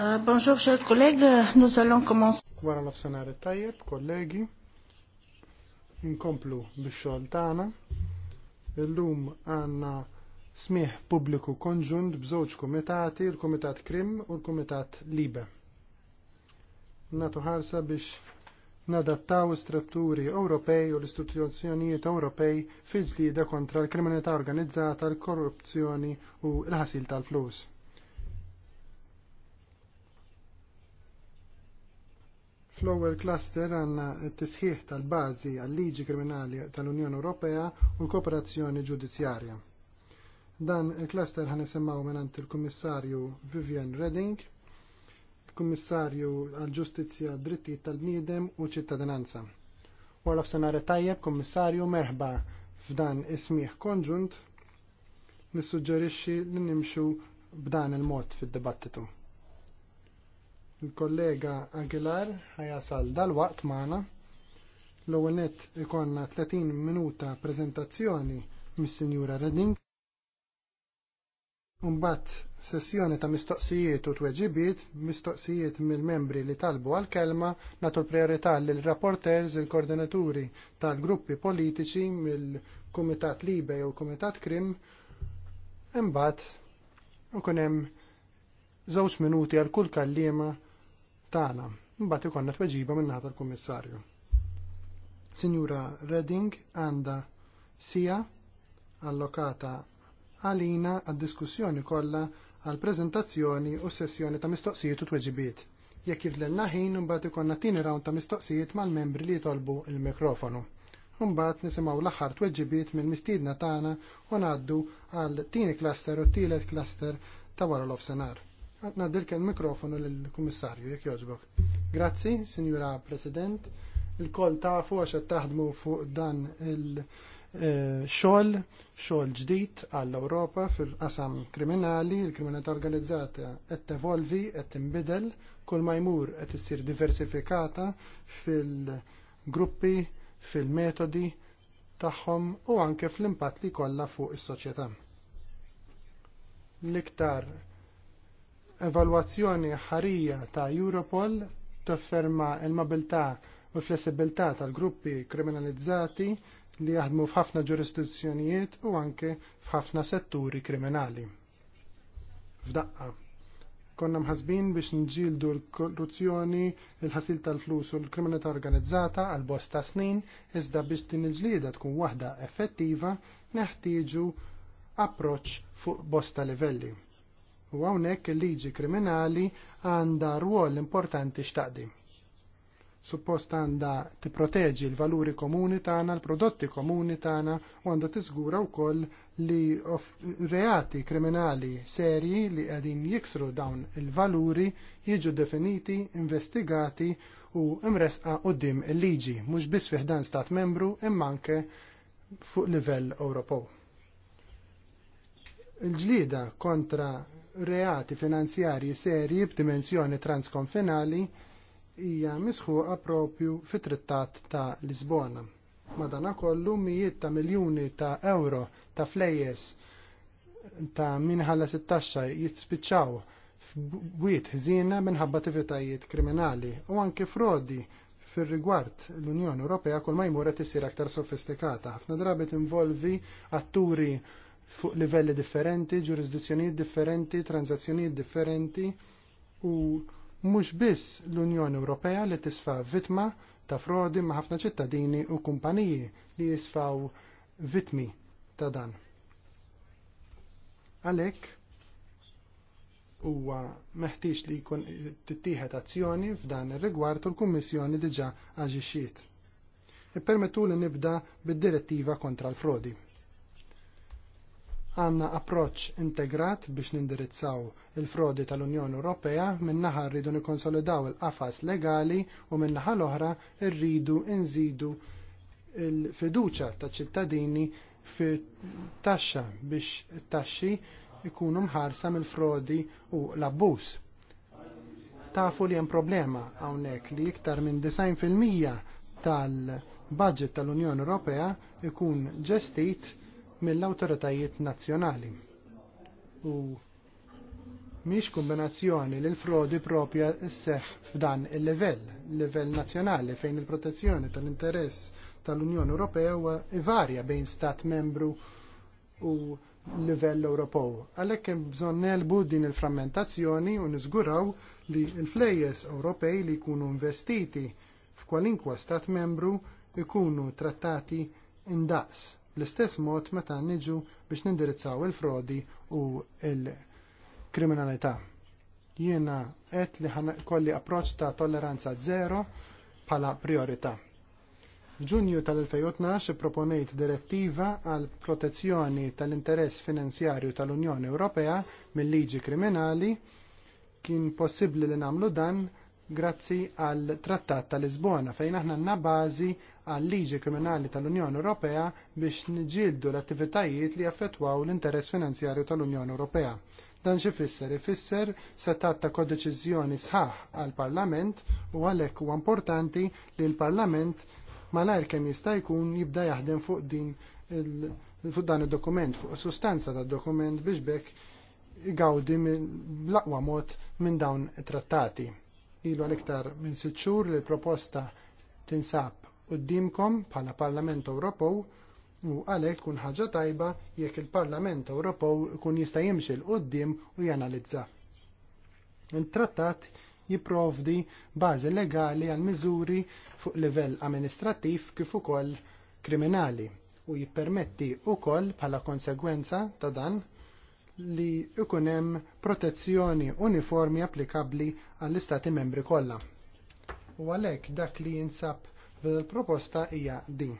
Euh, bonjour, chers collègues. Nous allons commencer. Wara nafsenar it-tajjeb, kollegi. Inkomplu bix-xogħol tagħna. Illum għandna smieħ pubbliku konġunt b'żewġ kumitati, il-Kumitat Krim u l-Kumitat Libe. Natu ħarsa biex nadattaw strutturi Ewropej u l-istituzzjonijiet Ewropej fil-ġlida kontra l-kriminalità organizzata, l-korruzzjoni u l-ħasil tal-flus Fl-ewwel cluster għandna t-tisħiħ tal-bażi għal-liġi kriminali tal-Unjoni Ewropea u l-kooperazzjoni ġudizzjarja. Dan il-cluster ħan nisimgħu minn il-Kummissarju Vivian Redding, il-Kummissarju għall-Ġustizzja Drittijiet tal-Bniedem u Ċittadinanza. Wara f'senare tajjeb, Kummissarju merħba f'dan ismiħ konġunt nissuġġerixxi li nimxu b'dan il-mod fid-dibattitu. Il-kollega Aguilar ħajasal dal-waqt maħna. L-ewwel nett ikonna 30 minuta prezentazzjoni mis-Sinjura Redding. Umbat sessjoni ta' mistoqsijiet u tweġibiet, mistoqsijiet mill-membri li talbu għal-kelma, natu l-priorità l-rapporters, il-koordinaturi tal-gruppi politiċi mill-Kumitat Libe u Kumitat Krim, imbat u kunem żewġ minuti għal kull kallima tagħna. Mbagħad ikollna tweġiba minn naħa tal-Kummissarju. Sinjura Redding għandha sija allokata għalina għad-diskussjoni kollha għall preżentazzjoni u sessjoni ta' mistoqsijiet u tweġibiet. Jekk jiflenna ħin mbagħad ikollna tieni rawn ta' mistoqsijiet mal-membri li jitolbu il mikrofonu Imbagħad nisimgħu l-aħħar tweġibiet mill-mistiedna tagħna u ngħaddu għal tieni cluster u t tielet cluster ta' wara l-ofsenar. Naddilk il-mikrofonu l-Kummissarju, jek joġbok. Grazzi, Signora President. Il-kol tafu għax taħdmu fuq dan il-xol, xol ġdid għall-Europa fil-qasam kriminali, il-kriminalità organizzata qed tevolvi, qed tinbidel, kull ma jmur qed issir diversifikata fil-gruppi, fil-metodi tagħhom u anke fl-impatt li kollha fuq is-soċjetà. L-iktar evalwazzjoni ħarija ta' Europol tofferma l-mobilità u l-flessibilità tal-gruppi kriminalizzati li jaħdmu f'ħafna ġurisdizzjonijiet u anke f'ħafna setturi kriminali. F'daqqa. Konna mħasbin biex nġildu l-korruzzjoni, il-ħasil tal-flus u l-kriminalità organizzata għal bosta snin, iżda biex din il-ġlida tkun waħda effettiva, neħtieġu approċċ fuq bosta livelli U hawnhekk il-liġi kriminali għandha ruol importanti x'taqdi. Suppost għandha tipproteġi l-valuri komuni tagħna, l-prodotti komuni tagħna u għandha tiżgura wkoll li reati kriminali serji li qegħdin jiksru dawn il-valuri jiġu definiti, investigati u imresqa dim il-liġi mhux biss fiħdan stat membru imma anke fuq livell Ewropew il ġlieda kontra reati finanzjarji serji b'dimensjoni transkonfinali hija misħuqa propju fit-trittat ta' Lisbona. Madankollu mijiet ta' miljuni ta' euro ta' flejjes ta' minħalla 16 jitspiċċaw f'bwiet ħżiena minħabba tivitajiet kriminali u anke frodi fir rigward l-Unjoni Ewropea kull ma jmur qed isir aktar sofistikata. Ħafna drabi tinvolvi atturi fuq livelli differenti, ġurisdizzjonijiet differenti, transazzjonijiet differenti u mhux biss l-Unjoni Ewropea li tisfa vittma ta' frodi ma' ħafna ċittadini u kumpaniji li jisfaw vittmi ta' dan. Għalhekk huwa meħtieġ li jkun tittieħed azzjoni f'dan ir-rigward u l-Kummissjoni diġà aġixxiet. Ippermettu li nibda bid-direttiva kontra l-frodi għanna approċ integrat biex nindirizzaw il-frodi tal-Unjoni Ewropea minnaħa rridu nikonsolidaw il-qafas legali u minnaħa l-oħra rridu nżidu il-fiduċa ta' ċittadini fi taxxa biex taxxi ikunu mħarsa mill-frodi u l-abbuż. Tafu li hemm problema hawnhekk li iktar minn 90% tal-budget tal-Unjoni Ewropea ikun ġestit mill awtoritajiet nazzjonali. U miex kombinazzjoni li l-frodi propja sseħħ f'dan il-level, level nazzjonali fejn il-protezzjoni tal-interess tal-Unjoni Ewropea huwa varja bejn stat membru u livell Ewropew. Għalhekk hemm bżonn nelbu din il-frammentazzjoni u niżguraw li l-flejjes Ewropej li jkunu investiti f'kwalinkwa stat membru ikunu trattati indaqs L-istess mod meta niġu biex nindirizzaw il-frodi u l kriminalità Jiena qed li ħana kolli approċċ ta' tolleranza zero bħala priorità. F'Ġunju tal-2012 proponejt direttiva għal protezzjoni tal-interess finanzjarju tal-Unjoni Ewropea mill-liġi kriminali kien possibbli li nagħmlu dan grazzi għal Trattat ta' Lisbona fejn aħna għandna bażi għal liġi kriminali tal-Unjoni Ewropea biex niġildu l-attivitajiet li jaffettwaw l-interess finanzjarju tal-Unjoni Ewropea. Dan xi fisser ifisser setat ta' kodeċiżjoni sħaħ għall Parlament u għalhekk huwa importanti li l-Parlament malajr kemm jista' jkun jibda jaħdem fuq din fuq dan id-dokument, fuq sustanza tad dokument biex bekk gawdi bl-aqwa mod minn dawn it-trattati ilu l-iktar minn sitt xhur li l-proposta tinsab quddiemkom bħala Parlament Ewropew u għalhekk tkun ħaġa tajba jekk il-Parlament Ewropew ikun jista' jimxi l qudiem u janalizza. Il-trattat jipprovdi bażi legali għal miżuri fuq livell amministrattiv kif ukoll kriminali u jippermetti wkoll bħala konsegwenza ta' dan li ikun hemm protezzjoni uniformi applikabbli għall-istati membri kollha. U għalhekk dak li jinsab fil-proposta hija din.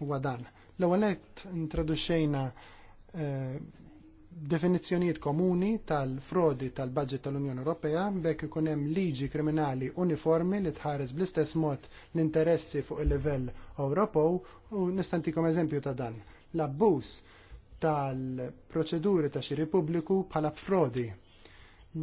Huwa dan. L-ewwel qed introduxxejna eh, definizzjonijiet komuni tal-frodi tal-budget tal-Unjoni Ewropea bekk ikun hemm liġi kriminali uniformi li tħares bl-istess mod l-interessi fuq il-livell Ewropew u nistantikom eżempju ta' dan. L-abbuż tal-proċeduri ta' xiri pubbliku bħala frodi.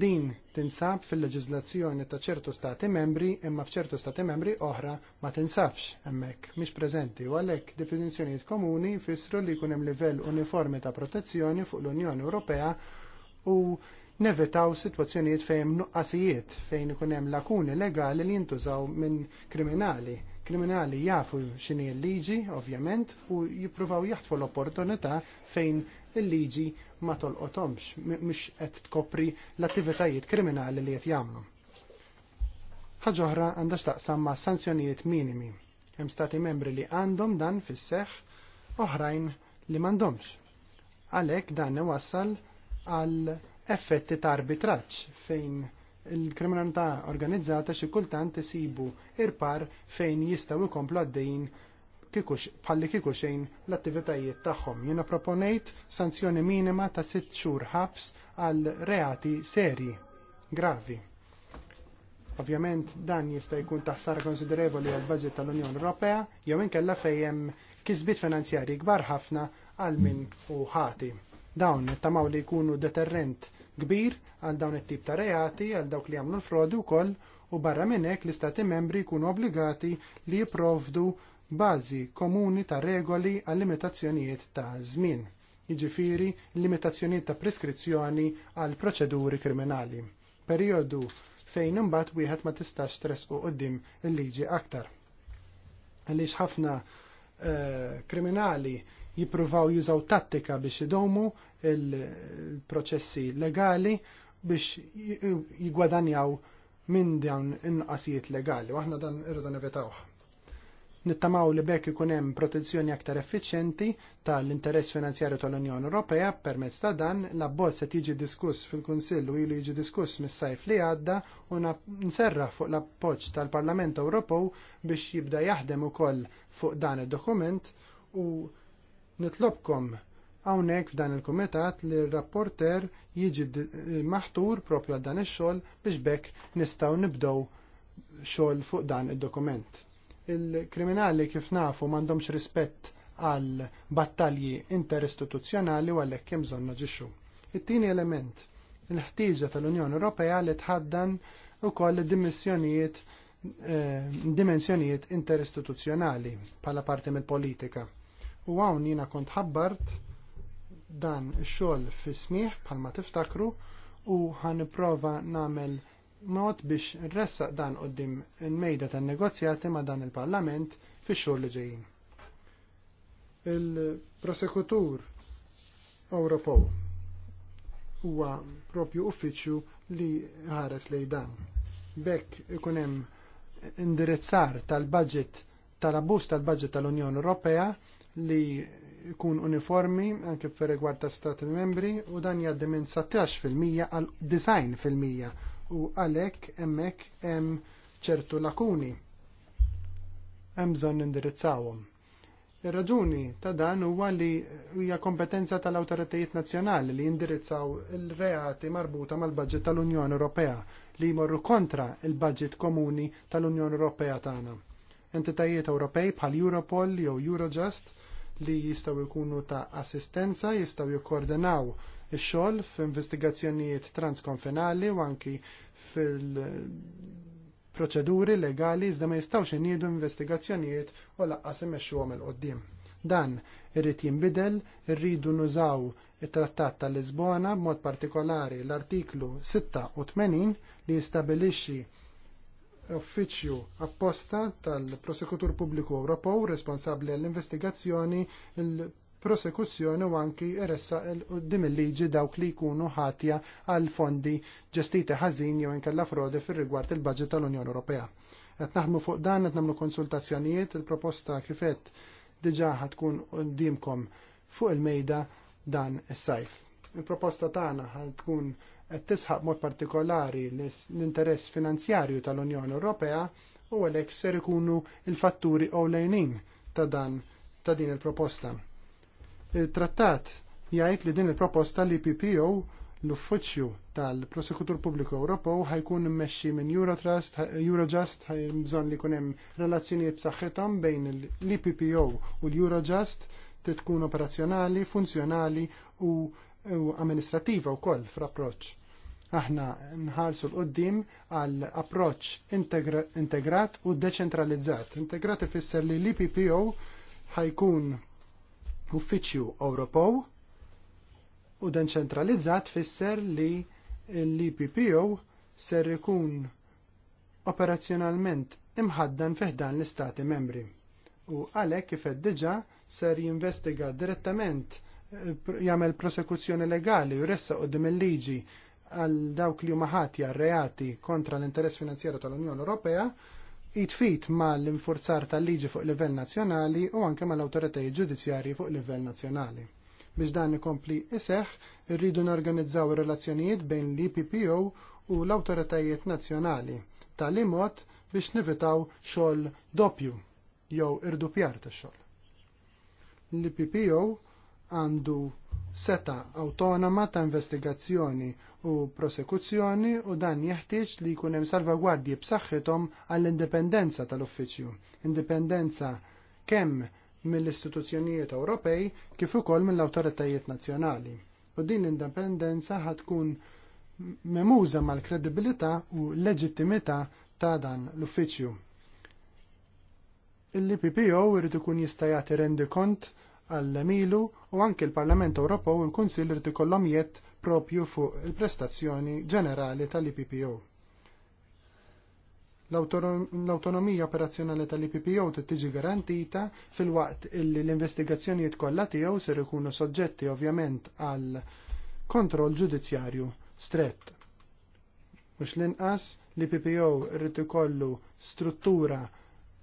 Din tinsab fil-leġiżlazzjoni ta' ċertu stati membri imma f'ċertu stati membri oħra ma tinsabx hemmhekk mhix preżenti u għalhekk definizzjonijiet komuni jfissru li jkun hemm livell uniformi ta' protezzjoni fuq l-Unjoni Ewropea u nevitaw sitwazzjonijiet fejn nuqqasijiet fejn ikun hemm lakuni legali li jintużaw minn kriminali kriminali jafu x'inhi l-liġi, ovvjament, u jippruvaw jaħtfu l-opportunità fejn il-liġi ma tolqothomx mhux qed tkopri l-attivitajiet kriminali li qed jagħmlu. Ħaġa oħra għandha x'taqsam ma' sanzjonijiet minimi. Hemm stati membri li għandhom dan fis-seħħ, oħrajn li m'għandhomx. Għalhekk dan iwassal għal effetti ta' arbitraġġ fejn il-kriminalità organizzata xi kultant isibu irpar fejn jistgħu jkomplu għaddejjin bħalli kieku xejn l-attivitajiet tagħhom. Jiena proponejt sanzjoni minima ta' sitt xhur ħabs għal reati serji gravi. Ovvjament dan jista' jkun taħsara konsiderevoli għal budget tal-Unjoni Ewropea jew inkella fejjem kisbit finanzjarji kbar ħafna għal min u ħati. Dawn tamaw li jkunu deterrent kbir għal dawn it-tip ta' reati għal dawk li jagħmlu l-frodi wkoll u barra minn hekk l-istati membri jkunu obbligati li jipprovdu bażi komuni ta' regoli għal limitazzjonijiet ta' żmien. Jiġifieri limitazzjonijiet ta' preskrizzjoni għal proċeduri kriminali. Perjodu fejn imbagħad wieħed ma tistax u quddiem il-liġi aktar. Għaliex ħafna uh, kriminali jipruvaw jużaw tattika biex idomu il-proċessi legali biex jigwadanjaw minn dawn inqasijiet legali, u aħna dan irridu nevitawh. Nittamaw li bekk ikun hemm protezzjoni aktar effiċjenti tal-interess finanzjarju tal-Unjoni Ewropea permezz ta' dan l-abbozz se tiġi diskuss fil-Kunsill u ilu jiġi diskuss mis-sajf li għadda u nserra fuq l-appoġġ tal-Parlament Ewropew biex jibda jaħdem ukoll fuq dan id-dokument u Nitlobkom hawnhekk f'dan il-kumitat li r-rapporter jiġi maħtur propju għal dan ix-xogħol biex bekk nistgħu nibdew xogħol fuq dan id-dokument. Il-kriminali kif nafu m'għandhomx rispett għal battalji interistituzzjonali u għalhekk kem bżonn naġixxu. It-tieni element, il-ħtieġa tal-Unjoni Ewropea li tħaddan ukoll koll eh, dimensjonijiet interistituzzjonali bħala parti mill-politika u hawn jiena kont ħabbart dan ix-xogħol fi smigħ bħalma tiftakru u nipprova nagħmel mod biex nressaq dan qoddim il-mejda tan-negozjati ma' dan il-Parlament fix-xogħol li ġejjin. Il-prosekutur Ewropew huwa propju uffiċċju li ħares lejn dan. B'hekk ikun hemm indirizzar tal-budget tal-abbuż tal-budget tal-Unjoni Ewropea li jkun uniformi anke per rigward ta' stati membri u dan jgħaddi minn 17% għal fil-Mija u għalhekk hemmhekk hemm ċertu lakuni hemm bżonn indirizzawhom. Ir-raġuni ta' dan huwa li hija kompetenza tal-awtoritajiet nazzjonali li jindirizzaw il-reati marbuta mal-budget tal-Unjoni Ewropea li jmorru kontra il-budget komuni tal-Unjoni Ewropea tagħna. Entitajiet Ewropej bħal Europol jew Eurojust li jistgħu jkunu ta' assistenza, jistgħu jikkoordinaw ix-xogħol f'investigazzjonijiet transkonfinali u anki fil-proċeduri legali iżda ma jistgħux iniedu investigazzjonijiet u laqqas imexxuhom il qoddim Dan irrid jinbidel, irridu nużaw it-Trattat tal-Lisbona b'mod partikolari l-artiklu 86 li jistabilixxi uffiċċju apposta tal-Prosekutur Pubbliku Ewropew responsabbli għall-investigazzjoni il-prosekuzzjoni u anki eressa il-qoddim il-liġi dawk li jkunu ħatja għal fondi ġestiti ħażin jew inkella frodi fir-rigward il-budget tal-Unjoni Ewropea. Qed naħdmu fuq dan qed nagħmlu konsultazzjonijiet, il-proposta kifet diġà ħatkun qudiemkom fuq il-mejda dan is-sajf. Il-proposta tagħna ħad tkun qed tisħaq mod partikolari l-interess finanzjarju tal-Unjoni Ewropea u għalhekk ser ikunu il-fatturi ewlenin ta' dan ta' din il-proposta. Il-trattat jgħid li din il-proposta li PPO l-uffiċċju tal-Prosekutur Pubbliku Ewropew ħajkun immexxi minn Eurotrust, Eurojust ħaj bżonn li jkun hemm relazzjonijiet b'saħħithom bejn l-IPPO u l-Eurojust titkun operazzjonali, funzjonali u amministrativa wkoll fl-approċċ. Aħna nħarsu l-qoddim għal approċ integrat u deċentralizzat. Integrat ifisser li l-IPPO ħajkun uffiċju Ewropew u dan ċentralizzat fisser li l-IPPO ser ikun operazzjonalment imħaddan fiħdan l-istati membri. U għalhekk kif diġà ser jinvestiga direttament eh, jagħmel prosekuzzjoni legali u ressa qudiem il-liġi għal dawk li huma ħati reati kontra l-interess finanzjeru tal-Unjoni Ewropea jitfit ma l-infurzar tal-liġi fuq livell nazzjonali u anke mal awtoritajiet ġudizzjarji fuq livell nazzjonali. Biex dan ikompli iseħħ, irridu norganizzaw relazzjonijiet bejn l-IPPO u l-awtoritajiet nazzjonali tal mod biex nivitaw xogħol doppju jew irdupjar tax xogħol. L-IPPO għandu seta awtonoma ta' investigazzjoni u prosekuzzjoni u dan jeħtieġ li jkun hemm salvagwardji b'saħħithom għall-indipendenza tal-uffiċċju. Indipendenza kemm mill-istituzzjonijiet Ewropej kif ukoll mill-awtoritajiet nazzjonali. U din l-indipendenza ħad tkun memuża mal-kredibilità u leġittimità ta' dan l-uffiċċju. Il-PPO jrid ikun jista' jagħti rendi kont għall milu u anke l-Parlament Ewropew u l-Kunsill irid ikollhom jett propju fuq il-prestazzjoni ġenerali tal-IPPO. L-autonomija operazzjonali tal-IPPO tiġi garantita fil-waqt illi l-investigazzjonijiet kollha tiegħu ser ikunu soġġetti ovvjament għal kontroll ġudizzjarju strett. Mhux l-inqas l-IPPO rrid ikollu struttura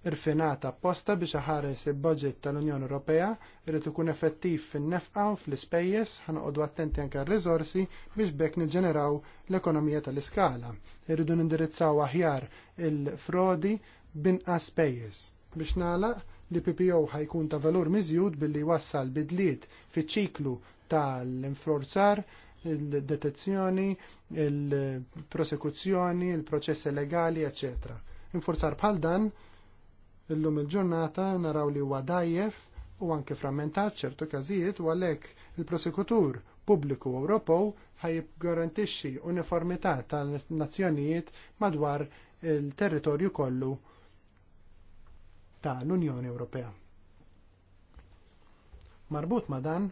irfinata apposta biex ħares il-budget tal-Unjoni Ewropea irid ikun effettiv fin-nefqa u fl-ispejjeż ħanoqogħdu attenti anke r-riżorsi biex bekk niġġeneraw l-ekonomija tal-iskala. Irridu nindirizzaw aħjar il-frodi binqas spejjeż. Biex nagħlaq li PPO ħajkun ta' valur miżjud billi wassal bidliet fiċ-ċiklu tal infrorzar il-detezzjoni, il-prosekuzzjoni, il-proċessi legali, eccetera. Infurzar bħal dan Illum il-ġurnata naraw li huwa dajjef u anke frammentat ċertu każijiet u għalhekk il-prosekutur pubbliku Ewropew ħajib garantixxi uniformità tan nazzjonijiet madwar il-territorju kollu ta' l-Unjoni Ewropea. Marbut ma dan,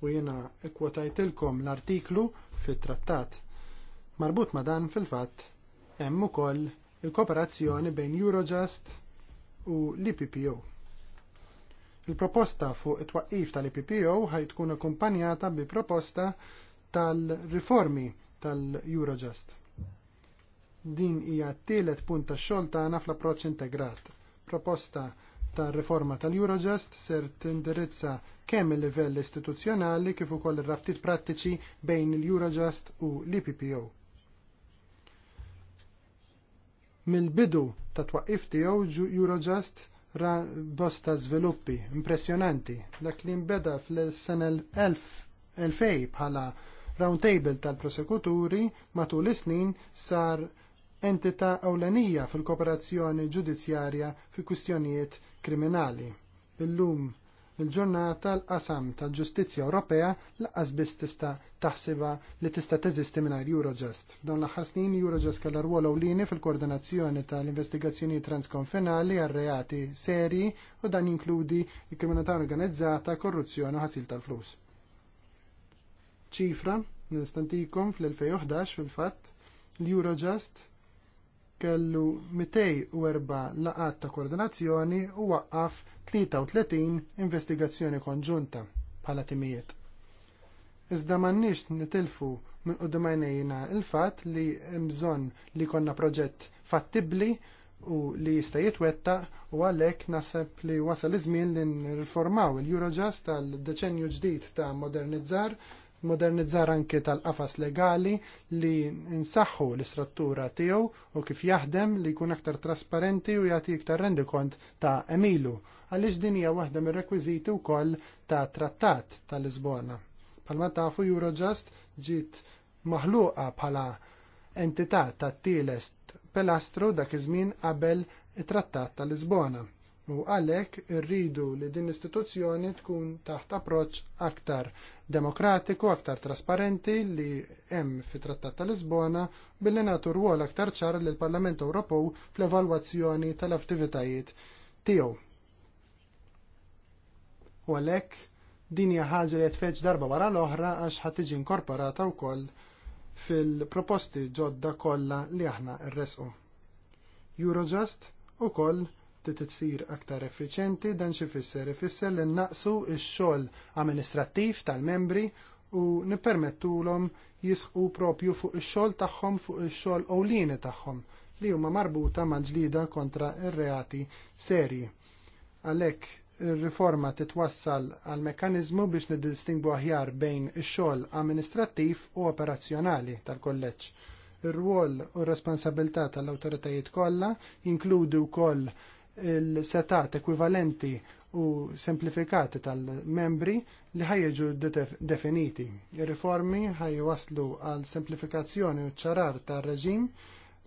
u jiena ikkwotajtilkom l-artiklu fit trattat Marbut ma dan fil fatt hemm ukoll il-kooperazzjoni bejn Eurojust u l-IPPO. Il-proposta fuq it-twaqqif tal-IPPO ħaj tkun akkumpanjata bi proposta tal-riformi tal-Eurojust. Din hija t-tielet punt tax-xogħol tagħna fl-approċċ integrat. Proposta tar-riforma tal-Eurojust ser tindirizza kemm il-livell istituzzjonali kif ukoll ir-rabtiet prattiċi bejn il-Eurojust u l-IPPO. Mill-bidu ta' twaqif tiegħu Eurojust ra bosta żviluppi impressjonanti dak li nbeda fl-sena 2000 bħala roundtable tal-prosekuturi matul is-snin sar entità ewlenija fil-kooperazzjoni ġudizzjarja fi kwistjonijiet kriminali. Illum il-ġurnata l-qasam tal-ġustizzja Ewropea laqqas biss tista' taħsiba li tista' teżisti mingħajr Eurojust. F'dawn l-aħħar snin Eurojust kellha rwol ewlieni fil-koordinazzjoni tal-investigazzjoni transkonfinali għal reati serji u dan jinkludi l-kriminalità organizzata, korruzzjoni u ħasil tal-flus. Ċifra, nistantikom fl-2011 fil-fatt l-Eurojust kellu 204 laqat ta' koordinazzjoni u waqqaf 33 investigazzjoni konġunta bħala timijiet. Iżda m'għandniex nitilfu minn quddimajnejna il-fatt li bżonn li konna proġett fattibbli u li jista' jitwettaq u għalhekk naħseb li wasal iż-żmien li nirriformaw il-Eurojust tal-deċenju ġdid ta' modernizzar modernizzar anki tal-qafas legali li nsaħħu l-istruttura tiegħu u kif jaħdem li jkun aktar trasparenti u jagħti iktar rendikont ta' emilu għaliex din hija waħda mir-rekwiżiti wkoll ta' trattat tal-Lisbona. Palma tafu Eurojust ġiet maħluqa bħala entità tat-tieles pelastru dak iż-żmien qabel it-trattat tal-Lisbona. U għalhekk irridu li din l-istituzzjoni tkun taħt approċċ aktar demokratiku, aktar trasparenti li hemm fit-Trattat ta' Lisbona billi nagħtu rwol aktar ċar lill parlament Ewropew fl-evalwazzjoni tal-attivitajiet tiegħu. U għalhekk din hija ħaġa li tfeġġ darba wara l-oħra għax ħad tiġi inkorporata wkoll fil-proposti ġodda kollha li aħna rresqu. Eurojust ukoll titsir aktar effiċenti dan xi fisser ifisser li naqsu x-xogħol amministrattiv tal-membri u nippermettulhom jisħu propju fuq ix-xogħol tagħhom fuq ix-xogħol ewlieni tagħhom li huma marbuta mal-ġlida kontra r-reati serji. Għalhekk ir-riforma titwassal għal mekkaniżmu biex niddistingbu aħjar bejn ix-xogħol amministrattiv u operazzjonali tal-kolleġġ. Ir-rwol u r-responsabilità tal-awtoritajiet kollha jinkludu wkoll il-setat ekwivalenti u semplifikati tal-membri li ħajġu definiti. Il-reformi riformi waslu għal semplifikazzjoni u ċarar tal-reġim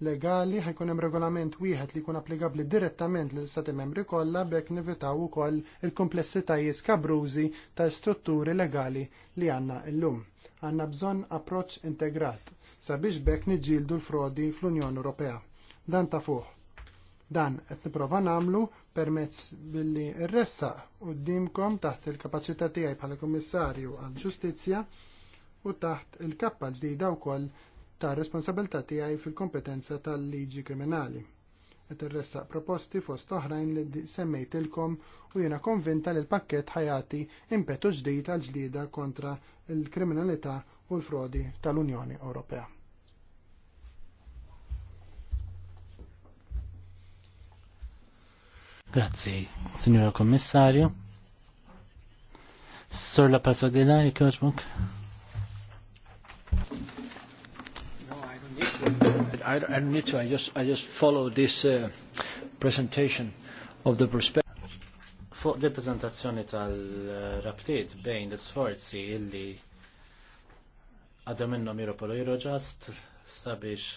legali ħajkun hemm regolament wieħed li jkun applikabbli direttament lill istati membri kollha bekk nivitaw ukoll il-komplessitajiet skabrużi ta' strutturi legali li għandna llum. Għandna bżonn approċċ integrat sabiex bekk niġġieldu l-frodi fl-Unjoni Ewropea. Dan ta' fuq Dan qed nipprova nagħmlu permezz billi rressaq quddiemkom taħt il-kapaċità tiegħi bħala Kummissarju għall-Ġustizzja u taħt il-kappa ġdida wkoll tar responsabilità tiegħi fil-kompetenza tal-liġi kriminali. Qed irressaq proposti fost oħrajn li semmejtilkom u jiena konvinta li l-pakkett ħajati impetu ġdid għal ġdida kontra l kriminalità u l-frodi tal-Unjoni Ewropea. Grazzi, Signora commissario. Sur la Pasagilari, kħoġbuk? No, I don't need to. I, don't need to. I just, I just follow this uh, presentation of the perspective. Fuq di prezentazzjoni tal-rabtiet bejn l-sforzi illi għadda minnom Europol Eurojust sabiex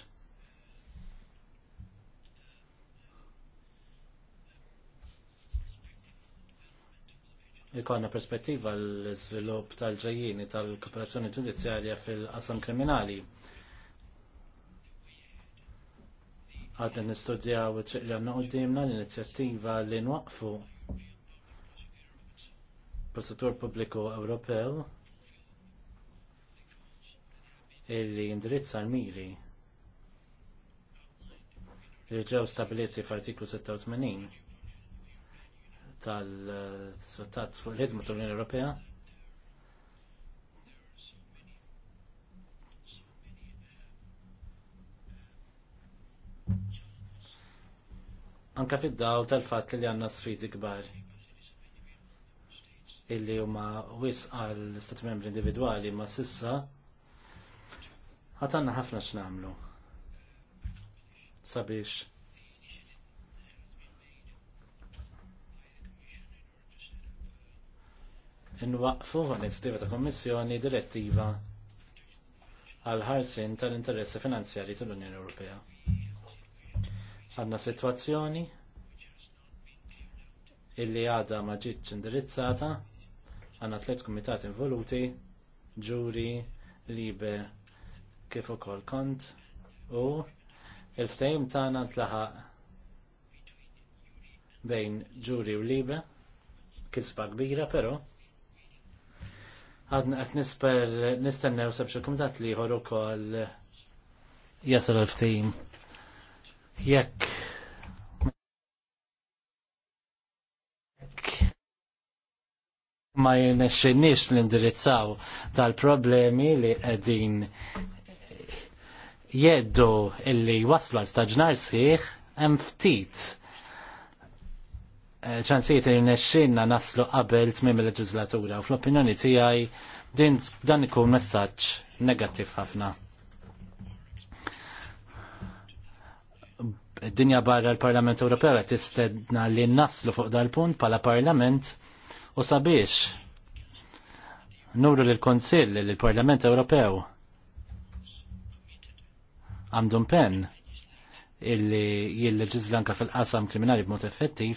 ikonna perspettiva l-svilup tal-ġajjini tal-kooperazzjoni ġudizzjarja fil-qasam kriminali. Għadna nistudjaw it-triq li għanna għoddimna l-inizjattiva li nwaqfu prosettur pubbliku Ewropew illi indirizza l-miri li ġew stabiliti f'artiklu 86 tal-Trattat fuq il-ħidma tal-Unjoni Ewropea. Anka fid-daw tal-fatt li għanna sfidi kbar illi huma wis għal stat membri individwali ma sissa ħatanna ħafna x'namlu sabiex nwaqfu l-inizjativa ta' Kommissjoni direttiva għal ħarsin tal-interessi finanzjari tal-Unjoni Ewropea. Għanna situazzjoni illi għada ma ġietx indirizzata għanna tliet kumitat involuti, ġuri, libe, kif ukoll kont u il-ftehim tagħna tlaħaq bejn ġuri u libe, kisba kbira però għadna għat nisper nistennew sebxu komitat li jħor ukoll jasal ftim jekk ma jenexxinix l-indirizzaw tal-problemi li qegħdin jeddu illi waslu għal staġnar sħiħ hemm ftit ċansijiet li nesċinna naslu qabel tmim il-leġislatura u fl-opinjoni tiegħi dan ikun messaġġ negattiv ħafna. Dinja barra l-Parlament Ewropew qed tistedna li naslu fuq dal-punt pala Parlament u sabiex nuru l konsill li l-Parlament Ewropew għandhom pen illi jil-leġizlanka fil-qasam kriminali b'mod effettiv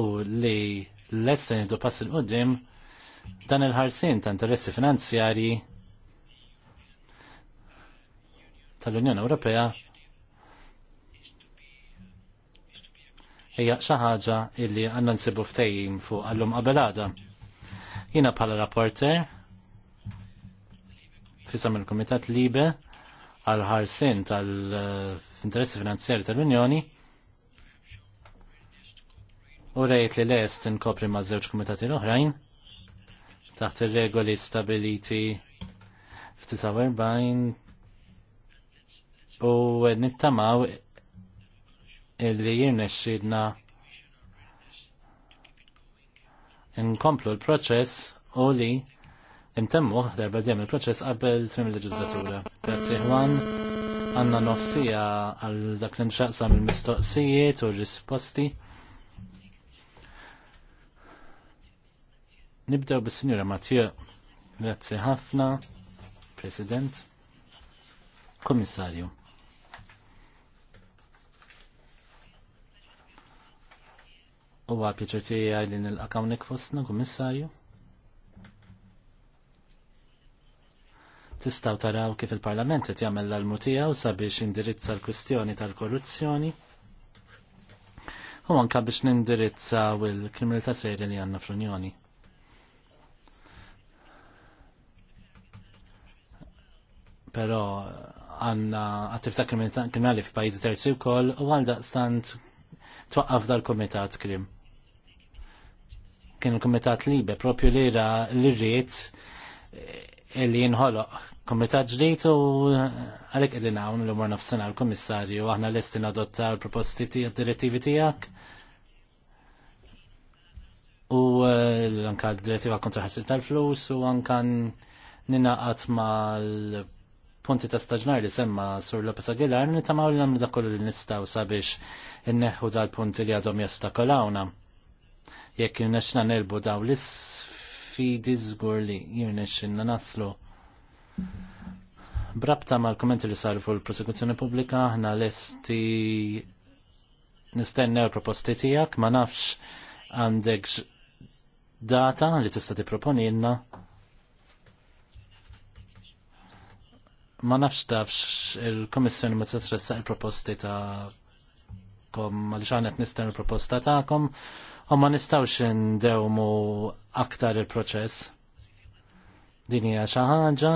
u li l-essen idu pass il-qoddim dan il-ħarsin ta' interessi finanzjari tal-Unjoni Ewropea hija xi ħaġa illi għandna nsibu ftejjim fuq għallum qabelada. Jiena bħala rapporter fisam il-Kumitat Libe għal ħarsin tal-interessi finanzjari tal-Unjoni u rejt li l-est inkopri ma' żewġ kumitati l-oħrajn taħt ir-regoli stabiliti f-49. u nittamaw illi jirnexxidna nkomplu l-proċess u li intemmu darba dejjem il-proċess qabel t-mim il-leġislatura. Grazie, Juan, għandna nofsija għal dak li nxaqsam il-mistoqsijiet u r-risposti. Nibdew bis-Sinjura Mattia. Grazie ħafna, President, Komissarju. Huwa pjaċir tiegħi li nilqa' akawnek fostna, Kommissarju. tistaw taraw kif il-Parlament qed jagħmel l-almu tiegħu sabiex indirizza l-kwistjoni tal-korruzzjoni. U anka biex nindirizzaw il-kriminalità sejri li għandna fl-Unjoni. Pero għanna attività kriminali f'pajjiżi terzi wkoll u għalda stant twaqqaf dal-komitat krim. Kien il-komitat libe propju lira l-irriet eh, li jinħoloq komitat ġdijt u eh, għalek edin għawn l umur nafsena l-komissarju għahna l-estin adotta l-proposti tijak direttivi tijak u eh, l-anka direttiva kontra tal-flus u għankan ninaqat ma l punti ta' staġnar li semma Sur Lopez Aguilar nitamaw li namlu dakollu li nistaw sabiex inneħu dal-punti li għadhom kolawna. Jekk jirnexna nelbu daw l-sfidi żgur li jirnexna naslu. Brabta mal-kommenti li saru fuq il-prosekuzzjoni pubblika, ħna nistenne nistennew proposti tiegħek ma nafx għandek data li tista' jenna. ma nafx tafx il-Komissjoni ma t-sessa il-proposti ta' kom għal xanet il-proposta kom, u ma nistawx ndewmu aktar il-proċess. Din hija xi ħaġa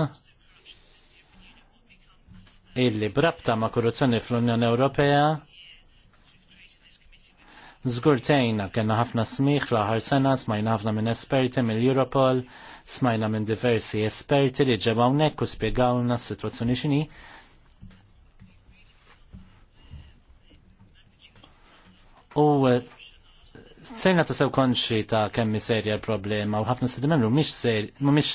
illi brabta ma' korruzzjoni fl-Unjoni Ewropea Zgurtejna kena ħafna smiħ fl sena smajna ħafna minn esperti mill Europol, smajna minn diversi esperti li ġebaw nekk u spiegawna s-situazzjoni xini. U eh, sejna ta' sew konxi ta' kemmi serja l-problema u ħafna s emru, mumiex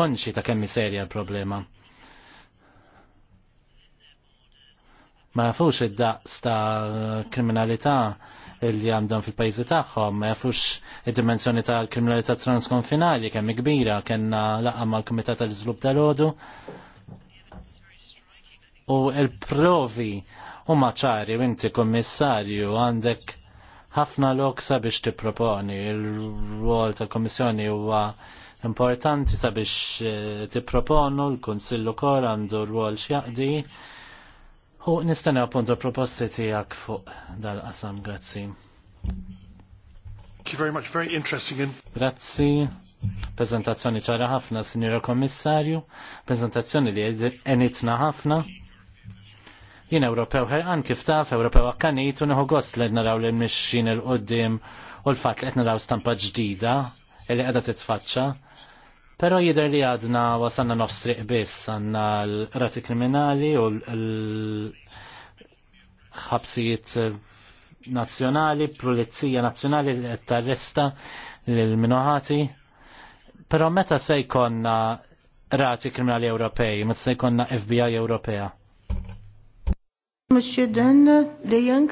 konxi ta' kemmi serja l-problema. Ma jafux id-daqs ta' kriminalità li għandhom fil-pajzi tagħhom, ma jafux id-dimensjoni ta' kriminalità transkonfinali kemm kbira kellna laqgħa mal-Kumitat tal-Iżvilupp tal-Odu. U l-provi huma ċari u inti kommissarju għandek ħafna lok sabiex tipproponi il-rwol tal-Kommissjoni huwa importanti sabiex eh, tipproponu l-Kunsillu kol għandu rwol x'jaqdi U nistana appunto proposti tijak fuq dal-qasam, grazzi. Thank you very much, very interesting. In grazzi, prezentazzjoni ċara ħafna, Sinjora Kommissarju, prezentazzjoni li enitna ħafna. Jien Ewropew ħerqan kif taf, Ewropew akkanit u neħu gost li naraw li mixin il-qoddim u l-fat li naraw stampa ġdida li qiegħda titfaċċa Pero jider li għadna wasanna nofstriq biss għanna l-rati kriminali u l-ħabsijiet eh, nazjonali, pulizija nazjonali li tarresta l-minuħati. Pero meta se jkonna rati kriminali Ewropej, meta se jkonna FBI Ewropea? Monsieur Dan De Jong,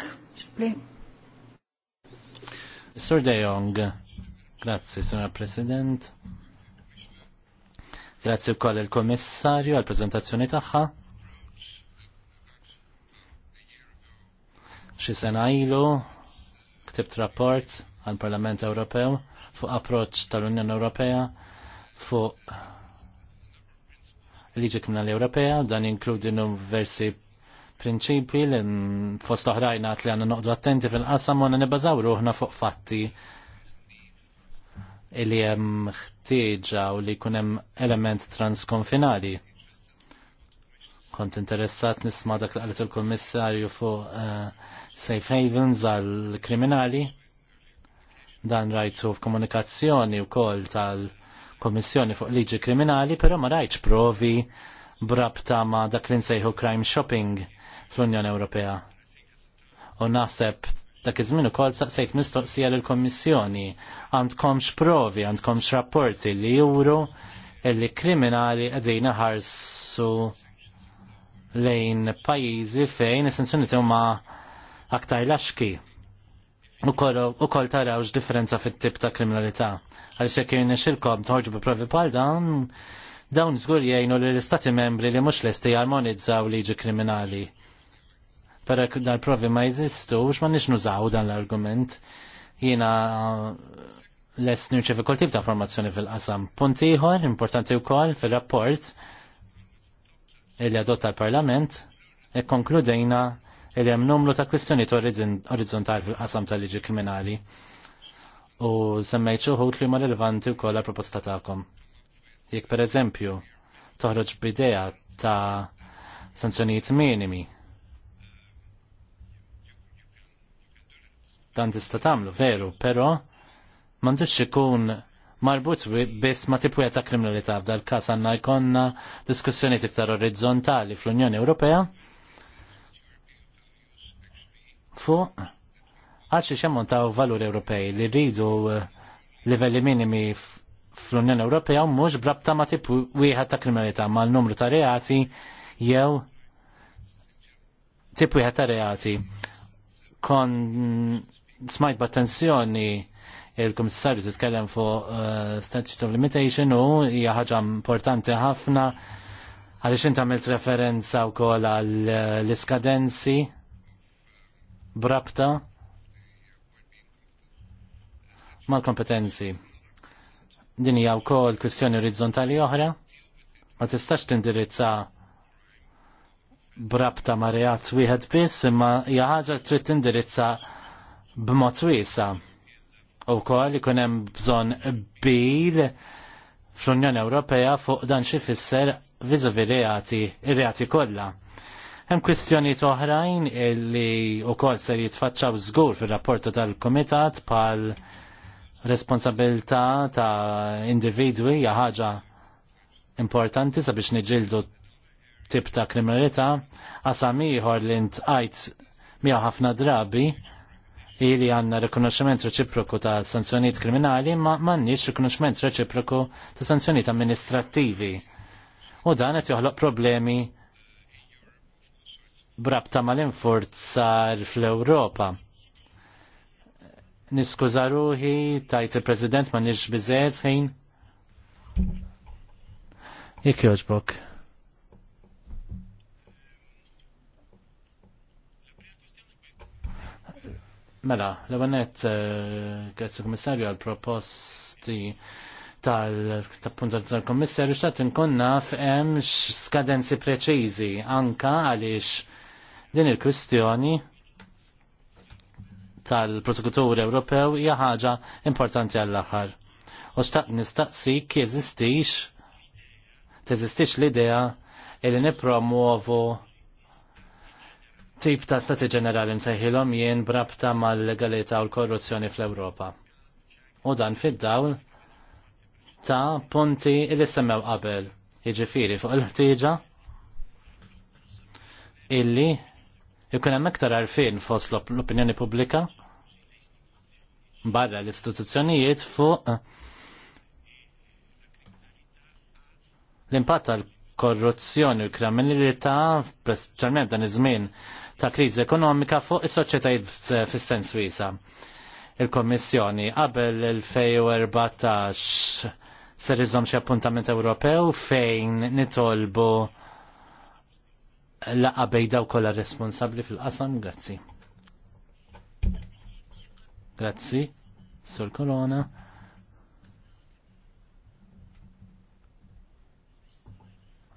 Sur De Jong, grazie, signor President. Grazzi wkoll il-Kummissarju għall preżentazzjoni tagħha. Xi sena ilu ktibt rapport għall Parlament Ewropew fuq approċċ tal-Unjoni Ewropea fuq liġi kriminali Ewropea, dan inkludi versi prinċipi li fost oħrajna li għanna noqdu attenti fil-qasam u għanna nibbażaw ruħna fuq fatti li hemm ħtieġa u li jkun hemm element transkonfinali. Kont interessat nisma' dak li qalet il-Kummissarju fuq uh, safe havens għall kriminali dan rajtu f'komunikazzjoni wkoll tal-Kommissjoni fuq liġi kriminali, però ma rajtx provi brabta ma dak li nsejħu crime shopping fl-Unjoni Ewropea. U naħseb Dak iż-żmien ukoll saqsejt mistoqsija lill kommissjoni għandkomx provi, għandkomx rapporti li juru li kriminali qegħdin ħarsu lejn pajjiżi fejn is-sanzjonijiet huma aktar laxki. U tarawx differenza fit-tip ta' kriminalità. Għaliex jekk jien xilkom tħorġu bi provi bħal dawn, dawn żgur jgħinu li l-istati membri li mhux lesti jarmonizzaw liġi kriminali Pera dal-provi ma jizistux, ma nix nużaw dan l-argument. Jina uh, les nirċevi kol tip ta' formazzjoni fil-qasam. Punt ieħor importanti wkoll fil-rapport illi adotta l-Parlament e konkludejna li hemm numru ta' kwistjoni orizzontali fil-qasam tal-liġi kriminali u semmejt xuħut li ma rilevanti wkoll għal proposta tagħkom. Jekk pereżempju toħroġ bidea ta' sanzjonijiet minimi dan tista' tagħmlu veru, però m'għandux ikun marbut biss ma tipwija ta' kriminalità f'dal każ għandna jkollna diskussjoni iktar orizzontali fl-Unjoni Ewropea fuq għaxi xemmon ta' valur Ewropej li rridu eh, livelli minimi fl-Unjoni Ewropea u mhux brabta ma tip wieħed ta' kriminalità mal numru ta' reati jew tip ta' reati kon smajt b'attenzjoni il-Komissarju titkellem fuq uh, Statute of Limitation u hija ħaġa importanti ħafna għaliex inti għamilt referenza wkoll għall uh, iskadenzi brabta mal-kompetenzi. Din hija wkoll kwistjoni orizzontali oħra ma tistax tindirizza brabta ma reat wieħed biss imma hija ħaġa trid tindirizza b'mod wiesa. U koll ikun hemm bżonn bil fl-Unjoni Ewropea fuq dan xi fisser viżovi reati, ir-reati kollha. Hemm kwistjonijiet oħrajn li wkoll ser jitfaċċaw żgur fir rapporta tal-Kumitat pal responsabilità ta' individwi hija ħaġa importanti sabiex niġildu tip ta' kriminalità, qasam ieħor li ntqajt miegħu ħafna drabi ili għanna rikonoxximent reċiproku ta' sanzjoniet kriminali ma m'għandniex rikonoxximent reċiproku ta' sanzjoniet amministrattivi. U dan qed joħloq problemi brabta mal-infurzar fl-Ewropa. Niskuża ruħi tajt il-President ma nix biżejjed ħin. Jekk jogħġbok. Mela, l-għanet, eh, grazzi komissarju għal-proposti tal-punta tal-komissarju xat nkonna f'em skadenzi preċizi anka għaliex din il-kwistjoni tal-prosekutur Ewropew hija ħaġa importanti għall-aħħar. U xtaqt nistaqsik jeżistix, teżistix l-idea li nipromuovu tip ta' stati ġenerali nsejħilhom jien brabta mal-legalità u l-korruzzjoni fl-Ewropa. U dan fid-dawl ta' punti li semmew qabel, jiġifieri fuq il-ħtieġa illi jkun hemm iktar għarfien fost l-opinjoni pubblika barra l-istituzzjonijiet fuq l-impatt tal-korruzzjoni u l-kriminalità, specialment dan iż-żmien ta' kriżi ekonomika fuq is-soċjetajiet fis-sens wiesa. Il-Kommissjoni qabel il-2014 ser iżom xi appuntament Ewropew fejn nitolbu laqa bejda wkoll responsabbli fil-qasam, grazzi. Grazzi, sur Corona.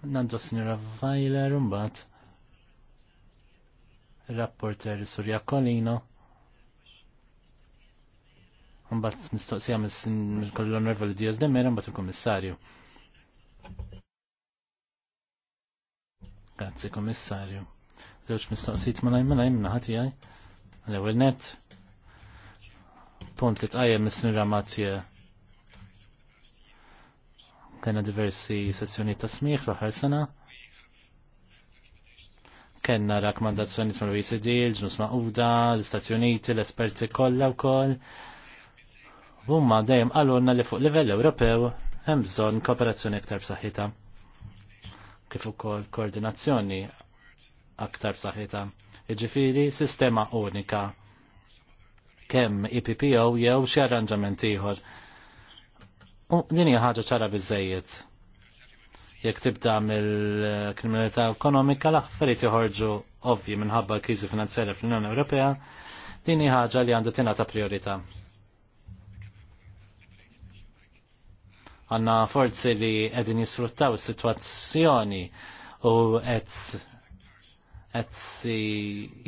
Nandu signora Vajler, un bat rapporter Surja Kolino. Mbatt mistoqsija mill-kollu l-onorevoli Diaz Mera, mbatt il-Komissarju. Grazie, Komissarju. Zewġ mistoqsijt ma najm najm naħati għaj. L-ewel net. Punt li tqajjem mis-sinra Ramatje. Kena diversi sessjoni ta' smiħ l-ħar sena kena rakkomandazzjoni tal oecd l-ġnus maquda, l-Istati Uniti, l-esperti kollha wkoll. Huma dejjem qalulna li fuq livell Ewropew hemm bżonn kooperazzjoni aktar b'saħħitha. Kif ukoll koordinazzjoni aktar b'saħħitha. Jiġifieri sistema unika kemm IPPO e jew xi arranġament ieħor. U din hija ħaġa ċara biżejjed jekk tibda mill-kriminalità ekonomika l-affarijiet joħorġu ovvji minħabba l-kriżi finanzjarja fl-Unjoni Ewropea, din hi ħaġa li għandha tingħata priorità. Għanna forzi li qegħdin jisfruttaw is-sitwazzjoni u qed qed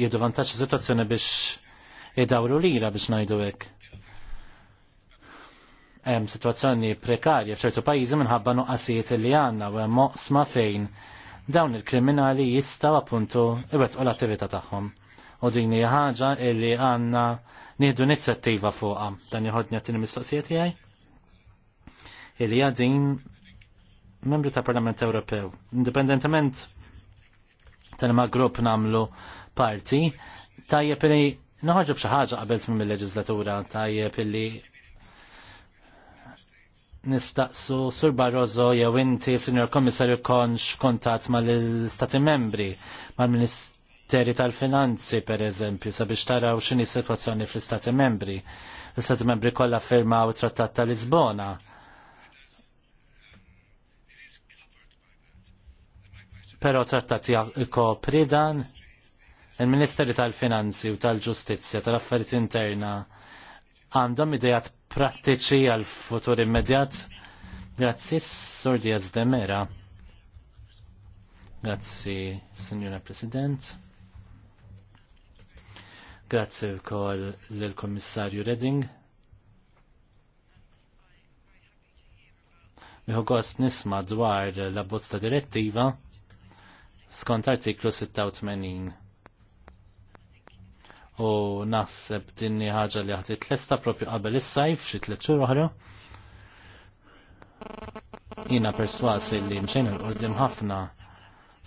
jiedu vantaġġ is-sitwazzjoni biex idawru lira biex ngħidu hekk hemm situazzjoni prekarja f'ċertu pajjiżi minħabba nuqqasijiet li għandna u hemm moqsma fejn dawn il-kriminali jistgħu appuntu iwettqu l-attività tagħhom. U din hija ħaġa li għandna nieħdu inizjattiva fuqha. Dan jħodni għattini mistoqsijiet tiegħi? Illi hija din membri ta' Parlament Ewropew. Indipendentement tal-ma grupp namlu parti, tajjeb li naħħġu bxaħġa qabelt il leġislatura tajjeb li nistaqsu Sur Barroso jew inti, Sinjor Komissarju, konx kontat mal-Stati membri, mal-Ministeri tal-Finanzi, per eżempju, sabiex taraw x'inhi s-sitwazzjoni fl-Istati membri. L-Istati membri kollha firmaw it-Trattat ta' Lisbona. Però trattat jkopri dan il-Ministeri tal-Finanzi u tal-Ġustizzja tal-Affarijiet Interna għandhom idejat prattiċi għal futur immedjat. Grazzi, Sur Diaz de Mera. Grazzi, Signora President. Grazzi wkoll lill-Kummissarju Reding. Miħu gost nisma dwar l abbozza direttiva skont artiklu 86 u naħseb dinni ħaġa li l-esta propju qabel is-sajf xi tliet xhur oħra. Jiena perswasi li mxejn il-qudiem ħafna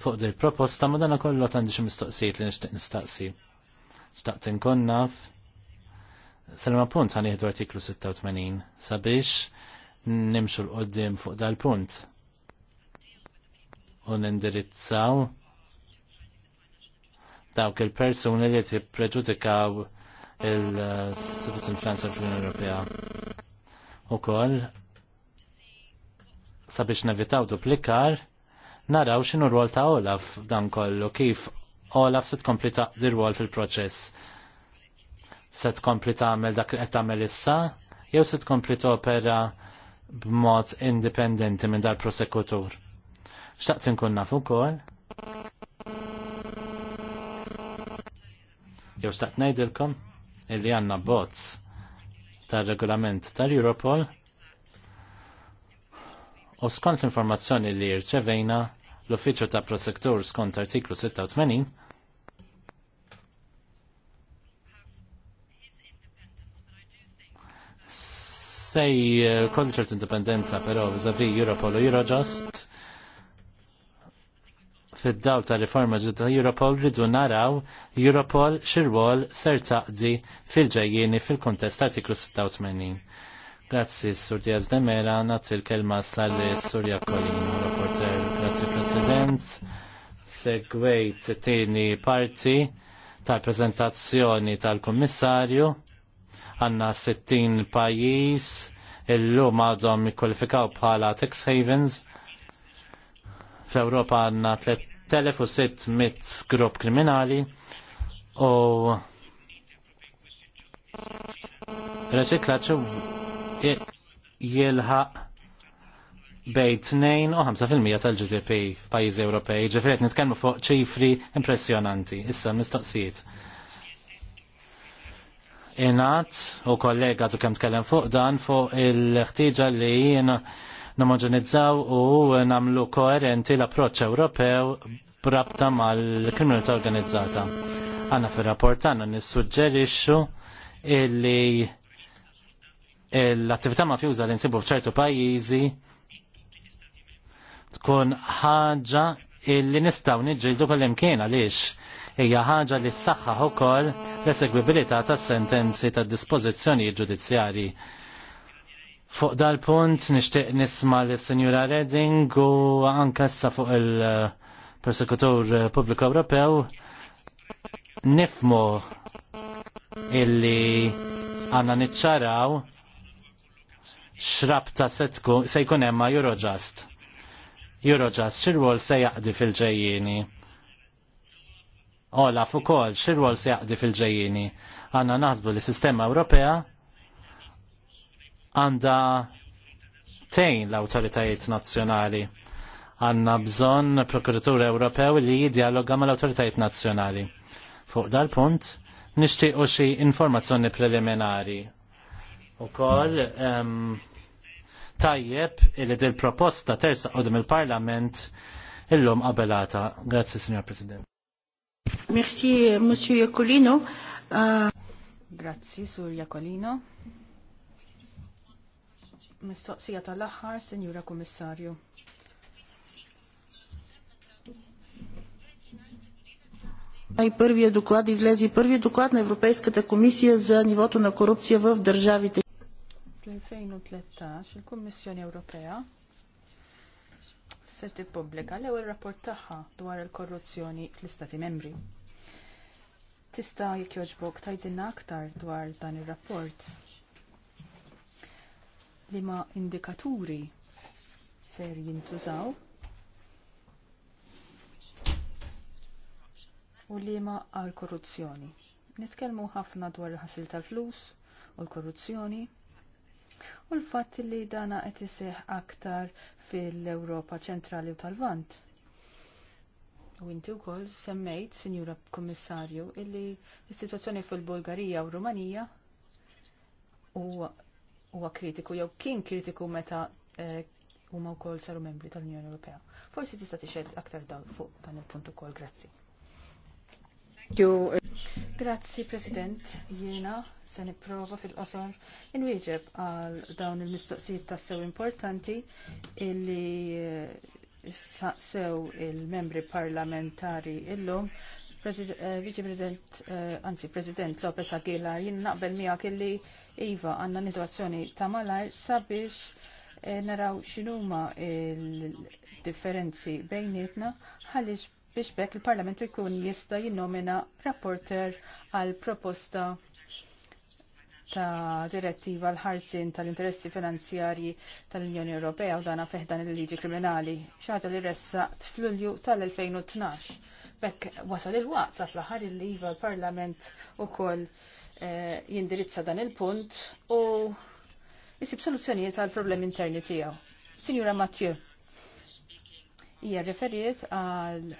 fuq dir proposta ma dana kollu għandi xi mistoqsijiet li nixtieq nistaqsi. Xtaqt konnaf, naf Salma punt għan jihdu artiklu 86 sabiex nimxu l-qoddim fuq dal-punt u nindirizzaw dawk il-persuni li tippreġudikaw il-Civil Influenza fl-Unjoni Ewropea. Ukoll sabiex nevitaw duplikar, naraw x'inhu rwol ta' Olaf dan kollu, kif Olaf se tkompli dir rwol fil-proċess. Se tkompli tagħmel dak li qed tagħmel issa, jew se tkompli topera b'mod indipendenti minn dal prosekutur. Xtaqt inkun naf ukoll jew staqt ngħidilkom illi għandna bots tar-regolament tal-Europol u skont l-informazzjoni li rċevejna l-Uffiċċju ta' Prosektur skont artiklu 86 sej eh, kollu ċert indipendenza però vizavi Europol u Eurojust fid-daw ta' riforma ġodda Europol ridu naraw Europol xirwol ser taqdi fil-ġejjieni fil-kontest artiklu 86. Grazzi, Sur Diaz de Mera, nat il-kelma sal-li Sur Jakolino, rapporter. Grazzi, President. Segwejt t-tini parti tal-prezentazzjoni tal-Kommissarju. Għanna 60 pajis il-lum għadhom jikkwalifikaw bħala tax havens fl-Europa għanna 1600 grupp kriminali u reċiklaċu jilħaq bej 2 5% tal-GDP f'pajjiżi Ewropej. Ġifieri qed nitkellmu fuq ċifri impressjonanti. Issa mistoqsijiet. Inat u kollega tu kemm tkellem fuq dan fuq il-ħtieġa li jien namoġenizzaw u namlu koerenti l-approċċ Ewropew brabta mal-kriminalità organizzata. Għanna fil-rapport għanna nissuġġerixxu illi l-attività mafjuża li nsibu f'ċertu pajjiżi tkun ħaġa illi nistaw niġġieldu kol-imkien għaliex hija ħaġa li s-saxħa ukoll l-esegwibilità tas-sentenzi tad-dispożizzjoni ġudizzjarji Fuq dal-punt nixtieq nisma l sinjura Redding u anke issa fuq il-Persekutur Pubbliku Ewropew nifmu illi għandna niċċaraw xrab se jkun hemm emma Eurojust. Eurojust xirwol se jaqdi fil Ola, fuq kol, xirwol se jaqdi fil ġejjini Għanna naħsbu li sistema Ewropea għanda tejn l-autoritajiet nazzjonali. Għanna bżon prokuratur Ewropew li jidjaloga mal autoritajiet nazzjonali. Fuq dal-punt, u xi informazzjoni preliminari. U koll, um, tajjeb il dil proposta tersa qodem il-Parlament illum qabelata. Grazzi, Signor President. Merci, Monsieur Jacolino. Uh... Grazzi, Sur Jacolino mistoqsija tal-aħħar, Sinjura Kummissarju. и първия доклад, излезе и първия доклад на Европейската комисия за нивото на корупция в Fl-2013 il-Kummissjoni Ewropea se tippubblika l-ewwel rapport tagħha dwar il-korruzzjoni fl-Istati Membri. Tista' jekk jogħġbok tajdinna aktar dwar dan ir-rapport li ma indikaturi ser jintużaw u li ma għal korruzzjoni. Nitkellmu ħafna dwar il-ħasil tal-flus u l-korruzzjoni u l-fatt li dana qed iseħħ aktar fil-Ewropa ċentrali u tal-Vant. U inti wkoll semmejt, Sinjura Kommissarju, illi s-sitwazzjoni fil-Bulgarija u Rumanija u huwa kritiku jew kien kritiku meta eh, huma wkoll saru membri tal-Unjoni Ewropea. Forsi tista' tixed aktar dal fuq dan il-punt ukoll, grazzi. Grazzi President, jiena se nipprova fil-qosor inwieġeb għal dawn il-mistoqsijiet tassew importanti illi eh, saqsew il-membri parlamentari illum eh, Vice President, anzi President Lopez Aguilar, jien naqbel miegħek illi iva għandna nitwazzjoni ta' malajr sabiex eh, naraw x'inhuma il-differenzi bejnietna ħaliex biex bekk il-Parlament ikun jista jinnomina rapporter għal proposta ta' direttiva l ħarsien tal-interessi finanzjarji tal-Unjoni Ewropea u dana feħdan il-liġi kriminali, xaġa li ressa t-flulju tal-2012. Bekk wasal il-waqt sa fl-aħħar il-liva l-Parlament ukoll Eh, jindirizza dan il-punt u jisib soluzzjonijiet għal problemi interni tiegħu. Signora Mathieu, hija referiet għal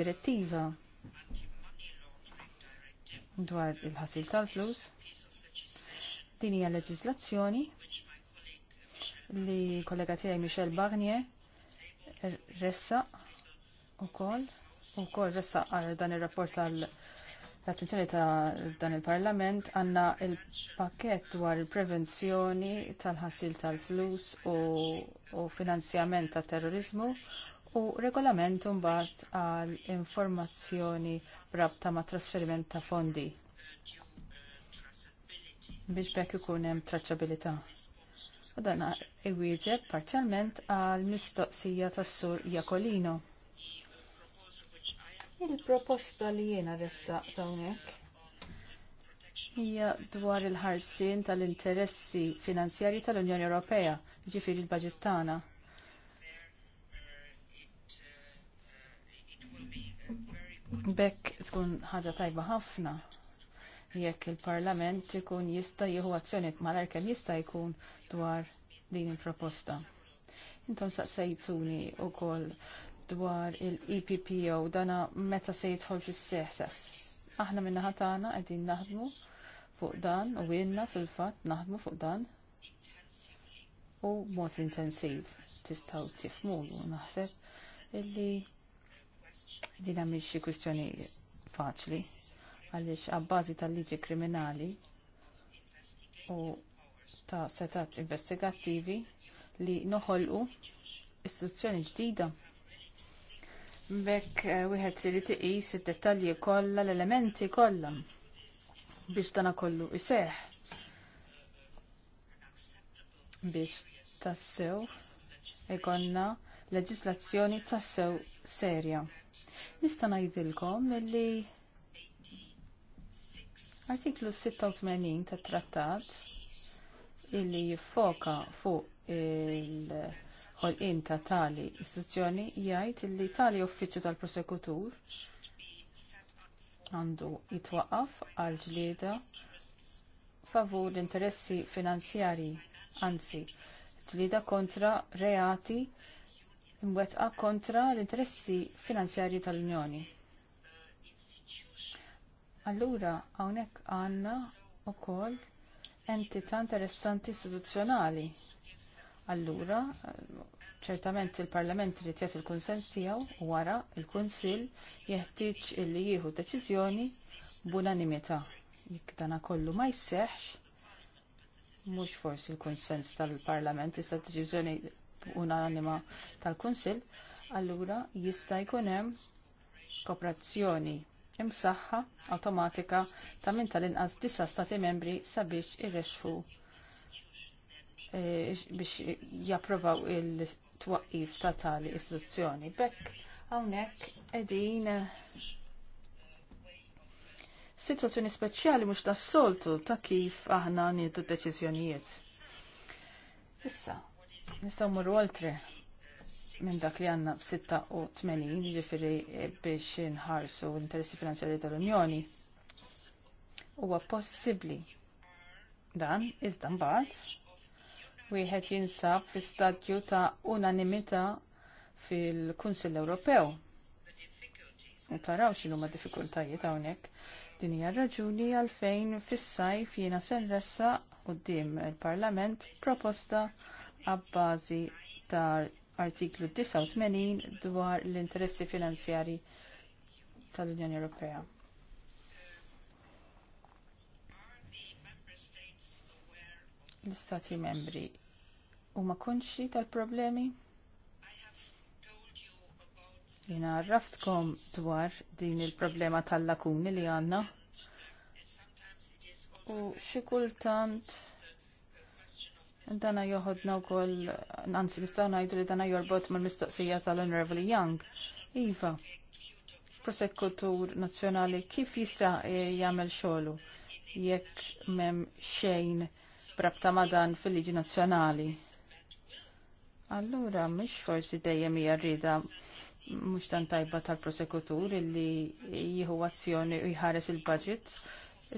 direttiva dwar il-ħasil tal-flus. Din hija leġiżlazzjoni li kollega tiegħi Michel Barnier ressa u ukoll ressa dan ir-rapport tal- l-attenzjoni ta' dan il-Parlament għanna il-pakket dwar il-prevenzjoni tal-ħassil tal-flus u, u finanzjament ta' terrorizmu u regolament mbagħad għal informazzjoni rabta ma' trasferiment ta' fondi biex bekk ikun hemm traċċabilità. U dan iwieġeb parzjalment għal mistoqsija tas-sur Jakolino. Il-proposta li jiena ressa hawnhekk hija dwar il ħarsien tal-interessi finanzjarji tal-Unjoni Ewropea, ġifir l-budget tagħna. Bekk tkun ħaġa tajba ħafna jekk il-Parlament ikun jista' jieħu azzjoni malar kemm jista' jkun dwar din il-proposta. Intom saqsejtuni wkoll dwar il-EPPO dana meta se jidħol fis-seħ Aħna minna ħatana qegħdin naħdmu fuq dan u ilna fil-fatt naħdmu fuq dan u mod intensiv tistgħu tifmu u naħseb illi din hemm xi kwistjoni faċli għaliex għabbażi tal-liġi kriminali u ta' setat investigattivi li noħolqu istituzzjoni ġdida Bekk eh, wieħed irid tiqis id-dettalji kollha, l-elementi kollha biex dana kollu iseħ. Biex tassew ikonna leġislazzjoni tassew serja. Nista' ngħidilkom milli artiklu 86 tat-trattat illi jiffoka fuq il- Ħolqien ta' tali istituzzjoni jgħid li tali uffiċċju tal-prosekutur għandu jitwaqqaf għal ġlieda favur l-interessi finanzjarji, anzi, ġlieda kontra reati imwettqa kontra l-interessi finanzjarji tal-Unjoni. Allura, hawnhekk għandna wkoll entità interessanti istituzzjonali Allura, ċertament il-Parlament irid jagħti il-kunsens tiegħu wara il-Kunsill jeħtieġ illi jieħu deċiżjoni b'unanimità. Jekk dana kollu ma jseħħx, mhux forsi l-kunsens tal-Parlament issa deċiżjoni unanima tal-Kunsill, allura jista' jkun hemm kooperazzjoni imsaħħa awtomatika ta' minn tal-inqas disa stati membri sabiex irresħu Eh, biex japprovaw il-twaqif ta' tali istituzzjoni. Bekk hawnhekk qegħdin eh, situazzjoni speċjali mhux tas-soltu ta' kif aħna nieħdu deċiżjonijiet. Issa, nistgħu mmorru oltre minn dak li għanna b-86 ġifiri eh, biex nħarsu l-interessi finanzjari tal-Unjoni. Huwa possibbli dan iżda mbagħad wieħed jinsab fi stadju ta' unanimità fil-Kunsill Ewropew. U taraw xinu ma' diffikultajiet hawnhekk. Din hija raġuni għalfejn fis-sajf jiena se nressaq quddiem il-Parlament proposta għabbażi ta' artiklu 89 dwar l-interessi finanzjarji tal-Unjoni Ewropea. l-istati membri huma konxi tal-problemi? Jina raftkom dwar din il-problema tal-lakuni li għanna. U xikultant dana joħodna u koll, nansi nistaw najdu li dana jorbot mal-mistoqsija tal-Honorable Young. Iva, prosekutur nazjonali kif jista jgħamil xolu jekk mem xejn brabta ma' dan fil-liġi nazzjonali. Allura, mux forsi dejjem hija rrieda mhux tan tajba tal-prosekutur illi jieħu azzjoni u jħares il-budget.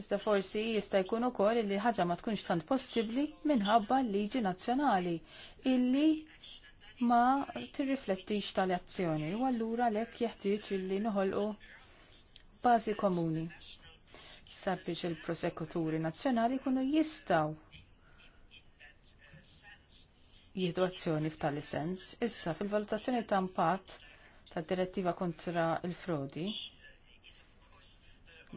Iżda forsi jista' jkun ukoll li ħaġa ma tkunx tant possibbli minħabba l-liġi nazzjonali illi ma tirriflettix tal-azzjoni u allura lek jeħtieġ illi noħolqu bażi komuni sabiex il-prosekuturi nazzjonali jkunu jistgħu jieħdu azzjoni f'tali sens. Issa, fil-valutazzjoni ta' impatt ta' direttiva kontra il-frodi,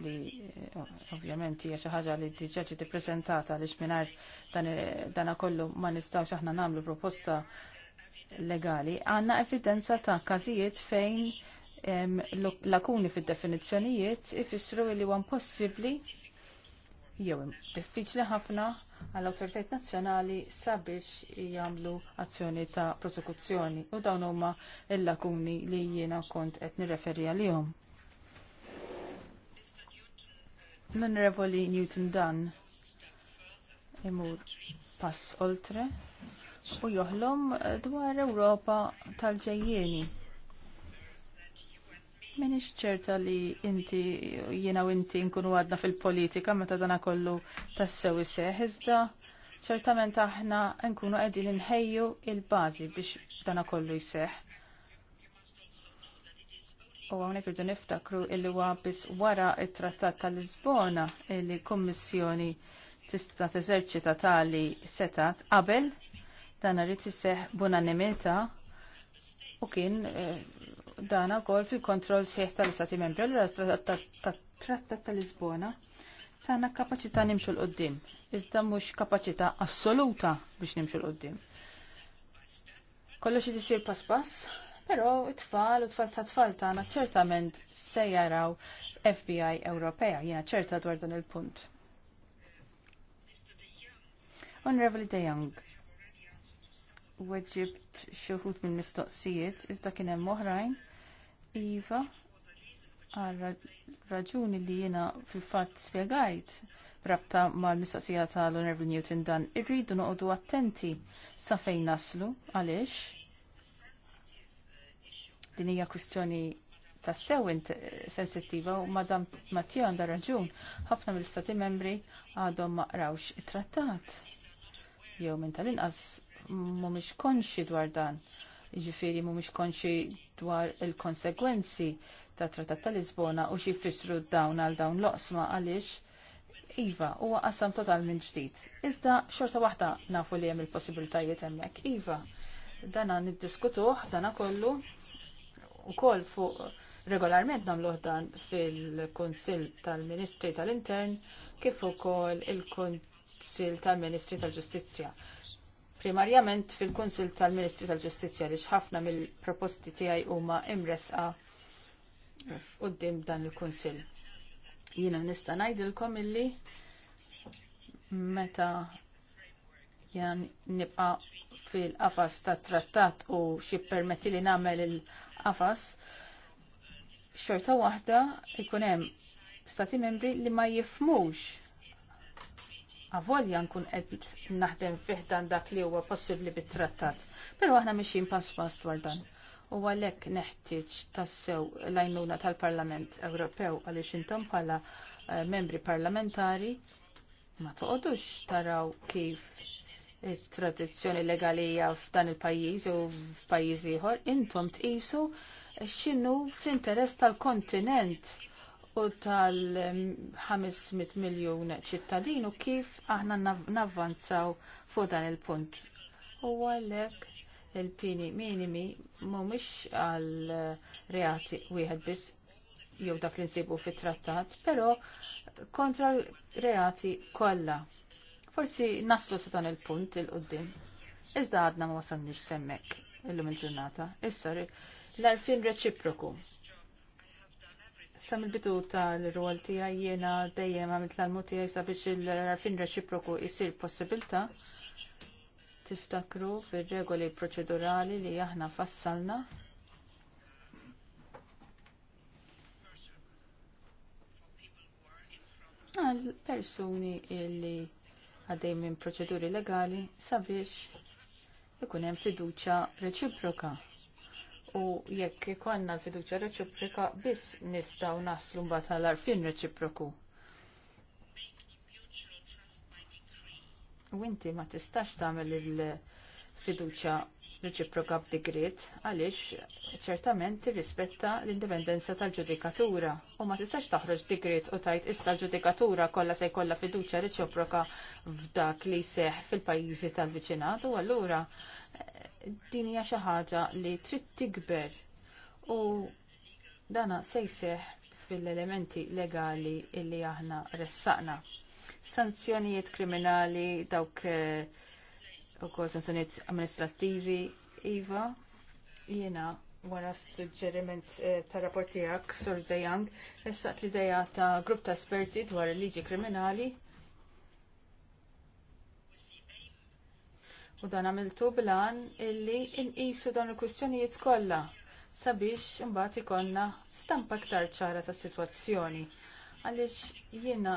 li eh, ovvjament hija xi ħaġa li diġà ġiet ippreżentata għaliex mingħajr dan kollu ma nistgħux aħna nagħmlu proposta legali, għandna evidenza ta' każijiet fejn lakuni fid-definizzjonijiet ifissru li huwa impossibbli jew diffiċli ħafna għall awtoritajiet nazzjonali sabiex jagħmlu azzjoni ta' prosekuzzjoni u dawn huma l-lakuni li jiena kont qed nirreferi għalihom. L-Onorevoli Newton Dunn imur pass oltre u joħlom dwar Ewropa tal-ġejjieni Minix ċerta li inti, jina u inti nkunu għadna fil-politika meta dana kollu tassew seħ iżda ċertament aħna nkunu għedin nħejju il-bazi biex dana kollu jseħ. U għawnek rridu niftakru illi huwa biss wara it-Trattat tal-Lisbona illi kummissjoni tista' teżerċita tali setat qabel dan rrid iseħħ b'unanimità u kien eh, dan ukoll fil-kontroll sħiħ tal-Istati Membri l tat-Trattat tal-Lisbona tagħna kapaċità nimxu l-qoddim. Iżda mhux kapaċità assoluta biex nimxu l-qoddim. Kollox isir pass pas però it-tfal u tfal ta' tfal tagħna ċertament se jaraw FBI Ewropea, jiena ċerta dwar dan il-punt. Honorable De Young, weġibt xuħut minn mistoqsijiet, iżda kien hemm oħrajn Iva, għal raġuni li jiena fil fatt spiegajt rabta mal-mistoqsija tal-Onorevoli Newton dan irridu noqogħdu attenti sa fejn naslu għaliex din hija kwistjoni ta' sew sensittiva u madam Mattia għandha raġun ħafna mill-istati membri għadhom ma qrawx it-trattat jew minn tal-inqas mhumiex konxi dwar dan ġifiri mhumiex konxi dwar il-konsegwenzi ta' Trattat tal Lisbona u xi jfissru dawn għal dawn loqsma għaliex Iva, huwa qasam total minn ġdid. Iżda xorta waħda nafu li hemm il-possibilitajiet hemmhekk. Iva, dana niddiskutuh, dana kollu ukoll fuq regolarment nagħmluh dan fil-Kunsill tal-Ministri tal-Intern kif ukoll il-Kunsill tal-Ministri tal-Ġustizzja primarjament fil-Kunsil tal-Ministri tal-Ġustizzja li ħafna mill-proposti tiegħi huma imresqa f'quddiem dan il kunsill Jiena nista' ngħidilkom illi meta jan nibqa fil-qafas ta' trattat u permetti li nagħmel il-qafas, xorta waħda ikun hemm stati membri li ma jifmux avolja nkun qed naħdem fih dan dak li huwa possibbli bit-trattat. Però aħna mixin pass pass dwar dan. U għalhekk neħtieġ tassew l-għajnuna tal-Parlament Ewropew għaliex intom bħala eh, membri parlamentari ma toqgħodux taraw kif it-tradizzjoni legalija f'dan il-pajjiż u f'pajjiż ieħor intom tqisu x'inhu fl-interess tal-kontinent u tal-500 miljon ċittadin u kif aħna navvanzaw fuq dan il-punt. U għalhekk il-pini minimi mhumiex għal reati wieħed biss jew dak li nsibu fit-trattat, però kontra reati kollha. Forsi naslu sa dan il-punt il-qoddim. Iżda għadna ma wasalniex semmek illum il-ġurnata. Issa l-arfin reċiproku Sam il-bidu tal-rol tiegħi jiena dejjem għamilt l-almu tiegħi sabiex il-rafin reċiproku jisir possibilità. Tiftakru fir-regoli proċedurali li aħna fassalna għal persuni li għaddej minn proċeduri legali sabiex ikun hemm fiduċja reċiproka u jekk ikonna l-fiduċja reċiproka biss nistgħu naslu mbagħad għall-arfin reċiproku. U inti ma tistax tagħmel il-fiduċja reċiproka b'digrit għaliex ċertament tirrispetta l-indipendenza tal-ġudikatura u ma tistax taħroġ digrit u tajt issa l-ġudikatura kollha se jkollha fiduċja reċiproka f'dak li seħ fil-pajjiżi tal-viċinat u allura din hija xi ħaġa li trid tikber u dana se jseħħ fil-elementi legali illi aħna ressaqna. Sanzjonijiet kriminali, dawk eh, ukoll sanzjonijiet amministrattivi, iva, jiena wara suġġeriment eh, ta' rapport tiegħek, Sur Dejang, ressaqt l-idea ta' grupp ta' esperti dwar il-liġi kriminali U dan għamiltu blan illi inqisu dawn il-kwistjonijiet kollha sabiex imbagħad ikollna stampa aktar ċara tas sitwazzjoni. Għaliex jiena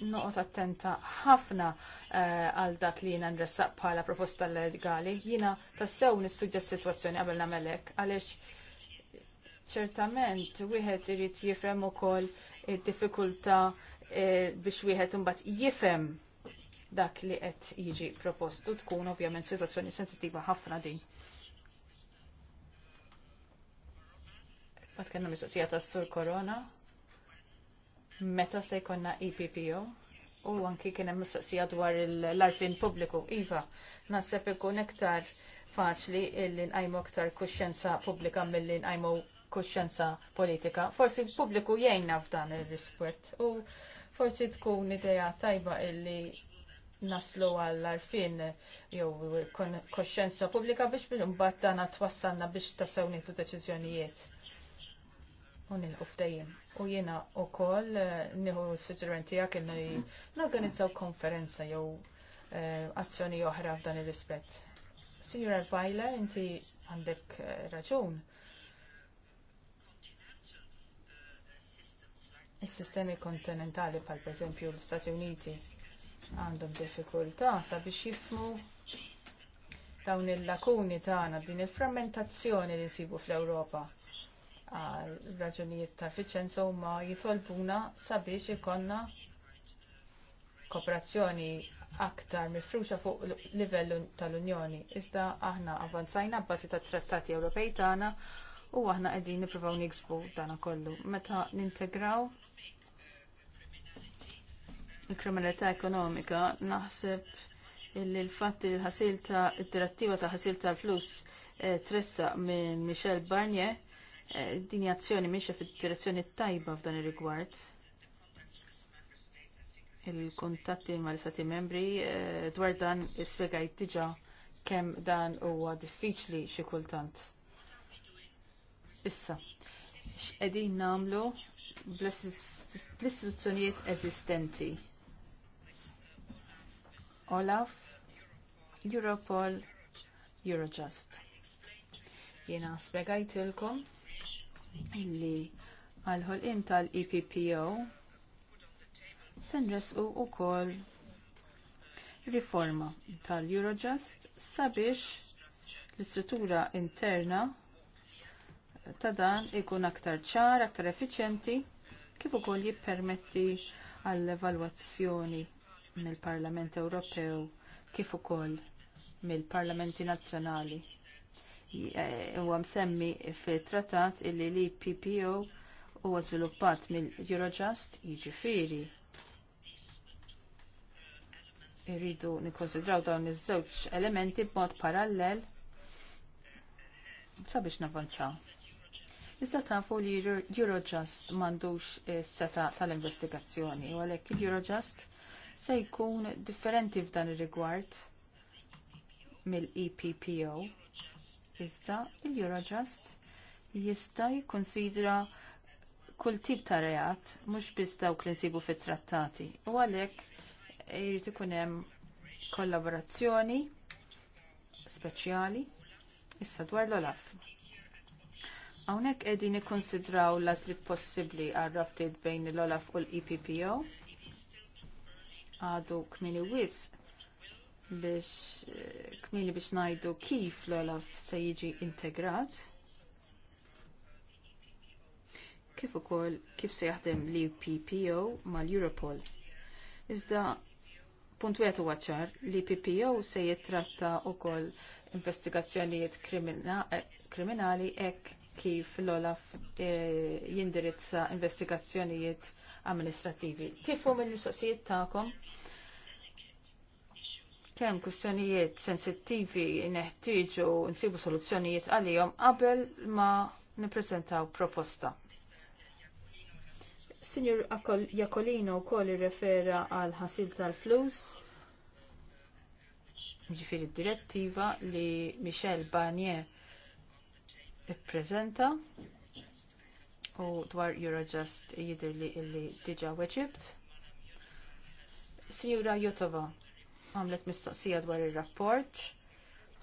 noqgħod attenta ħafna eh, għal dak li jiena nressaq bħala proposta legali, jiena tassew nistudja s-sitwazzjoni qabel nagħmel hekk għaliex ċertament wieħed irid jifhem ukoll id-diffikultà eh, biex wieħed imbagħad jifhem dak li qed jiġi propostu tkun ovvjament sitwazzjoni sensittiva ħafna din. kena mis mistoqsija tas sur Korona, meta se jkollna EPPO u anki kien hemm mistoqsija dwar l-arfin pubbliku. Iva, naħseb ikun iktar faċli għajmu iktar aktar publika pubblika milli għajmu kuxjenza politika. Forsi l-pubbliku f'dan ir rispet u forsi tkun idea tajba illi naslu għall-arfin jew koxxenza pubblika biex biex mbagħad dana twassalna biex tassew nieħdu deċiżjonijiet. U nilqu f'dejjem. U jiena wkoll eh, nieħu s-suġġerenti kienu norganizzaw konferenza jew eh, azzjoni oħra f'dan ir-rispett. Signora Vajla, inti għandek eh, raġun. Is-sistemi kontinentali pal per l-Istati Uniti għandhom diffikultà sabiex jifhmu dawn il-lakuni tagħna din il-frammentazzjoni li nsibu fl-Ewropa għal raġunijiet ta' efficienza huma jitolbuna sabiex ikonna kooperazzjoni aktar mifruxa fuq livell tal-Unjoni. Iżda aħna avanzajna bbażi tat trattati Ewropej tagħna u aħna qegħdin nippruvaw niksbu dan kollu. Meta nintegraw il-kriminalità ekonomika, naħseb illi l-fatt li l-ħasil ta' id-direttiva ta' ħasil ta' flus eh, tressa minn Michel Barnier, eh, din azzjoni miexa fid-direzzjoni tajba f'dan ir-rigward. Il-kontatti mal istati membri eh, dwar dan ispjegajt diġà kemm dan huwa diffiċli xi kultant. Issa, x'qegħdin nagħmlu bl-istituzzjonijiet eżistenti Olaf, Europol, Eurojust. Jiena spjegajtilkom illi intal ħolqien tal-EPPO u kol riforma tal-Eurojust sabiex l-istruttura interna ta' dan ikun aktar ċar, aktar effiċenti kif ukoll jippermetti għall-evalwazzjoni mill-Parlament Ewropew kif ukoll mill-Parlamenti Nazzjonali. Eh, huwa msemmi fit-trattat illi li PPO huwa żviluppat mill-Eurojust jiġifieri. Irridu nikkonsidraw dawn iż-żewġ elementi b'mod parallel sabiex navanzaw. Iżda tafu li Eurojust mandux seta tal-investigazzjoni, u għalhekk il-Eurojust se jkun differenti f'dan ir-rigward mill-EPPO. Iżda il-Eurojust jista' jikkonsidra kull tip ta' reat mhux biss dawk li nsibu fit-trattati. U għalhekk jrid ikun hemm kollaborazzjoni speċjali issa dwar l-olaf. Hawnhekk qegħdin ikkonsidraw l-għażliet possibbli għar-rabtiet bejn l-olaf u l-EPPO għadu kmini wis biex kmini biex najdu kif l-olaf se jiġi integrat kif ukoll kif se jaħdem li PPO mal-Europol. Iżda punt wieħed huwa ċar li PPO se jittratta wkoll investigazzjonijiet kriminali hekk kif l-Olaf eh, jindirizza investigazzjonijiet amministrativi. Tifu mill-mistoqsijiet tagħkom kemm kwistjonijiet sensittivi neħtieġu nsibu soluzzjonijiet għalihom qabel ma nippreżentaw proposta. Signor Jakolino wkoll irrefera għal ħasil tal-flus ġifiri direttiva li Michel Barnier i prezenta u dwar Eurojust jidir li illi diġa weġibt. Sinjura Jotova għamlet mistoqsija dwar il-rapport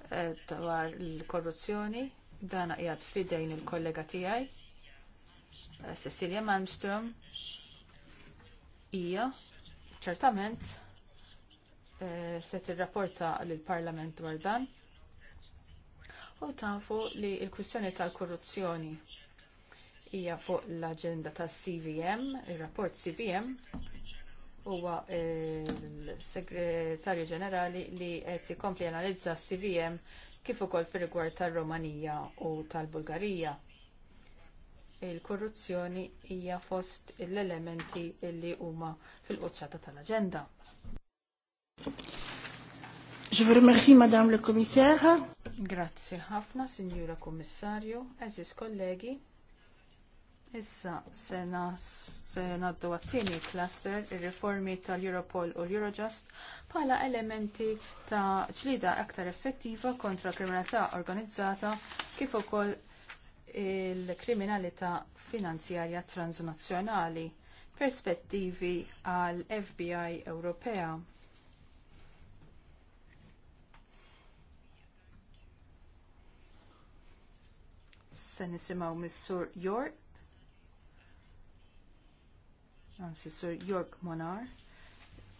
eh, dwar l-korruzzjoni dana jgħad fidejn il-kollega tijaj eh, Cecilia Malmström ija ċertament eh, se tirrapporta lill-Parlament dwar dan. U tafu li l kwistjoni tal-korruzzjoni hija fuq l-aġenda ta' CVM, ir-rapport CVM huwa il-Segretarju eh, Ġenerali li qed jikompli analizza CVM kif ukoll fir-rigward tar-Romanija u tal-Bulgarija. Il-korruzzjoni hija fost l-elementi li huma fil-quċċata tal-aġenda. Je vous remercie, Madame le Commissaire. Grazie ħafna, Signora Kommissarju, eżis kollegi. Issa sena ngħaddu għat-tieni cluster ir-riformi tal-Europol u l-Eurojust bħala elementi ta' ġlieda aktar effettiva kontra kriminalità organizzata kif ukoll il-kriminalità finanzjarja transnazzjonali perspettivi għall FBI Ewropea. Se nisimgħu mis-Sur York anzi Sir Jörg Monar,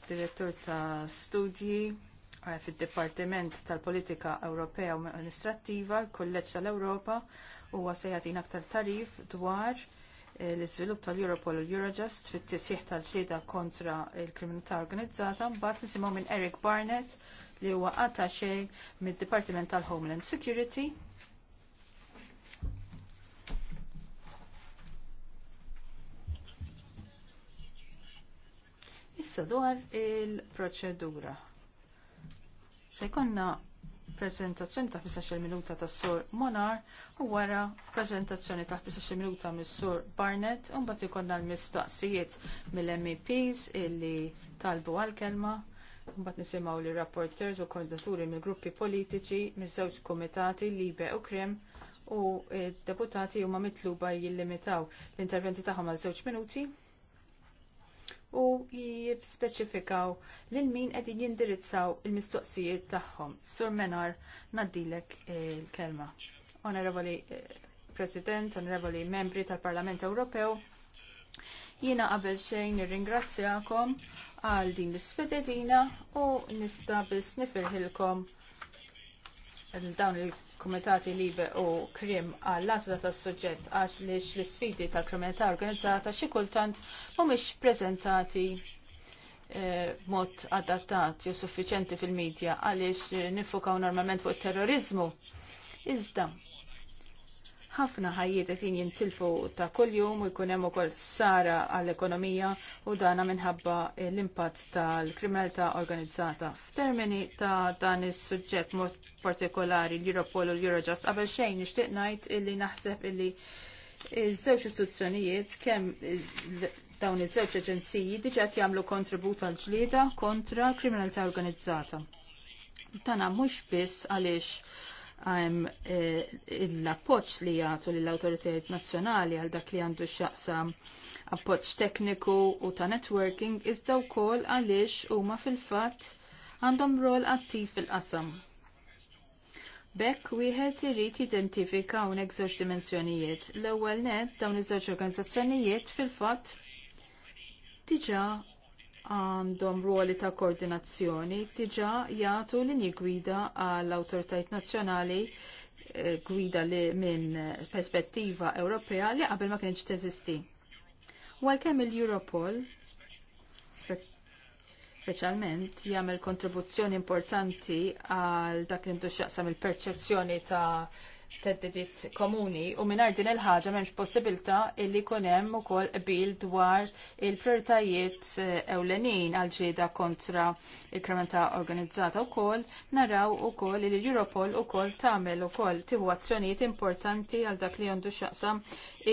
direttur ta' studji eh, fil-Dipartiment tal-Politika Ewropea u Amministrattiva, l-Kolleġġ tal-Ewropa, huwa se jagħtina aktar tarif dwar eh, l-iżvilupp tal-Europol u l-Eurojust fit-tisjieħ tal-ġlieda kontra l kriminalità organizzata, mbagħad nisimgħu minn Eric Barnett li huwa għata xejn mid-Dipartiment tal-Homeland Security Issa dwar il-proċedura. Se jkollna prezentazzjoni ta' 15 minuta tas sur Monar u wara prezentazzjoni ta' 15 minuta mis sur Barnett un bat ikollna l-mistaqsijiet mill-MEPs illi talbu għal-kelma. Mbagħad nisimgħu li rapporters u koordinaturi mill-gruppi politiċi miż-żewġ kumitati Libe u Krim u d eh, deputati huma mitluba jillimitaw l-interventi tagħhom għal żewġ minuti u jibspeċifikaw lil min qegħdin jindirizzaw il-mistoqsijiet tagħhom. Sur Menar, naddilek il-kelma. Onorevoli eh, President, onorevoli membri tal-Parlament Ewropew, jiena qabel xejn nirringrazzjakom għal din l-isfededina u nista' biss nifirħilkom dawn il-komitati libe u krim għall-azla tas suġġett għax li l isfidi tal-kriminalità organizzata xi kultant mhumiex preżentati eh, mod adattat jew suffiċenti fil-medja għaliex nifukaw normalment fuq it terrorizmu. Iżda, ħafna ħajjiet qed jintilfu ta' kuljum u jkun hemm ukoll sara għall-ekonomija u dana minħabba l-impatt tal-kriminalità organizzata. F'termini ta' dan is-suġġett mod partikolari l-Europol u l-Eurojust qabel xejn nixtieq ngħid illi naħseb illi iż-żewġ istituzzjonijiet kemm dawn iż-żewġ aġenziji diġà jagħmlu kontribut għal ġlieda kontra kriminalità organizzata. Tana mhux biss għaliex għajm eh, l-appoċ li jgħatu l-autoritajiet nazzjonali għal dak li għandu xaqsa appoċ tekniku u ta' networking iżda wkoll għaliex huma fil-fatt għandhom rol attiv fil-qasam. Bekk wieħed irid jidentifika hawnhekk żewġ dimensjonijiet. L-ewwel net dawn iż-żewġ organizzazzjonijiet fil-fatt diġà għandhom ruoli ta' koordinazzjoni diġà jagħtu linji gwida għall awtoritajiet nazzjonali eh, gwida li minn perspettiva Ewropea li qabel ma kienx teżisti. Walkemm il-Europol speċjalment jagħmel kontribuzzjoni importanti għal dak li ndu il-perċezzjoni ta' teddidit komuni u mingħajr din il-ħaġa m'hemmx possibilità illi jkun hemm ukoll qbil dwar il-prioritajiet eh, ewlenin għal ġieda kontra il-kriminalità organizzata wkoll naraw ukoll li l-Europol ukoll tagħmel ukoll tieħu azzjonijiet importanti għal dak li għandu x'jaqsam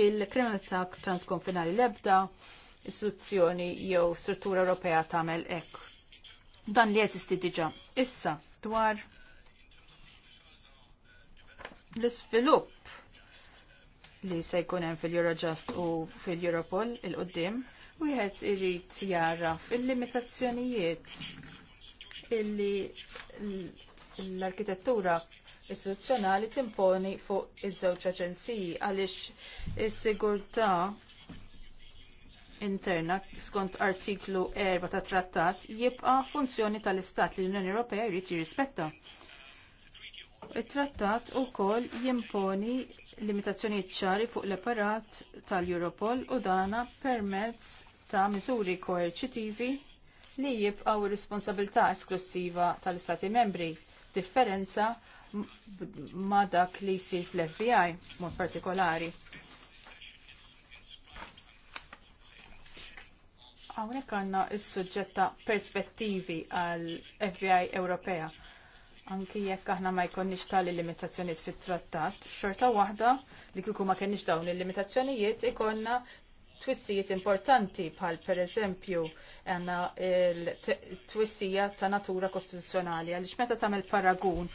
il-kriminalità transkonfinali l-ebda istituzzjoni jew struttura Ewropea tagħmel hekk. Dan li jeżisti diġà. Issa dwar l-isvilupp li se jkun hemm fil-Eurojust u fil-Europol il-qoddim, wieħed irid jaraf il-limitazzjonijiet illi l-arkitettura istituzzjonali timponi fuq iż-żewġ aġenziji għaliex is-sigurtà interna skont artiklu 4 ta' trattat jibqa' funzjoni tal-Istat li l-Unjoni Ewropea jrid jirrispetta it-trattat ukoll jimponi limitazzjonijiet ċari fuq l-apparat tal-Europol u dana permezz ta' miżuri koerċittivi li jibqgħu responsabilità esklusiva tal-Istati membri, differenza ma' dak li jsir fl-FBI, mod partikolari. Għawnek għanna s-sujġetta perspettivi għal FBI Ewropea. Anki jekk aħna ma jkonniex tali limitazzjonijiet fit-trattat, xorta waħda li kieku ma kenniex dawn il-limitazzjonijiet ikonna twissijiet importanti bħal pereżempju eżempju il-twissija ta' natura kostituzzjonali għaliex meta tagħmel paragun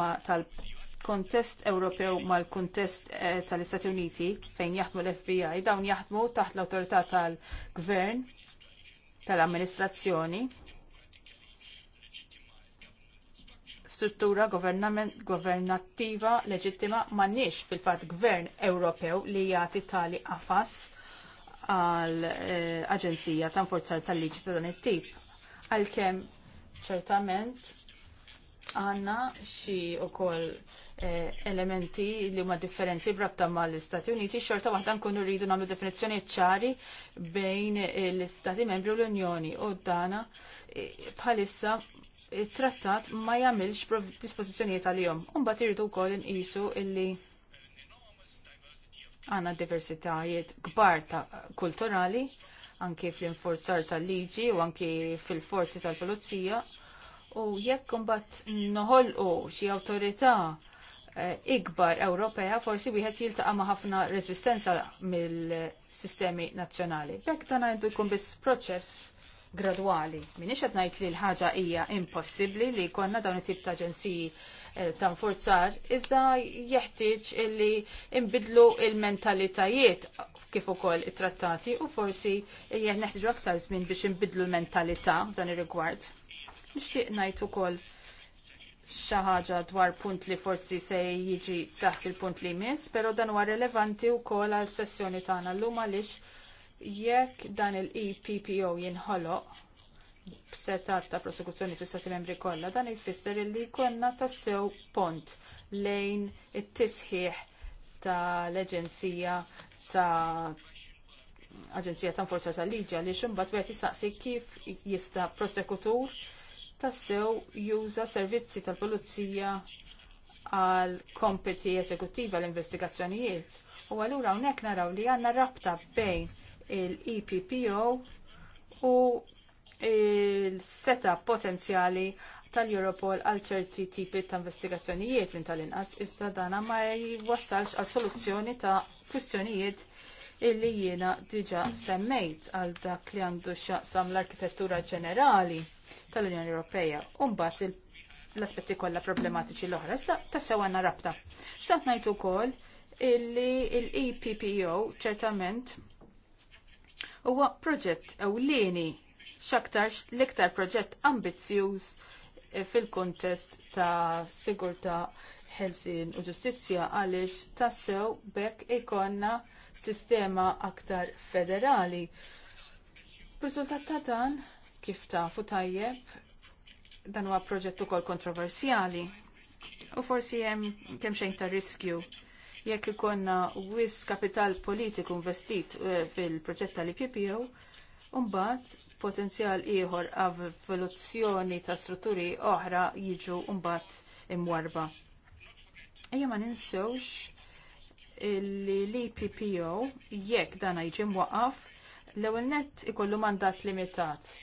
ma tal-kontest Ewropew mal-kontest eh, tal-Istati Uniti fejn jaħdmu l-FBI dawn jaħdmu taħt l-awtorità tal-gvern tal-amministrazzjoni struttura governattiva leġittima m'għandniex fil-fatt gvern Ewropew li jagħti tali għafas għal eh, aġenzija ta' forza tal-liġi ta' dan it-tip. Għalkemm ċertament għandna xi wkoll eh, elementi li huma differenzi brabta ma l-Istati Uniti, xorta waħda nkunu rridu nagħmlu definizzjoni ċari bejn eh, l-Istati Membri u l-Unjoni. U dana bħalissa il-trattat ma jagħmilx dispożizzjonijiet għalihom. mbagħad irridu wkoll inqisu illi għandna diversitajiet kbar ta' kulturali, anke fl-inforzar tal-liġi u anke fil-forzi tal-pulizija. U jekk imbagħad noħolqu xi awtorità eh, ikbar Ewropea forsi wieħed jiltaqa' ma' ħafna resistenza mill-sistemi nazzjonali. Bekk dan għandu jkun biss proċess gradwali. Minix qed ngħid li l-ħaġa hija impossibbli li jkollna dawn it-tip ta' aġenziji eh, ta' forzar, iżda jeħtieġ li imbidlu il-mentalitajiet kif ukoll it-trattati u forsi jgħid neħtiġu aktar żmien biex inbidlu l-mentalità f'dan ir-rigward. Nixtieq ngħid ukoll xi ħaġa dwar punt li forsi se jiġi taħt il-punt li jmiss, però dan huwa relevanti wkoll għal sessjoni tagħna llum għaliex jekk dan il-EPPO jinħoloq b'setat ta' prosekuzzjoni fis stati membri kollha, dan jfisser li jkollna tassew pont lejn it-tisħiħ tal-Aġenzija ta' Aġenzija ta' Forza tal-Liġi għaliex imbagħad wieħed jistaqsi kif jista' prosekutur tassew juża servizzi tal-Pulizija għal kompiti eżekuttiva l-investigazzjonijiet. U allura hawnhekk naraw li għandna rabta bejn il-EPPO u il-seta potenzjali tal-Europol għal ċerti tipi ta' investigazzjonijiet minn tal-inqas iżda dana ma jwassalx għal soluzzjoni ta' kwistjonijiet illi jiena diġa semmejt għal dak li għandu xaqsam l-arkitettura ġenerali tal-Unjoni Ewropea. Umbat l-aspetti kollha problematiċi l-oħra, iżda tassew għandna rabta. Xtaqt ngħid ukoll illi l-EPPO ċertament Huwa proġett ewlieni x'aktarx l-iktar proġett ambizzjuż eh, fil kontest ta' sigurtà ħelsin u ġustizzja għaliex tassew bekk ikonna sistema aktar federali. Rizultat ta' dan kif tafu tajjeb dan huwa proġett ukoll kontroversjali u forsi hemm kemm xejn ta' riskju Jekk ikonna wis kapital politiku investit eh, fil-proġett tal-IPPO, Umbat, potenzjal ieħor evoluzzjoni ta' strutturi oħra jiġu mbagħad imwarba. Ejja ma ninsewx li l-IPPO jekk dan jiġi mwaqaf l-ewwel nett ikollu mandat limitat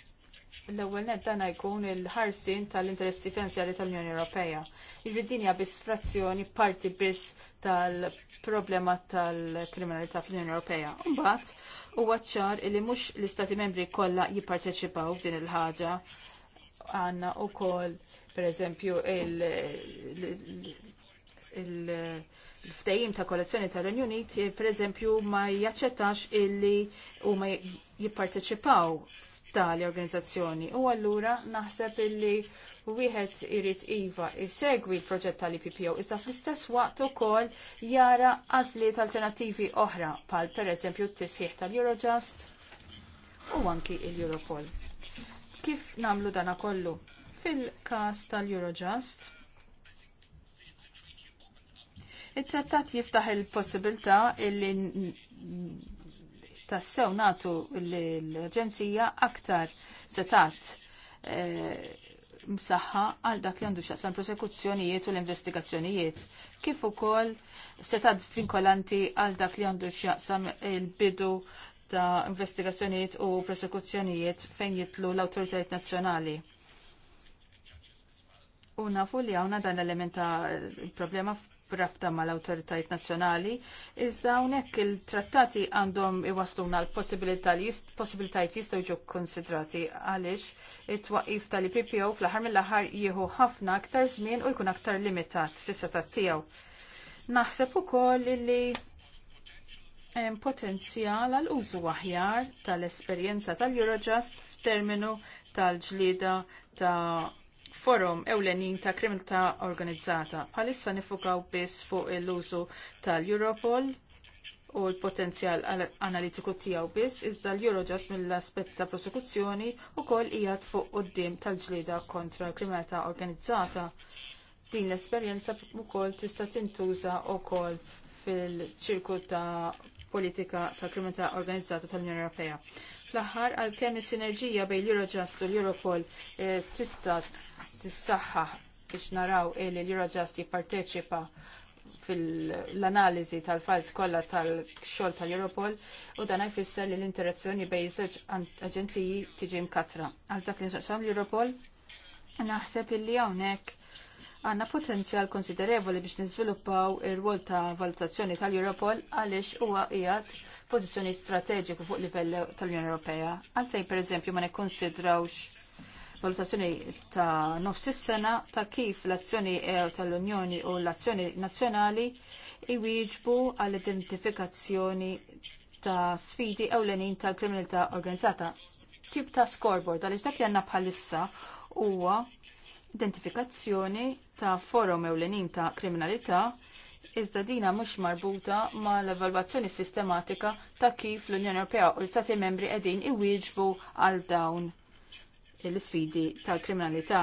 l-ewwel net dan jkun il-ħarsin tal-interessi finanzjari tal-Unjoni Ewropea. Iġvidin dinja biss frazzjoni parti biss tal-problema tal-kriminalità fl-Unjoni Ewropea. Imbagħad huwa ċar li mhux l-Istati Membri kollha jipparteċipaw f'din il-ħaġa għandna wkoll pereżempju il- il ftejim ta' kollezzjoni tal-Renju Unit, pereżempju ma jaċċettax illi huma jipparteċipaw tal-organizzazzjoni. U allura naħseb illi wieħed irid iva isegwi l-proġett tal-IPPO iżda fl-istess waqt ukoll jara għażliet alternattivi oħra bħal pereżempju t-tisħiħ tal-Eurojust u anki l europol Kif nagħmlu dana kollu? Fil-każ tal-Eurojust, it-trattat jiftaħ il-possibilità illi tassew natu l-Aġenzija aktar setat eh, msaħħa għal dak li għandu xaqsan prosekuzzjonijiet u l-investigazzjonijiet. Kif ukoll setat vinkolanti għal dak li għandu xaqsan il-bidu ta' investigazzjonijiet u prosekuzzjonijiet fejn jitlu l-autoritajiet nazzjonali. U nafu li għawna dan element ta' problema brabta mal awtoritajiet nazzjonali, iżda hawnhekk il-trattati għandhom iwasluna l-possibilitajiet jistgħu ġew konsidrati għaliex it-twaqif tal-PPO fl-aħħar mill-aħħar jieħu ħafna aktar żmien u jkun aktar limitat fis-setat tiegħu. Naħseb ukoll li hemm potenzjal għal użu aħjar tal-esperjenza tal-Eurojust f'terminu tal-ġlieda ta' forum ewlenin ta' kriminalità organizzata. Bħalissa nifukaw biss fuq l-użu tal-Europol u l-potenzjal analitiku tiegħu biss, iżda l-Eurojust mill-aspett ta' prosekuzzjoni wkoll hija fuq quddiem tal-ġlieda kontra l-kriminalità organizzata din l-esperjenza wkoll tista' tintuża wkoll fil-ċirku ta' politika ta' kriminalità organizzata tal-Unjoni Ewropea. Fl-aħħar għalkemm is-sinerġija bejn l-Eurojust u l-Europol eh, tista' tissaħħaħ biex naraw li l-Eurojust jipparteċipa fil-analizi tal-files kollha tal-xogħol tal-Europol u dan jfisser li l-interazzjoni bejn żewġ aġenziji tiġi mkatra. Għal dak li nxaqsam l-Europol naħseb illi hawnhekk għanna potenzjal konsiderevoli biex niżviluppaw ir-rwol ta' valutazzjoni tal-Europol għaliex huwa qiegħed pożizzjoni strateġiku fuq livell tal-Unjoni Ewropea. Għalfejn pereżempju ma nikkonsidrawx valutazzjoni ta' nofs is-sena ta' kif l-azzjoni e- tal-Unjoni u l-azzjoni nazzjonali iwieġbu għall-identifikazzjoni ta' sfidi ewlenin tal-kriminalità organizzata. Tip ta' scoreboard għaliex dak li għandna bħalissa huwa identifikazzjoni ta' forum ewlenin ta' kriminalità iżda dina mhux marbuta ma l-evalwazzjoni sistematika ta' kif l-Unjoni Ewropea u l-Stati membri qegħdin iwieġbu għal dawn l isfidi tal-kriminalità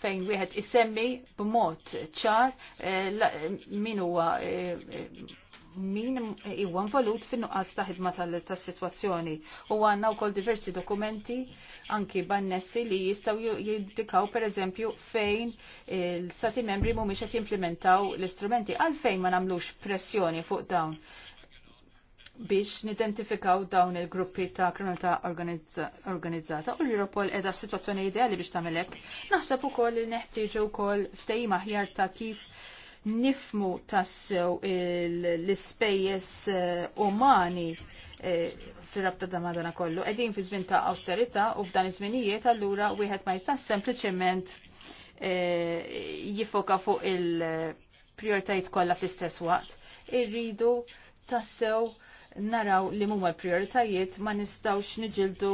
fejn wieħed isemmi b'mod ċar eh, min huwa eh, min huwa involut fin-nuqqas ta' ħidma tas-sitwazzjoni. U għandna wkoll diversi dokumenti anki bannessi li jistgħu jiddikaw pereżempju fejn il-stati eh, membri mhumiex qed jimplementaw l-istrumenti għalfejn ma nagħmlux pressjoni fuq dawn biex nidentifikaw dawn il-gruppi ta' kriminalità organizzata u l-Europol edha situazzjoni ideali biex tamelek. Naħseb ukoll li neħtieġu wkoll ftejma aħjar ta' kif nifmu tassew l-ispejjeż eh, umani eh, fir-rabta ta' madana kollu. Qegħdin fi żmien ta' austerità u f'dan iż-żminijiet allura wieħed ma jistax sempliċement eh, jifoka fuq il-prioritajiet kollha fl-istess waqt. Irridu tassew naraw li mumma l-prioritajiet ma nistawx niġildu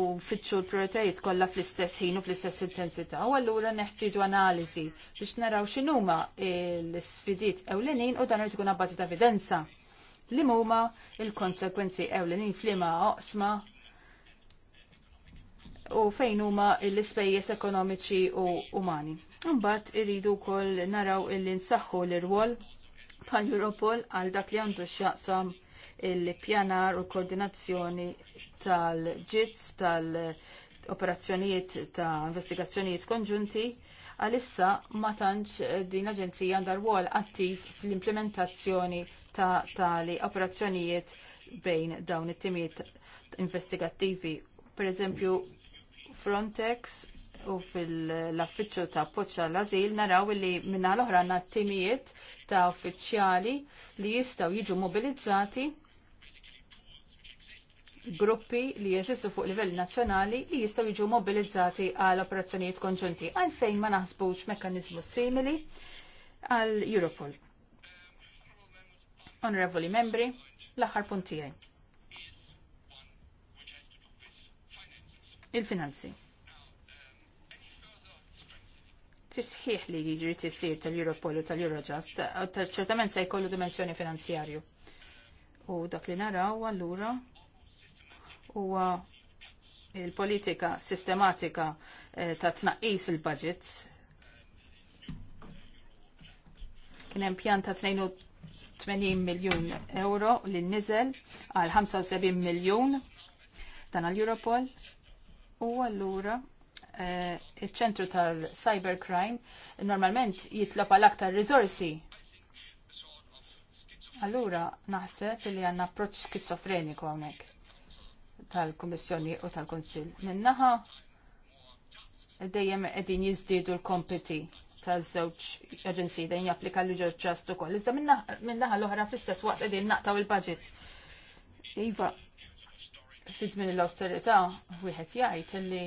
u fitxu l-prioritajiet kollha fl-istess ħin u fl-istess intensità. U allura neħtieġu analiżi biex naraw x'inhuma l-sfidiet ewlenin u dan irid ikun ta' evidenza li huma il-konsekwenzi ewlenin f'liema oqsma u fejn huma l-ispejjeż ekonomiċi u umani. Imbagħad irridu wkoll naraw illi nsaħħu l-irwol bħal Europol għal dak li għandu x'jaqsam il-pjanar u koordinazzjoni tal-ġitz tal-operazzjonijiet ta' investigazzjonijiet konġunti għalissa ma tantx din l aġenzija għandha rwol attiv fl-implementazzjoni ta' tali operazzjonijiet bejn dawn it-timijiet investigattivi. pereżempju Frontex u fil-affiċċju ta' poċċa l-azil naraw li minna l-oħra għandna timijiet ta' uffiċjali li jistgħu jiġu mobilizzati gruppi li jeżistu fuq livell nazzjonali li jistgħu jiġu mobilizzati għal operazzjonijiet konġunti għalfejn ma naħsbux mekkaniżmu simili għal Europol. Onorevoli membri, l-aħħar punt tiegħi. Il-finanzi. Tisħiħ li jiġri tisir tal-Europol u tal-Eurojust, ċertament se jkollu dimensjoni finanzjarju. U dak li naraw allura huwa il-politika sistematika eh, ta' tnaqqis fil-budgets. Kien hemm pjan ta' 82 miljun euro li nniżel għal 75 miljun dan għal Europol u allura eh, il-ċentru tal-cybercrime normalment jitlob għal aktar risorsi. Allura naħseb li għanna approċ skizofreniku għonek tal-Kummissjoni u tal-Konsil. Minnaħa dejjem qegħdin jiżdiedu l-kompiti taż-żewġ aġenziji dejjem japplika l ġast ukoll. Iżda minnaħa l-oħra fl-istess waqt qegħdin naqtaw il-budget. Iva, fi żmien l awsterità wieħed jgħid li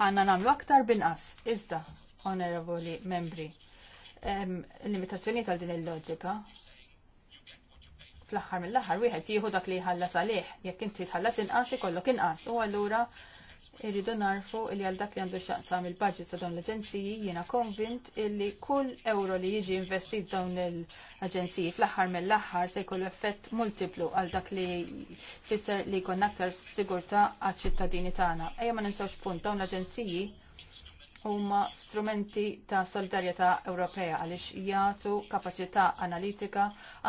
għandna nagħmlu aktar binqas. Iżda, onorevoli membri, limitazzjoni tal din il-loġika fl-aħħar mill-aħħar wieħed jieħu dak li jħallas għalih, jekk inti tħallas inqas ikollok inqas. U allura irridu narfu li għal dak li għandu xaqsam il-budget ta' dawn l-aġenziji jiena konvint illi kull euro li jiġi investit dawn l-aġenziji fl-aħħar mill-aħħar se jkollu effett multiplu għal dak li fisser li jkun aktar sigurtà għaċ ċittadini tagħna. Ejja ma ninsawx punt dawn l-aġenziji huma strumenti ta' solidarjetà Ewropea għaliex jagħtu kapaċità analitika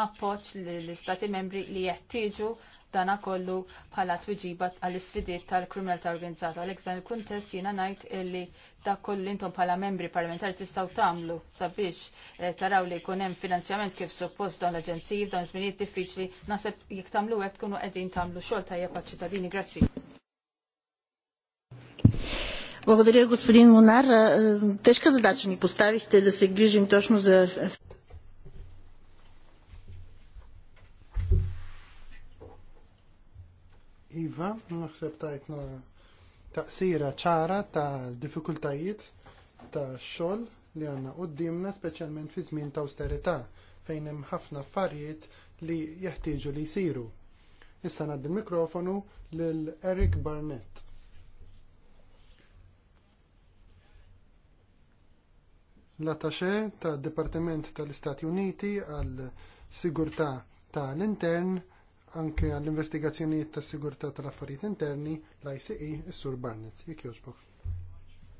appoġġ lill-Istati membri li jeħtieġu dana kollu bħala tweġiba għall isfidiet tal-kriminalità organizzata. Għalhekk dan il-kuntest jiena ngħid illi dak kollu intom bħala membri parlamentari tistgħu tagħmlu sabiex eh, taraw li jkun hemm finanzjament kif suppost dawn l-aġenziji f'dawn żminijiet diffiċli naħseb jekk tagħmlu hekk tkunu qegħdin tagħmlu xogħol tajjeb għaċ-ċittadini. Grazzi. Благодаря, господин Монар. Тежка задача ни поставихте да се грижим точно за... Iva, naħseb tajtna taqsira ċara ta' diffikultajiet ta' xogħol li għandna qudiemna speċjalment fi żmien ta' austerità fejn hemm ħafna affarijiet li jeħtieġu li jsiru. Issa ngħaddi l-mikrofonu lil Eric Barnett. l-attaxxe tad Dipartiment tal-Istati Uniti għal Sigurtà tal-Intern anke għall-investigazzjonijiet tas sigurtà tal-affarijiet interni l-ICE s sur Barnett. Jekk jogħġbok.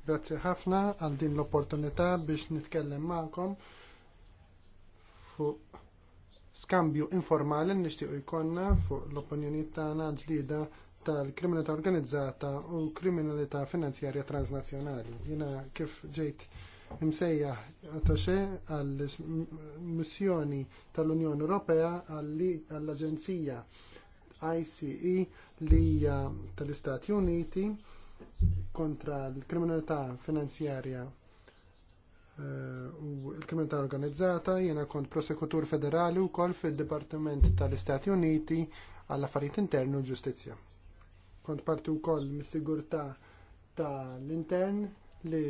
Grazzi ħafna għal din l-opportunità biex nitkellem magħkom fuq skambju informali nixtiequ jkollna fuq l-opinjonijiet tagħna ġlida tal-kriminalità organizzata u kriminalità finanzjarja transnazzjonali. Jiena kif ġejt imsejjaħ attaxxe għall missjoni tal-Unjoni Ewropea għall-Aġenzija ICE li hija tal-Istati Uniti kontra l-kriminalità finanzjarja eh, u l-kriminalità organizzata jiena kont prosekutur federali wkoll fid dipartiment tal-Istati Uniti għall affarijiet internu u ġustizzja. Kont parti wkoll mis-sigurtà tal-intern li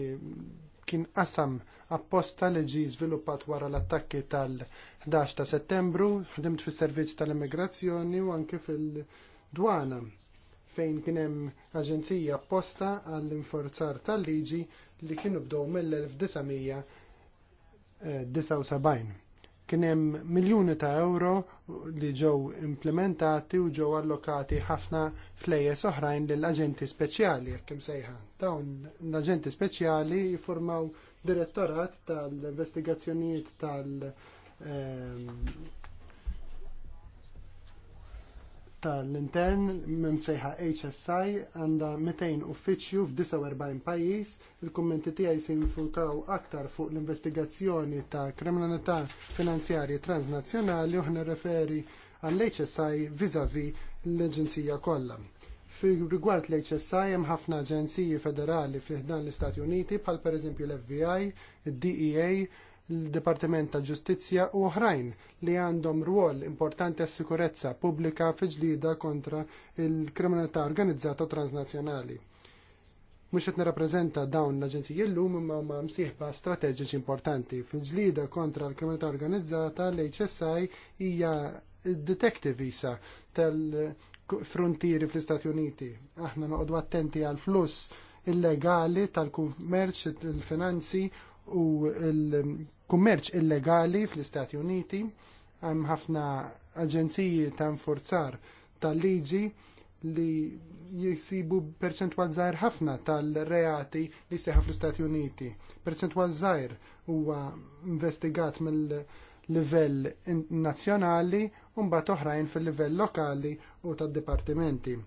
kien qasam apposta li ġi żviluppat wara l-attakki tal-11 ta' settembru, ħdimt fis servizz tal-immigrazzjoni u anke fil-dwana fejn kien hemm aġenzija apposta għall-inforzar tal-liġi li kienu bdew mill-1979. Kien hemm miljuni ta' euro li ġew implementati u ġew allokati ħafna flejjes oħrajn lill aġenti speċjali jekk sejħa. Dawn l-aġenti speċjali jiffurmaw direttorat tal-investigazzjonijiet tal ehm, tal-intern minn sejħa HSI għandha 200 uffiċċju f'49 pajjiż. Il-kummenti tiegħi se jinfrutaw aktar fuq l-investigazzjoni ta' kriminalità finanzjarji transnazzjonali u referi għall-HSI vizavi l-Aġenzija kollha. Fi rigward l-HSI hemm ħafna aġenziji federali fi dan l-Istati Uniti bħal pereżempju l-FBI, id-DEA, l-Dipartiment ta' Ġustizzja u oħrajn li għandhom rwol importanti għas sikurezza pubblika fi ġlida kontra l kriminalità organizzata transnazzjonali mux qed nirrappreżenta dawn l-aġenziji llum imma ma msieħba strateġiċi importanti. Fil-ġlida kontra l-kriminalità organizzata l-HSI hija detective visa tal-frontieri fl-Istati Uniti. Aħna noqogħdu attenti għal fluss illegali tal-kummerċ, il-finanzi u l-kummerċ illegali fl-Istati Uniti, hemm ħafna aġenziji ta' nforzar tal-liġi li jisibu perċentwal żgħir ħafna tal-reati li seħħa fl-Istati Uniti. Perċentwal żgħir huwa investigat mill-livell nazzjonali u mbagħad oħrajn fil-livell lokali u tad-dipartimenti.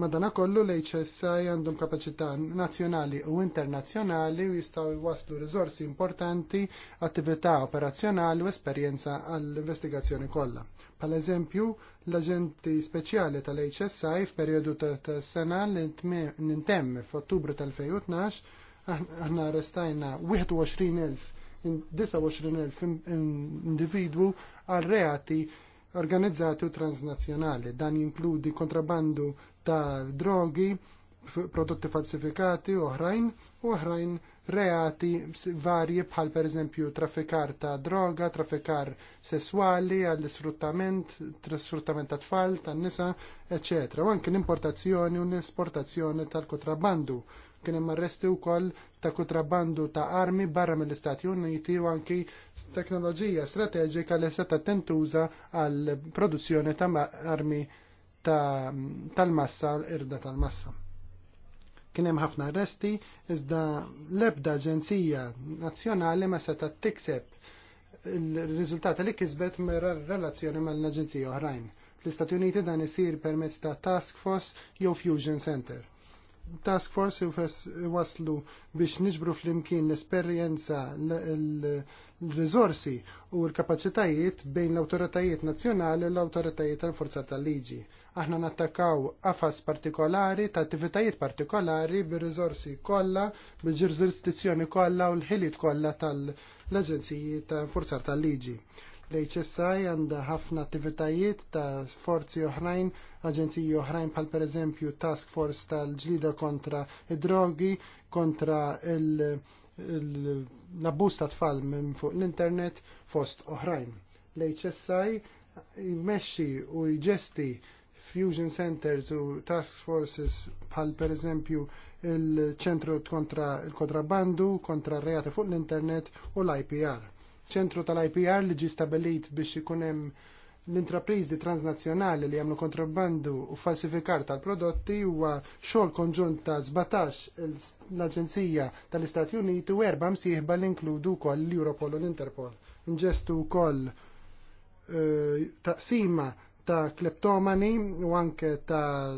Madanakollu l-HSI għandhom kapaċità nazzjonali u internazzjonali u jistgħu jwasslu riżorsi importanti, attività operazzjonali u esperjenza għall-investigazzjoni kollha. Pal eżempju, l-aġenti speċjali tal-HSI f'perjodu ta' sena li nintemm f'Ottubru tal-2012 aħna arrestajna 21,000 29,000 individwu għal reati organizzati u transnazzjonali. Dan jinkludi kontrabandu ta' drogi, prodotti falsifikati oħrajn u oħrajn reati varji bħal pereżempju traffikar ta' droga, traffikar sesswali, għall-sfruttament, sfruttament ta' tfal, tan nisa, eccetera. U anke l-importazzjoni u l-esportazzjoni tal-kontrabbandu Kien hemm arresti wkoll ta' kutrabandu ta' armi barra mill-Istati Uniti u anki teknoloġija strateġika li seta' tentuża għal produzzjoni ta' armi tal-massa, l-irda tal-massa. Kien hemm ħafna arresti, iżda l-ebda aġenzija nazzjonali ma seta' tikseb il-riżultati li kisbet mir relazzjoni mal-aġenzija oħrajn. Fl-Istati Uniti dan isir permezz ta' Task Force jew Fusion Center task force waslu biex niġbru flimkien l-esperjenza, l-rizorsi u l-kapacitajiet bejn l-autoritajiet nazzjonali u l-autoritajiet tal-forza tal-liġi. Aħna nattakaw għafas partikolari ta' attivitajiet partikolari bir-rizorsi kollha, bi ġurisdizzjoni kollha u l-ħiliet kollha tal-aġenziji tal-forza tal-liġi. L-HSI għandha ħafna attivitajiet ta' forzi oħrajn, aġenziji oħrajn bħal pereżempju Task Force tal-ġlida kontra id-drogi, kontra l nabbus ta' tfal minn fuq l-internet fost oħrajn. L-HSI jmexxi u jġesti fusion centers u task forces bħal pereżempju l ċentru kontra l-kontrabbandu, kontra r reati fuq l-internet u l-IPR ċentru tal-IPR li ġi stabilit biex ikun hemm l-intrapriżi transnazzjonali li jamlu kontrabbandu u falsifikar tal-prodotti huwa xogħol konġunt ta' 17 l-Aġenzija tal-Istati Uniti u erba' msieħba l inkludu wkoll l-Europol u l-Interpol. Nġestu wkoll eh, taqsima ta' kleptomani u anke ta'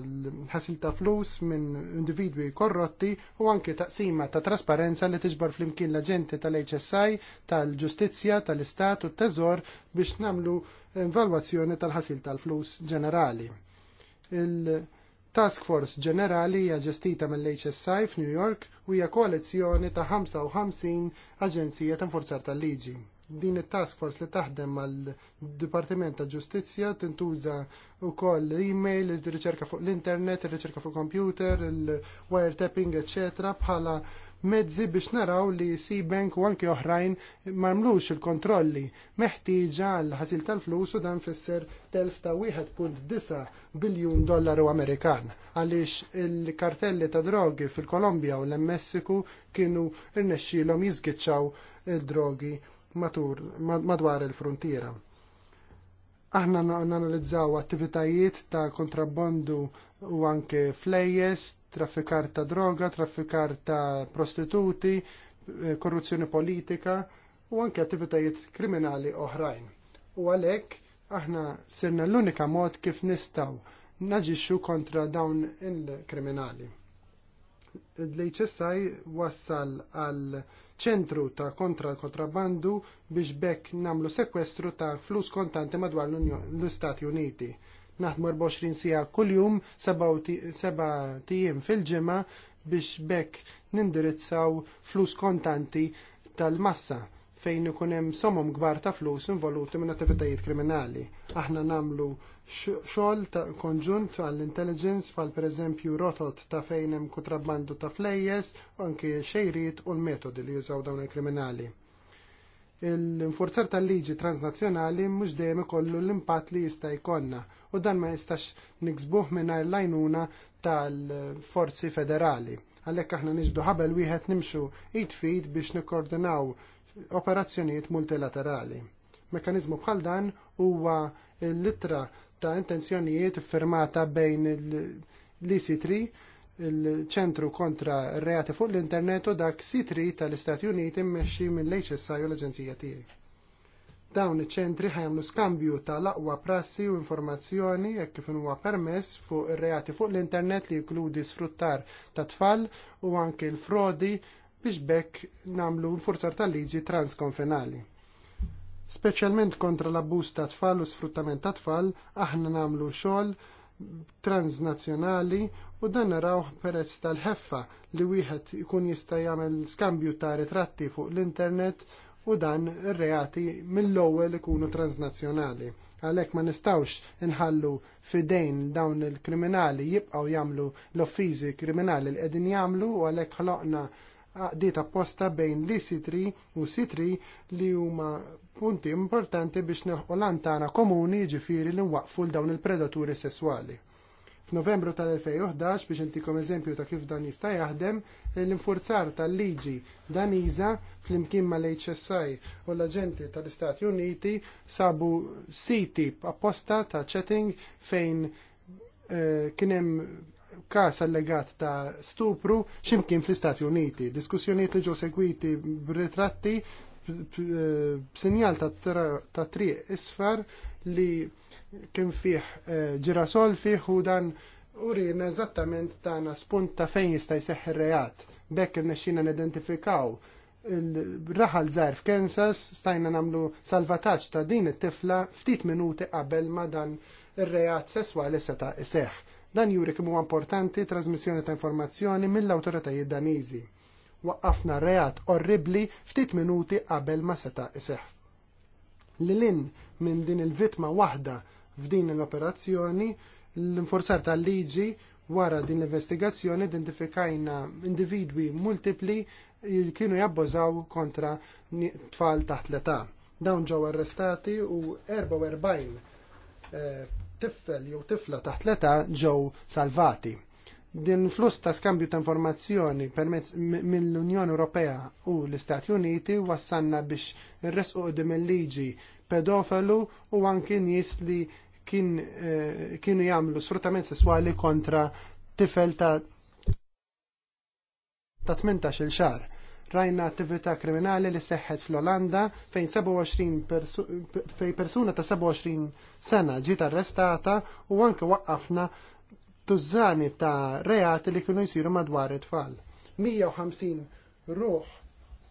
ħasil ta' flus minn individwi korrotti u anke taqsima ta' trasparenza li tiġbar flimkien l-aġenti tal-HSI, tal-ġustizzja, tal-istat u t-teżor biex namlu evalwazzjoni tal-ħasil tal-flus ġenerali. Il-Task Force ġenerali hija ġestita mill-HSI f'New York u hija koalizzjoni ta' 55 aġenzija ta' forzar tal-liġi din it-task force li taħdem mal-Dipartiment ta' ġustizja tintuża wkoll email, riċerka fuq l-internet, riċerka fuq computer, il-wiretapping, eċetera, bħala mezzi biex naraw li si bank u anki oħrajn marmlux il-kontrolli meħtieġa l ħasil tal-flus u dan fisser telf ta' 1.9 biljun dollaru Amerikan għaliex il-kartelli ta' drogi fil-Kolombja u l-Messiku kienu rnexxilhom jiżgiċċaw il-drogi matur madwar il-frontiera. Aħna nanalizzaw attivitajiet ta' kontrabbandu u anke flejjes, traffikar ta' droga, traffikar ta' prostituti, eh, korruzzjoni politika u anke attivitajiet kriminali oħrajn. U għalhekk aħna sirna l-unika mod kif nistgħu naġixxu kontra dawn il-kriminali. Dlejċessaj wassal għal ċentru ta' kontra l-kontrabbandu biex bekk namlu sekwestru ta' flus kontanti madwar l-Istati Uniti. Naħdmu 24 sija kull-jum, seba' tijiem fil ġimgħa biex bekk nindirizzaw flus kontanti tal-massa fejn ikun hemm somom kbar ta' flus involuti minn attivitajiet kriminali. Aħna namlu xogħol ta' konġunt għall-intelligence bħal pereżempju rotot ta' fejn hemm kutrabbandu ta' flejjes u anke xejrijiet u l-metodi li jużaw dawn il-kriminali l-infurzar tal-liġi transnazzjonali mhux dejjem ikollu l-impatt li jista' jkollna u dan ma jistax niksbuh mingħajr l-għajnuna tal-forzi federali. Għalhekk aħna niġbdu ħabel wieħed nimxu id fit biex nikkoordinaw operazzjonijiet multilaterali. Mekanizmu bħal dan huwa l-ittra ta' intenzjonijiet firmata bejn l-EC3, il-ċentru kontra r-reati fuq l-internet u dak C3 tal-Istati Uniti mmexxi mill-HSI u l-Aġenzija tiegħi dawn iċ-ċentri ħajamlu skambju tal-aqwa prassi u informazzjoni jekk kif huwa permess fuq ir-reati fuq l-internet li jinkludi sfruttar ta' tfal u anke l-frodi biex bekk nagħmlu nfurzar tal-liġi transkonfinali. Speċjalment kontra l-abbuż ta' tfal u sfruttament ta' tfal, aħna nagħmlu xogħol transnazzjonali u dan naraw perezz tal-ħeffa li wieħed ikun jista' jagħmel skambju ta' ritratti fuq l-internet u dan ir-reati mill-ewwel ikunu transnazzjonali. Għalhekk ma nistgħux inħallu fidejn dawn il-kriminali jibqgħu jagħmlu l-offiżi kriminali li qegħdin jagħmlu u għalhekk ħloqna għaqdiet apposta bejn li sitri u sitri li huma punti importanti biex neħu lantana komuni ġifiri li nwaqfu l-dawn il-predaturi sessuali. F'Novembru tal-2011 biex intikom eżempju ta' kif dan jista' jaħdem, l-infurzar tal-liġi Daniza fl-imkien mal-HSI u l-aġenti tal-Istati Uniti sabu siti apposta ta' chatting fejn eh, kienem kas allegat ta' stupru ximkien fl-Istati Uniti. Diskussjoniet li ġew segwiti b'ritratti b'sinjal ta' triq isfar li kien fih eh, ġirasol fih u dan urina eżattament tagħna spunt ta' fejn jista' jseħħ ir-reat. Bekk irnexxina nidentifikaw il-raħal żgħar f'Kansas stajna nagħmlu salvataġġ ta' din it-tifla ftit minuti qabel ma dan ir-reat sesswali seta' iseħħ. Dan juri kemm huwa importanti trasmissjoni ta' informazzjoni mill-awtoritajiet Daniżi waqqafna reat orribli ftit minuti qabel ma seta' iseħħ. Lilin minn din il-vitma waħda f'din l-operazzjoni, l-infurzar tal-liġi wara din l-investigazzjoni identifikajna individwi multipli kienu jabbożaw kontra tfal taħt l-età. Dawn ġew arrestati u 44 eh, tifel jew tifla taħt l-età ġew salvati din flus ta' skambju ta' informazzjoni permezz mill-Unjoni Ewropea u l-Istati Uniti wassanna biex irresqu qudiem il-liġi pedofilu u anki nies li kien, eh, kienu jagħmlu sfruttament sesswali kontra tifel ta' ta' 18 xar. Rajna attività kriminali li seħħet fl-Olanda fejn 27 persu, fej persuna ta' 27 sena ġiet arrestata u anke waqqafna tużani ta' reati li kienu jsiru madwar it-tfal. 150 ruħ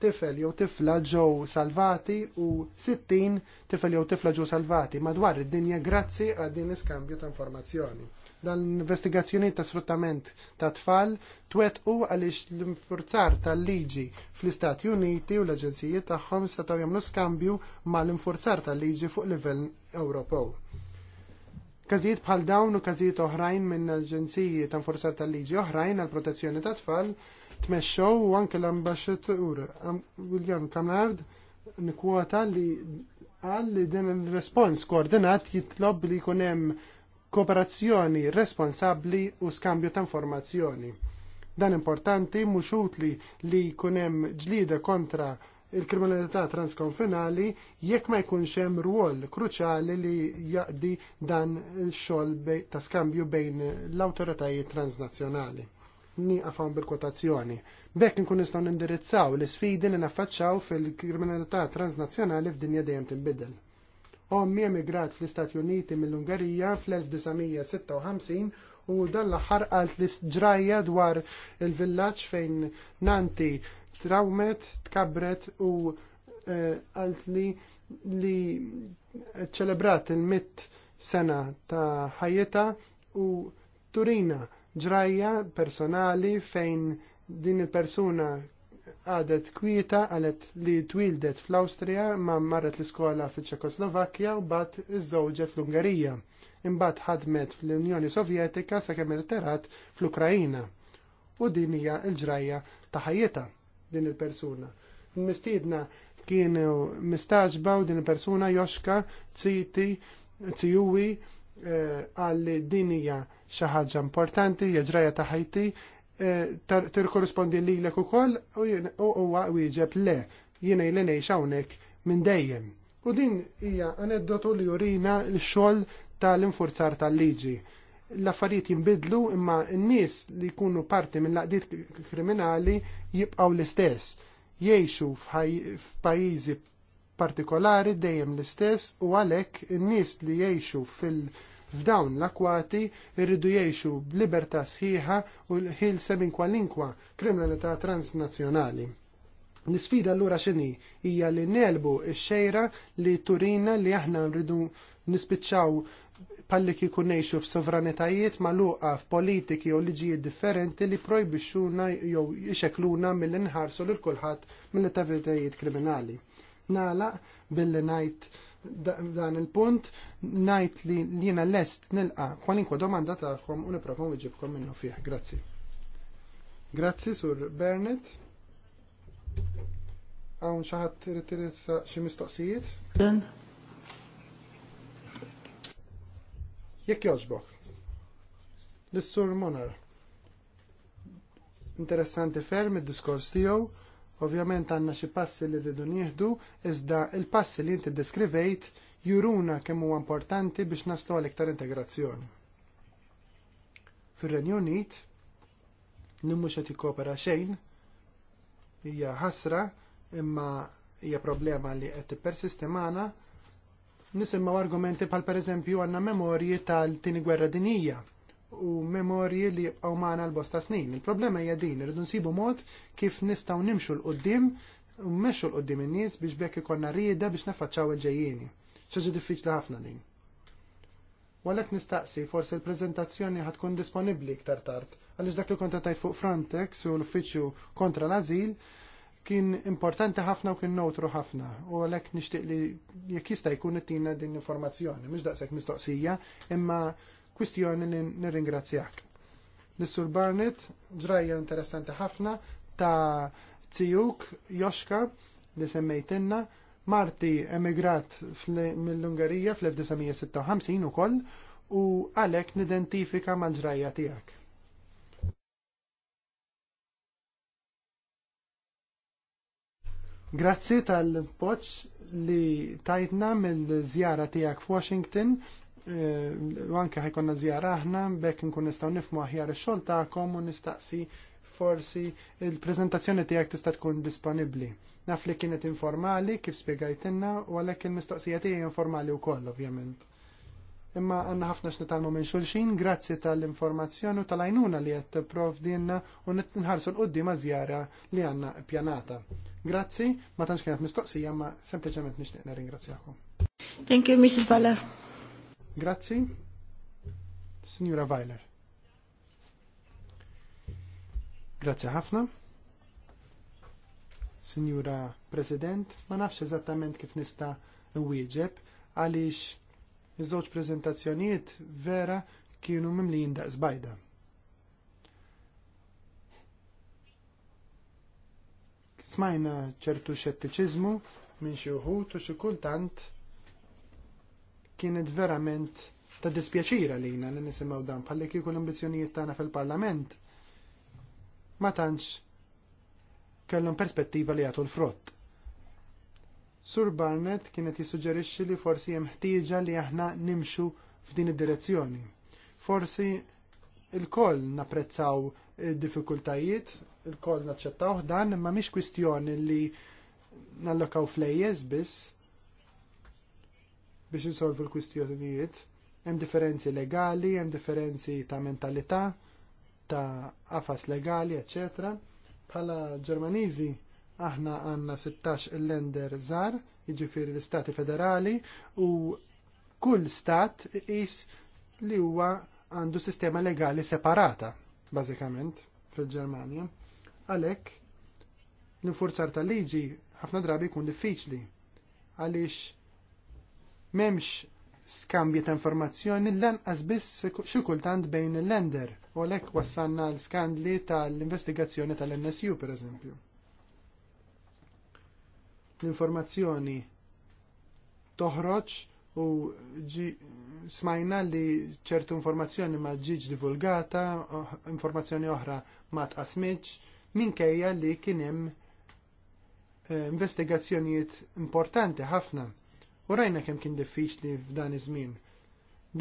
tifel jew tifla ġew salvati u 60 tifel jew tifla ġew salvati madwar id-dinja grazzi għal din iskambju ta' informazzjoni. Dan l-investigazzjoni ta' sfruttament ta' tfal twettqu għaliex l-infurzar tal-liġi fl-Istati Uniti u l-aġenzijiet tagħhom setgħu jagħmlu skambju mal-infurzar tal-liġi fuq livell Ewropew. Każijiet bħal dawn u każijiet oħrajn minn aġenziji ta' forzar tal-liġi oħrajn għal protezzjoni ta' tfal tmexxew u anke l-ambaxxatur William Kamard nikwota li qal li din il-respons koordinat jitlob li jkun hemm kooperazzjoni responsabbli u skambju ta' informazzjoni. Dan importanti mhux utli li jkun hemm ġlieda kontra il-kriminalità transkonfinali jekk ma jkunx hemm rwol kruċali li jaqdi dan il-xogħol ta' skambju bejn l-awtoritajiet transnazzjonali. Nieqafhom bil-kwotazzjoni. Bekk nkun nistgħu nindirizzaw l-isfidi li naffaċċaw fil-kriminalità transnazzjonali f'dinja dejjem tinbidel. Ommi emigrat fl-Istati Uniti mill-Ungarija fl-1956 u dan l-aħħar qalt li ġrajja dwar il-villaġġ fejn Nanti trawmet, tkabret u qalt eh, li li ċelebrat il-mitt sena ta' ħajjeta u Turina ġrajja personali fejn din il-persuna għadet kwieta għalet li twildet fl-Austria ma marret l-iskola fil ċekoslovakkja u bat iż-żewġet fl-Ungerija imbagħad ħadmet fl-Unjoni Sovjetika sakemm irterat fl-Ukrajina. U din hija l-ġrajja ta' ħajjeta din il-persuna. Mistiedna kienu mistaġba u din il-persuna joxka tsijuwi eh, għal għalli din hija xi ħaġa importanti, hija ġrajja ta' ħajti, eh, tirkorrispondi lilek ukoll u huwa wieġeb le jiena jlenejx hawnhekk minn dejjem. U din hija aneddotu li jurina l-xogħol tal-infurzar tal-liġi. L-affarijiet jinbidlu imma n-nies li jkunu parti minn laqdiet kriminali jibqgħu l-istess. Jgħixu f'pajjiżi partikolari dejjem l-istess u għalhekk in-nies li jgħixu fil- f'dawn l-akwati irridu jgħixu b'libertà sħiħa u l ħil semin kwalinkwa kriminalità transnazzjonali. L-sfida l-ura x'inhi hija li nelbu x-xejra li turina li aħna rridu nispiċċaw palli kieku ngħixu f'sovranitajiet magħluqa f'politiki u liġijiet differenti li projbixxuna jew ixekluna mill-inħarsu lil kulħadd mill-attivitajiet kriminali. Nala billi ngħid dan il-punt ngħid li jiena lest nilqa kwalinkwa domanda tagħkom u nipprova niġibkom minnu fih. Grazzi. Grazzi sur Bernet. Hawn xi ħadd irid xi mistoqsijiet? Jekk joġbok, L-Sur Monar. Interessanti ferm id-diskors tiegħu, ovvjament għandna xi passi li rridu nieħdu, iżda il-passi li inti deskrivejt juruna kemm huwa importanti biex naslu għal iktar integrazzjoni. Fir-Renju Unit li mhux qed jikkopera xejn hija ħasra imma hija problema li qed tippersisti magħna nisimgħu argumenti bħal pereżempju għandna memorji tal-tieni gwerra dinija u memorji li jibqgħu magħna l-bosta snin. Il-problema hija din, irridu nsibu mod kif nistgħu nimxu l-qudiem u mmexxu l-qudiem in-nies biex bekk ikollna rieda biex naffaċċaw il-ġejjieni. Xaġa diffiċli ħafna din. Walek nistaqsi, forsi l-prezentazzjoni tkun disponibbli iktar tard, għaliex dak li konta tajt fuq Frontex u l-uffiċċju kontra l-azil kien importanti ħafna u kien notru ħafna u għalhekk nixtieq li jekk jista' jkun it-tina din informazzjoni, mhux daqshekk mistoqsija, imma kwistjoni li nirringrazzjak. Nissur Barnett, ġrajja interessanti ħafna ta' Tijuk, Joshka, li semmejtinna, Marti emigrat mill-Ungarija fl-1956 u koll u għalek nidentifika mal-ġrajja tijak. Grazzi tal-poċ li tajtna mill-żjara tiegħek f'Washington eh, u anke ħajkonna żjara aħna bekk nkun nistaw nifmu aħjar ix-xogħol tagħkom u nistaqsi forsi il-prezentazzjoni tiegħek tista' tkun disponibbli. Naf li kienet informali kif spjegajtinna u għalhekk il-mistoqsija tiegħi informali wkoll ovvjament imma għanna ħafna tal minn xulxin, grazzi tal-informazzjoni u tal-għajnuna li qed dinna u nħarsu l-qoddim żjara li għanna pjanata. Grazzi, ma tantx kienet mistoqsija, ma sempliċement nixtieq nirringrazzjakom. Thank you, Mrs. Weiler. Grazzi. Signora Weiler. Grazzi ħafna. Signora President, ma nafx eżattament kif nista' wieġeb għaliex Iż-żewġ prezentazzjonijiet vera kienu mimlijin daqs bajda. Smajna ċertu xettiċiżmu minn xi wħud u xi kultant kienet verament ta' dispjaċira lina li nisimgħu dan bħalli kieku l-ambizzjonijiet tagħna fil-Parlament ma tantx kellhom perspettiva li jagħtu l-frott. Sur Barnett kienet jissuġġerixxi li forsi hemm ħtieġa li aħna nimxu f'din id-direzzjoni. Forsi il-koll napprezzaw diffikultajiet, il-koll naċċettaw dan, imma mhix kwistjoni li nallokaw flejjes biss biex insolvu l-kwistjonijiet. Hemm differenzi legali, hemm differenzi ta' mentalità, ta' afas legali, eccetera. Bħala Ġermaniżi Aħna għandna 16 il-lender żgħar, jiġifieri l-istati federali, u kull stat is li huwa għandu sistema legali separata, bażikament, fil-Ġermanja. Għalhekk l-infurzar tal-liġi ħafna drabi jkun diffiċli għaliex m'hemmx skambji ta' informazzjoni lanqas biss xi bejn il-lender u għalhekk wassalna l-skandli tal-investigazzjoni tal-NSU pereżempju l-informazzjoni toħroġ u smajna li ċertu informazzjoni ma ġiġ divulgata, informazzjoni oħra ma tqasmitx, minkejja li kien hemm eh, investigazzjonijiet importanti ħafna. U rajna kemm kien diffiċli f'dan iż-żmien.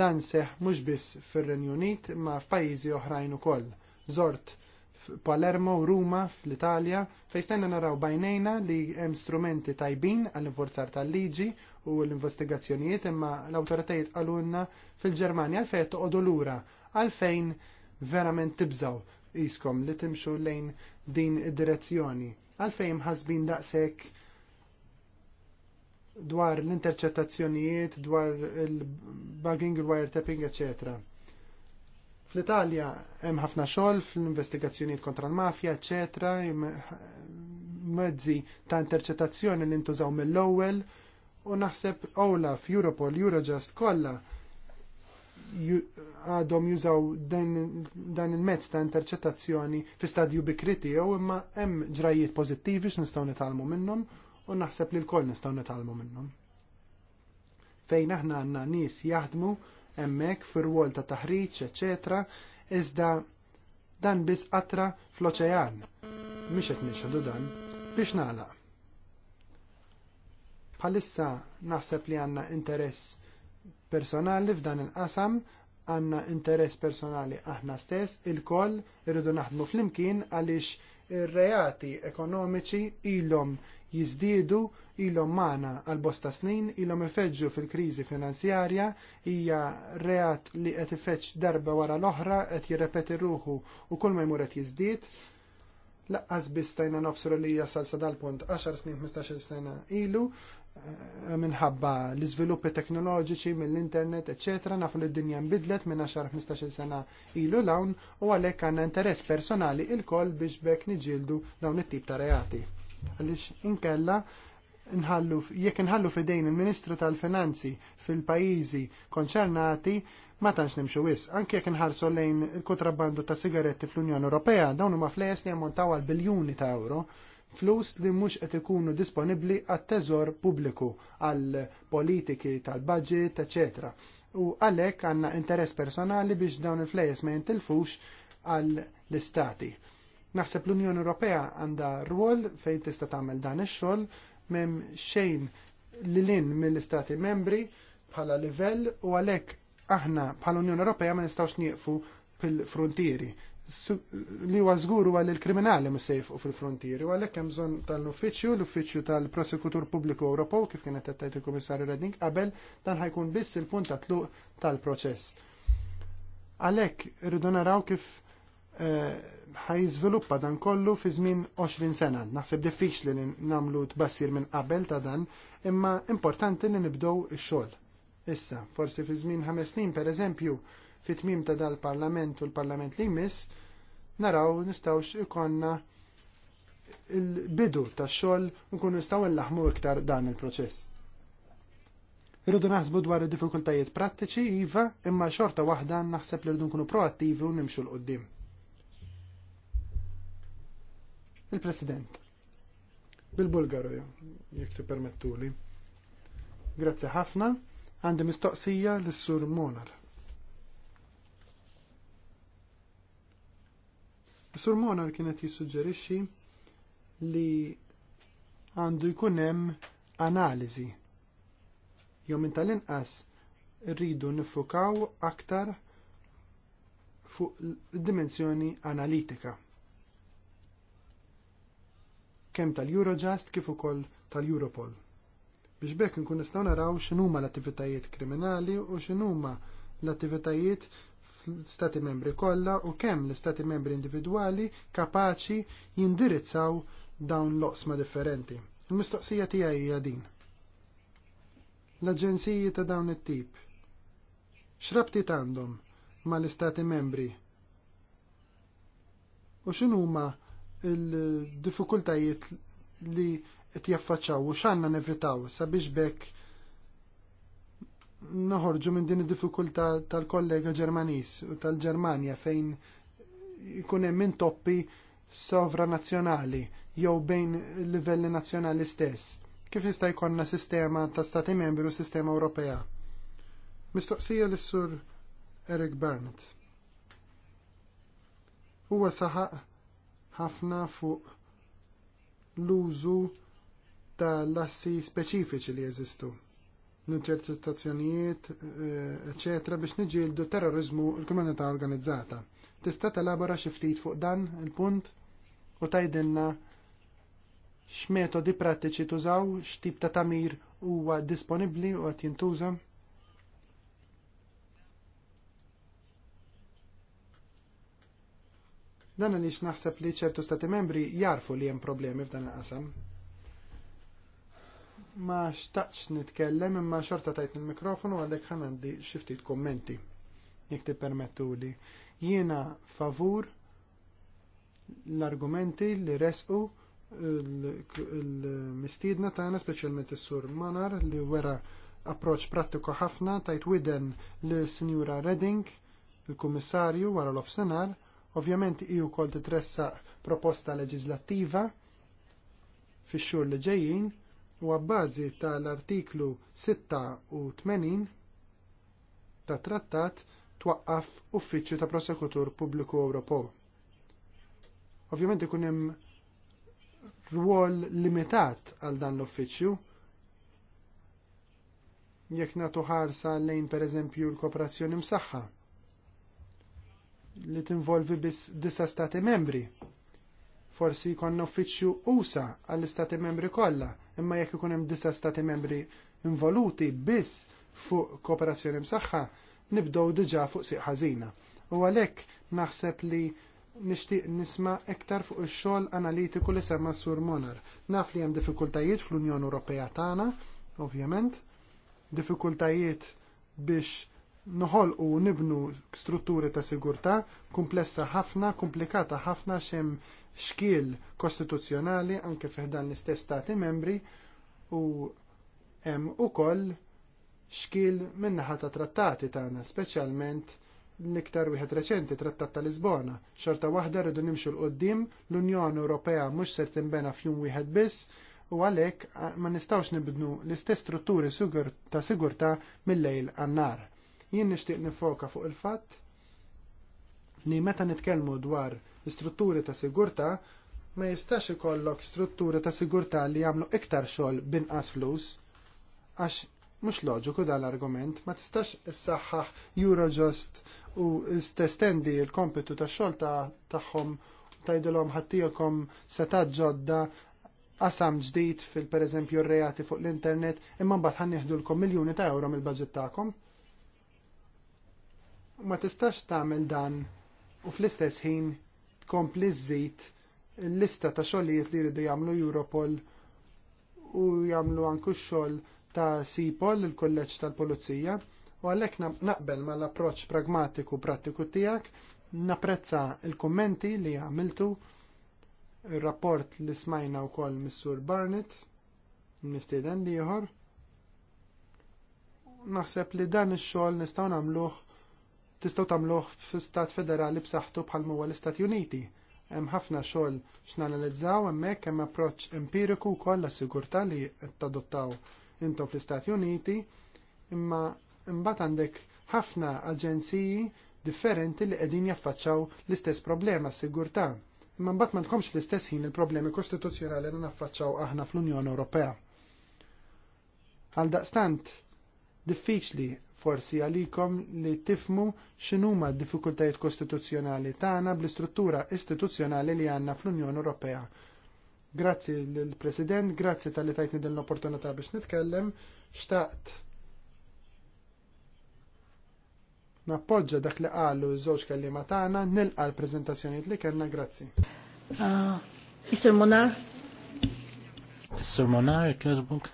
Dan seħ mhux biss fir-Renju Unit ma f'pajjiżi oħrajn ukoll. Zort Palermo u Ruma fl-Italja fejn stajna naraw bajnejna li hemm strumenti tajbin għall-inforzar tal-liġi u l-investigazzjonijiet imma l-awtoritajiet għalunna fil-Ġermanja għalfejn toqgħodu lura għalfejn verament tibżaw iskom li timxu lejn din id-direzzjoni għalfejn ħasbin daqshekk dwar l-interċettazzjonijiet, dwar il-bugging, il-wiretapping, eccetera. Fl-Italja hemm ħafna xogħol fl-investigazzjonijiet kontra l-mafja, eċetera, mezzi ta' interċettazzjoni li ntużaw mill-ewwel u naħseb Olaf, Europol, Eurojust kollha għadhom jużaw dan il-mezz ta' interċettazzjoni fi stadju bikri tiegħu imma hemm ġrajiet pożittivi x'nistgħu nitalmu minnhom u naħseb li l nistgħu nitalmu minnhom. Fejn aħna għandna nies jaħdmu hemmhekk fir ta' taħriġ, eċetera, iżda dan biss qatra fl-oċean. Mhix qed nixħadu dan biex nagħlaq. Bħalissa naħseb li għandna interess personali f'dan il-qasam, għandna interess personali aħna stess, il-koll irridu naħdmu flimkien għaliex il reati ekonomiċi ilhom jiżdiedu ilhom magħna għal bosta snin ilhom ifeġġu fil-kriżi finanzjarja hija reat li qed ifeġġ darba wara l-oħra qed jirrepeti ruħu u kull ma jmur qed jiżdied laqqas biss tajna nofsru li hija salsa dal-punt 10 snin 15 sena ilu Eh, minħabba l-iżviluppi teknoloġiċi mill-internet, eċetera, nafu li d-dinja nbidlet minn xar 15 sena ilu lawn u għalhekk għandna interess personali il-koll biex bekk nġildu dawn it-tip ta' reati. Għaliex inkella nħallu jekk inħallu fidejn il-Ministru tal-Finanzi fil-pajjiżi konċernati ma tantx nimxu wis. Anke jekk inħarsu lejn il-kontrabbandu ta' sigaretti fl-Unjoni Ewropea, dawn huma flejes li għamontaw għal biljuni ta' euro flus li mhux qed ikunu disponibbli għat-teżor pubbliku għal politiki tal-budget, etc. U għalhekk għandna interess personali biex dawn il-flejes ma jintilfux għall istati Naħseb l-Unjoni Ewropea għandha rwol fejn tista' tagħmel dan ix-xogħol m'hemm xejn lin mill-istati membri bħala livell u għalhekk aħna bħala Unjoni Ewropea ma nistgħux nieqfu fil-frontieri li huwa żgur huwa li kriminali kriminali u fil-frontieri, u għalhekk hemm bżonn tal-uffiċċju, l-uffiċċju tal-Prosekutur Pubbliku Ewropew kif kienet qed tgħid il-Kummissarju Redding qabel dan ħajkun biss il-punt ta' tluq tal-proċess. Għalhekk irridu naraw kif eh, ħajżviluppa dan kollu fi żmien 20 sena. Naħseb diffiċli li nagħmlu tbassir minn qabel ta' dan, imma importanti li nibdew ix-xogħol. Issa, forsi fi żmien ħames snin pereżempju, fit-tmim ta' dal-parlament u l-parlament li jmiss, naraw nistawx ikonna il-bidu ta' xogħol nkunu nistgħu nlaħmu iktar dan il-proċess. Irridu naħsbu dwar id-diffikultajiet prattiċi iva, imma xorta waħda naħseb li rridu nkunu proattivi u nimxu l qudiem Il-President. Bil-Bulgaru, jekk permettuli. Grazzi ħafna, għandi mistoqsija lis sur Monar. Sur Monar kienet jissuġġerixxi li għandu jkun hemm analiżi. Jew minn tal-inqas rridu nifukaw aktar fuq id-dimensjoni analitika. Kemm tal-Eurojust kif ukoll tal-Europol. Biex bekk nkun nistgħu naraw x'inhuma l-attivitajiet kriminali u x'inhuma l-attivitajiet fl-Stati membri kollha u kemm l-Stati membri individwali kapaċi jindirizzaw dawn l-oqsma differenti. Il-mistoqsija tiegħi hija din. L-aġenziji ta' dawn it-tip. X'rabtiet għandhom mal istati membri? U x'inhuma l-diffikultajiet li qed jaffaċċaw u x'għandna nevitaw sabiex bekk noħorġu minn din id-diffikultà tal-kollega Ġermanis u tal-Ġermanja fejn ikun hemm intoppi sovranazzjonali jew bejn livelli nazzjonali stess. Kif jista' jkollna sistema ta' Stati Membri u sistema Ewropea? Mistoqsija lis sur Eric Barnett. Huwa saħaq ħafna fuq l-użu tal-lassi speċifiċi li jeżistu l interpretazzjonijiet eccetera, eh, biex nġildu terrorizmu l-kriminalità organizzata. Tista' telabora xi ftit fuq dan il-punt u tajdilna x'metodi prattiċi tużaw, x'tip ta' tamir huwa disponibbli u qed jintuża. Dan għaliex naħseb li ċertu stati membri jarfu li hemm problemi f'dan il-qasam ma xtaqx nitkellem imma xorta tajt il-mikrofonu għalek ħanandi xiftit kommenti jek ti permettu li jiena favur l-argumenti li resqu l-mistidna tagħna speċjalment is-sur Manar li wera approċ prattiku ħafna tajt widen l sinjura Redding, il-Kummissarju wara l-ofsenar, ovvjament iju kol titressa proposta leġislattiva fix-xhur li ġejjin u għabbażi tal-artiklu 86 ta' trattat twaqqaf uffiċċju ta' prosekutur pubbliku Ewropew. Ovvjament ikun hemm rwol limitat għal dan l-uffiċċju. Jekk nagħtu ħarsa lejn pereżempju l-kooperazzjoni msaħħa li tinvolvi biss disa stati membri. Forsi jkollna uffiċċju usa għall-istati membri kollha imma jekk ikun hemm disa stati membri involuti biss fuq kooperazzjoni msaħħa, nibdow diġà fuq siq ħażina. U għalhekk naħseb li nixtieq nisma' iktar fuq ix-xogħol analitiku li semma Sur Monar. Naf li hemm diffikultajiet fl-Unjoni Ewropea tagħna, ovvjament, diffikultajiet biex noħolqu u nibnu strutturi ta' sigurtà komplessa ħafna, komplikata ħafna xem xkiel kostituzzjonali anke fiħdan l-istess stati membri u hemm ukoll xkiel min-naħa ta' trattati tagħna, speċjalment l-iktar wieħed reċenti trattat ta' Lisbona. Xorta waħda rridu nimxu l qoddim l-Unjoni Ewropea mhux ser tinbena f'jum wieħed biss, u għalhekk ma nistgħux nibnu l-istess strutturi ta' sigurtà mill-lejl għan-nar. Jien nixtieq nifoka fuq il-fatt li meta nitkellmu dwar strutturi ta' sigurtà ma jistax ikollok strutturi ta' sigurtà li jagħmlu iktar xogħol binqas flus għax mhux loġiku dan l-argument ma tistax issaħħaħ Eurojust u stestendi l-kompitu tax xogħol tagħhom tajdilhom ħaddiekom setat ġodda qasam ġdid fil pereżempju r-reati fuq l-internet imma mbagħad lkom miljuni ta' euro mill budget tagħkom. Ma tistax tagħmel dan u fl-istess ħin tkompli żżid l lista ta' xogħlijiet li jridu jagħmlu Europol u jagħmlu anke xogħol ta' Sipol il-kulleġġ tal-Pulizija u għalhekk naqbel mal-approċċ pragmatiku prattiku tiegħek napprezza l-kummenti li għamiltu ir-rapport li smajna wkoll mis-Sur Barnett mistieden ieħor naħseb li dan ix-xogħol nistgħu nagħmluh tistgħu tagħmluh f'istat federali b'saħħtu bħal huwa l-Istati Uniti. Hemm ħafna xogħol x'nanalizzaw hemmhekk hemm approċċ empiriku wkoll għas-sigurtà li qed tadottaw intom fl-Istati Uniti, imma imbagħad għandek ħafna aġenziji differenti li qegħdin jaffaċċaw l-istess problema s-sigurtà. Imma mbagħad m'għandkomx l-istess ħin il-problemi kostituzzjonali li naffaċċaw aħna fl-Unjoni Ewropea. Għaldaqstant, diffiċli forsi għalikom li tifmu x'inhuma d-diffikultajiet kostituzzjonali tagħna bl-istruttura istituzzjonali li għandna fl-Unjoni Ewropea. Grazzi lill-President, grazzi tal-li tajtni din l-opportunità biex nitkellem, xtaqt Nappoġġa dak li qalu ż-żewġ kelliema tagħna nilqa' l-preżentazzjonijiet li kellna grazzi. Uh, Isir Monar? Isir Monar, kierbuk?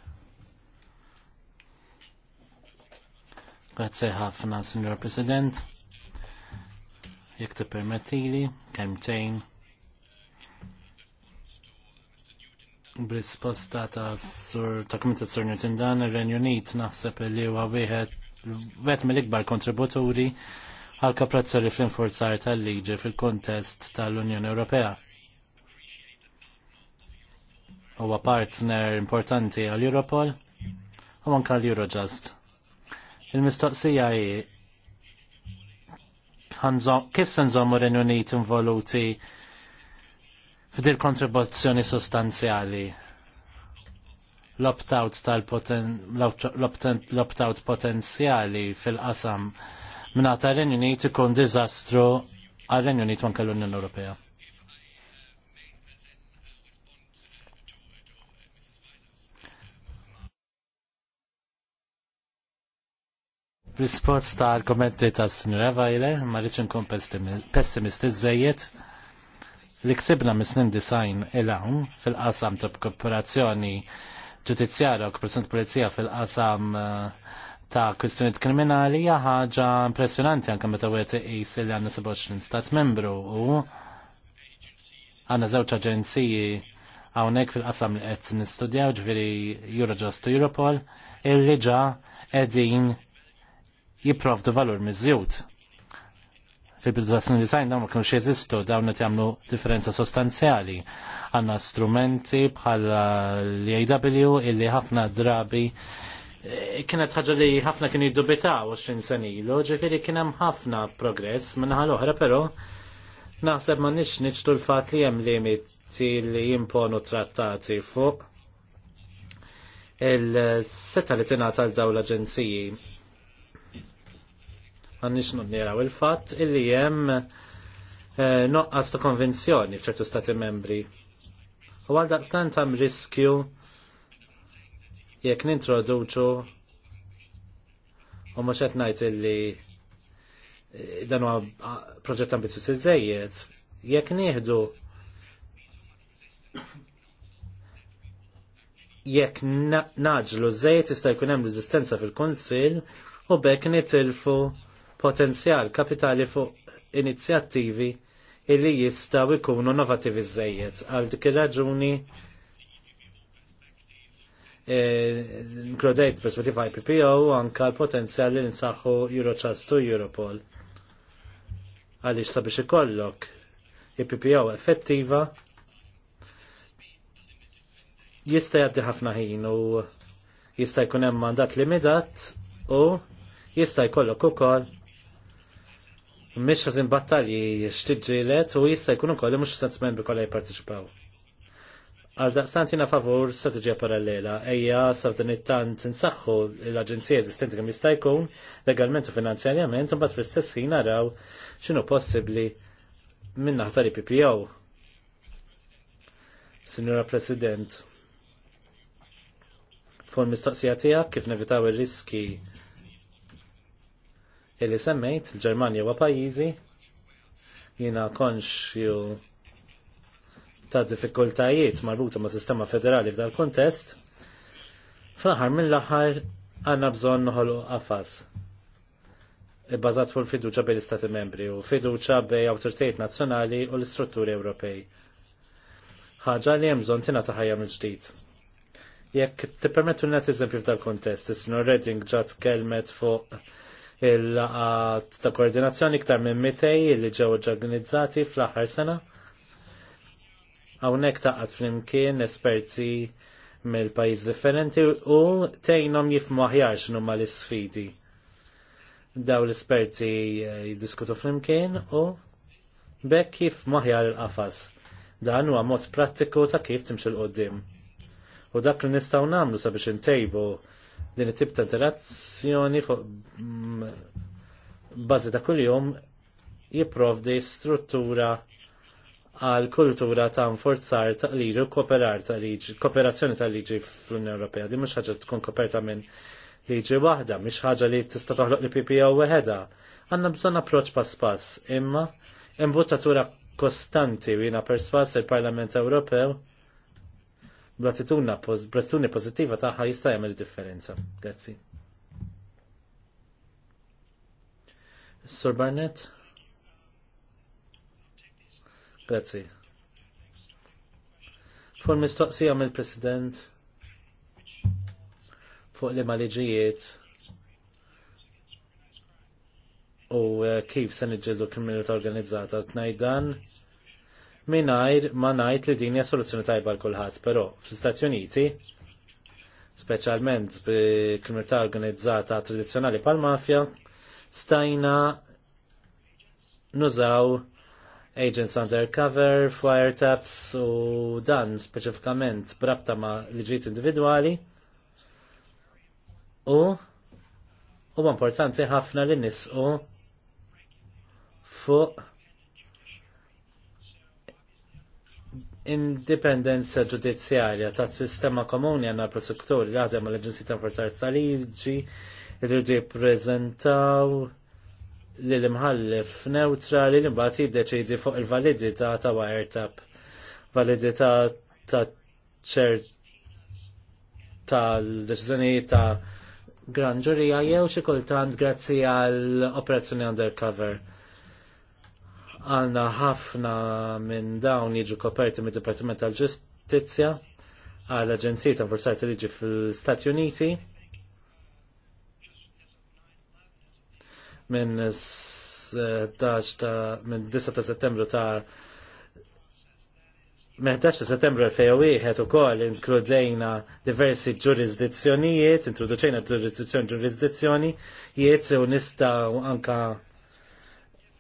Grazie ħafna, Signor President. Jek te permettili, tejn. b'risposta ta' sur ta' Kumita Sur Newton dan ir-Renju Unit naħseb li huwa wieħed vet mill-ikbar kontributuri għal kaprazzjoni fl-infurzar tal-liġi fil-kontest tal-Unjoni Ewropea. Huwa partner importanti għal Europol u anke għal Eurojust. Il-mistoqsija hi kif se nżommu Renunit involuti f'dil kontribuzzjoni sostanzjali l-opt-out tal-opt-out potenzjali fil-qasam minn għata Renunit ikun diżastru għal Renunit manka l-Unjoni Ewropea. Rispost tal-kommenti ta' Sinjura Vajler, ma rriċin nkun pessimist iżejjed li ksibna mis-snin design il-għum fil-qasam ta' kooperazzjoni ġudizzjarja u kooperazzjoni polizija fil-qasam eh, ta' kwistjoniet kriminali hija ħaġa impressjonanti anke meta wieħed iqis li għandna 27 stat membru u għandna żewġ aġenziji għawnek fil-qasam li qed nistudjaw ġviri Eurojust u Europol, illi ġa edin jipprovdu valur miżjud. Fil-bidu ta' design dawn ma kienu jeżistu, dawn għet jamlu differenza sostanzjali. Għandna strumenti bħala l-AW illi ħafna drabi eh, kienet ħaġa li ħafna kienu jiddubitaw 20 sen ilu, ġifieri kien hemm ħafna progress minnaħa l-oħra però naħseb ma nix niċtu l-fat li hemm limiti li jimponu trattati fuq il-seta li tingħata għal dawn l-aġenziji għannix nudniraw il-fat illi jem eh, noqqas ta' konvenzjoni f'ċertu stati membri. U għal daqstan tam riskju jekk nintroduċu u mux ngħid illi eh, dan huwa ah, proġett ambizjuż iżejjed, jekk nieħdu jekk naġlu żejjed jista' jkun hemm riżistenza fil-Kunsill u bekk nitilfu potenzjal kapitali fuq inizjattivi illi jistaw ikunu novativi zzejiet. Għal dik raġuni e, inkludejt perspettiva IPPO anka l-potenzjal li nsaħħu Eurojust u Europol. Għaliex sabiex ikollok IPPO effettiva jista' jgħaddi ħafna ħin u jista' jkun hemm mandat limitat u jista' jkollok ukoll mish għazin battalji xtiġilet u jista jkunu kolli mux sens membri kolla jparteċipaw. Għal daqstant jina favur strategija parallela, eja sardan it-tant nsaxħu l-agenzija eżistenti kem jista jkun legalment u finanzjarjament, un bat fl-istess ħin naraw xinu possibli minna ħtari PPO. Signora President, fuq mistoqsija tiegħek kif nevitaw ir-riski illi semmejt l ġermanja huwa pajjiżi jiena konxju ta' diffikultajiet marbuta ma' sistema federali f'dal kontest, fl-aħħar mill-aħħar għandna bżonn nħolu għafas ibbażat fuq fiduċa bej l-Istati membri u fiduċa bej awtoritajiet nazzjonali u l-istrutturi Ewropej. Ħaġa li hemm bżonn tingħata ħajja mill-ġdid. Jekk tippermettu nagħti eżempju f'dal kontest, is-Sinor Redding ġat kelmet fuq il-laqat ta' koordinazzjoni iktar minn mitej li ġew organizzati fl-aħħar sena. Hawnhekk taqgħod flimkien esperti mill-pajjiż differenti u tgħinhom jifmu aħjar x'inhu ma l-isfidi. Daw l-esperti jiddiskutu flimkien u bekk kif maħjar il-qafas. Dan huwa mod prattiku ta' kif timxil qoddim. U dak li nistgħu nagħmlu sabiex intejbu Din it-tip ta' interazzjoni fuq bażi ta' kuljum jipprovdi struttura għal kultura ta' nforzar ta' liġi u kooperar ta' liġi, kooperazzjoni ta' liġi fl-Unjoni Ewropea. Di mhux ħaġa tkun koperta minn liġi waħda, mhix ħaġa li tista' toħloq li PPA weħeda. Għanna bżonn approċċ pass pass, imma imbuttatura kostanti u jina perswas il-Parlament Ewropew bl-attitudna bl-attitudni pozittiva tagħha jista' jagħmel differenza. Grazzi. Sir Barnett? Grazzi. Fuq mistoqsija mill-President fuq li liġijiet u eh, kif se niġġieldu kriminalità organizzata tnajdan dan minajr ma najt li din hija soluzzjoni tajba l kulħadd, però fl-Istati Uniti, speċjalment bi kriminalità organizzata tradizzjonali pal mafja stajna nużaw agents undercover, wiretaps u dan speċifikament brabta ma' liġijiet individwali. U u importanti ħafna li nisqu fuq indipendenza ġudizzjarja ta' sistema komuni għanna prosektori li għadem l-Aġenzija ta' Portar ta' liġi li rridu jippreżentaw li l-imħallef neutra li l-imbat jiddeċidi fuq il-validità ta' wiretap, validità ta' ċer tal-deċizjoni ta' gran ġurija jew xi kultant grazzi għall operazzjoni undercover għalna ħafna minn dawn jiġu koperti mid dipartiment tal-Ġustizzja għal aġenzija ta' Forzati Liġi fil-Stati Uniti minn minn 9 ta' settembru ta' 11 settembru 2001 ukoll inkludejna diversi ġurisdizzjonijiet, introduċejna ġurisdizzjoni ġurisdizzjoni, jiet u nistaw anka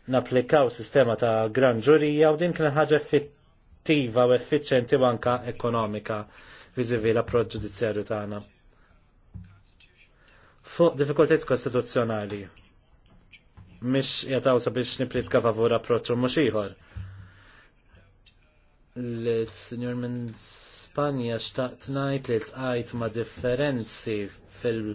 naplikaw sistema ta' gran ġurija u din kien ħaġa effettiva u effiċenti u anka ekonomika viżivi l-approċ ġudizzjarju tagħna. Fuq diffikultajiet kostituzzjonali mhix jataw sabiex nipplitka favur approċċu mhux ieħor. L-Sinjur minn Spanja xtaqt ngħid li tqajt ma' differenzi fil-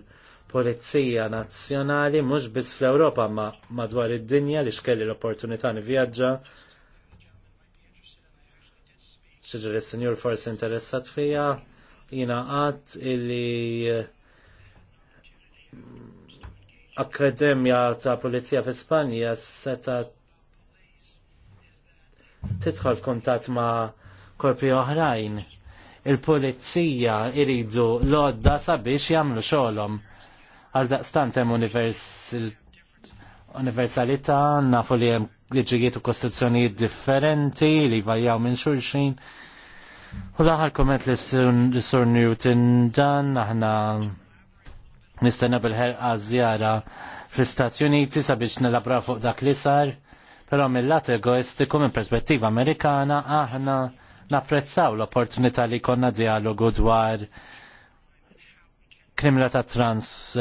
Polizija Nazzjonali mhux biss fl-Ewropa ma madwar id-dinja li xkelli l-opportunità nivvjaġġa. Xiġri s-senjur forsi interessat fija, jina għat illi eh, Akkademja ta' Polizija fi Spanja seta tidħol f'kuntatt ma' korpi oħrajn. Il-Polizija iridu l-odda sabiex jagħmlu xogħolhom Għal daqstant hemm universalità, nafu li hemm liġijiet u kostituzzjonijiet differenti li jvajjaw minn xulxin. U l-aħħar komment li sur Newton dan aħna nistenna bil-ħerqa żjara fl-Istati Uniti sabiex nilabraw fuq dak li sar, però mill-lat egoistiku minn perspettiva Amerikana aħna napprezzaw l-opportunità li konna dialogu dwar kriminalità trans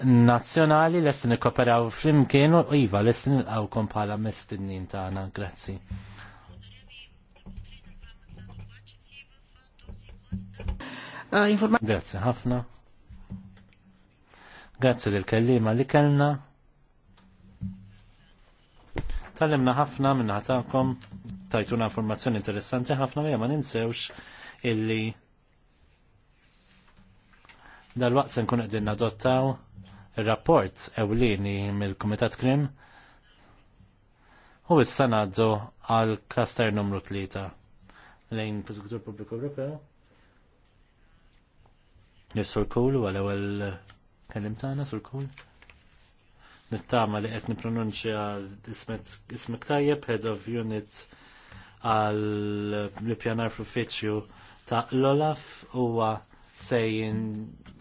nazzjonali lest nikkoperaw flimkien u iva lest nilqawkom bħala mestinnin tagħna. Grazzi. Uh, Grazzi ħafna. Grazzi lil kellima li kellna. Tallimna ħafna minna ħatakom tajtuna informazzjoni interessanti ħafna ma ninsewx illi Dal-waqt se nkun qegħdin nadottaw ir-rapport ewlieni mill-Kumitat Krim u issa ngħaddu għal klaster numru 3 lejn Prosekutur Pubbliku Ewropew. Nifsur kull u għal-ewwel tagħna sur kull nittama li qed nipronunċja ismek tajjeb head of unit għal l-pjanar ta' l-Olaf huwa sejjin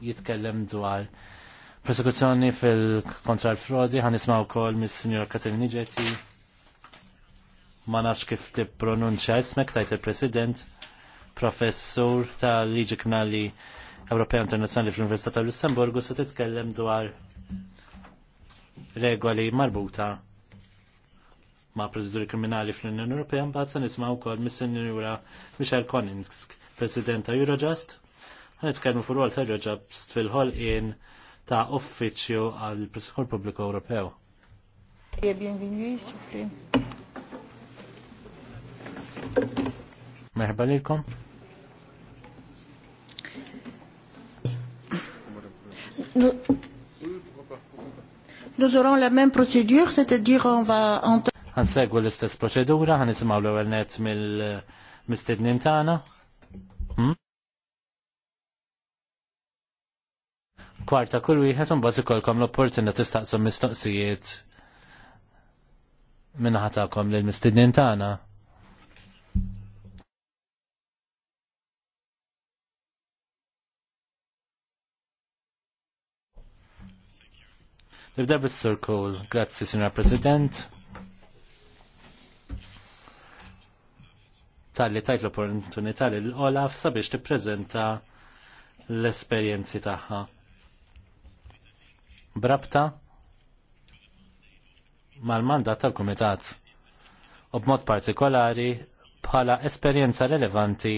jitkellem dwar prosekuzzjoni fil-kontra l-frodi, għan u kol mis signora Katerini Ġetti, ma nafx kif ti pronunċa jismek, tajt il-President, professur ta' liġi knalli Ewropea Internazjonali fl-Università ta' Lussemburgu se titkellem dwar regoli marbuta ma' proceduri kriminali fl-Unjoni Ewropea, mbagħad se nisma' wkoll mis-Sinjura Michel Koninsk, President ta' Eurojust, Nitkellmu fuq rwol terra ġabs fil-ħolqien ta' uffiċċju għal Presikur Pubbliku Ewropew. E Merħba lilkom. Nous aurons la même procédure, c'est-à-dire on va segwu l-istess proċedura, għan nisimaw l-ewel net mill-mistednin tagħna. Hmm? kwarta kull wieħed imbagħad ikolkom l-opportunità tistaqsu mistoqsijiet minn ħatakom lil mistednin tagħna. Nibda bis-Sur Cole. Grazzi, Signor President. Talli tajt l-opportunità lil Olaf sabiex tippreżenta l-esperjenzi tagħha brabta mal-mandat tal-Kumitat u b'mod partikolari bħala esperjenza relevanti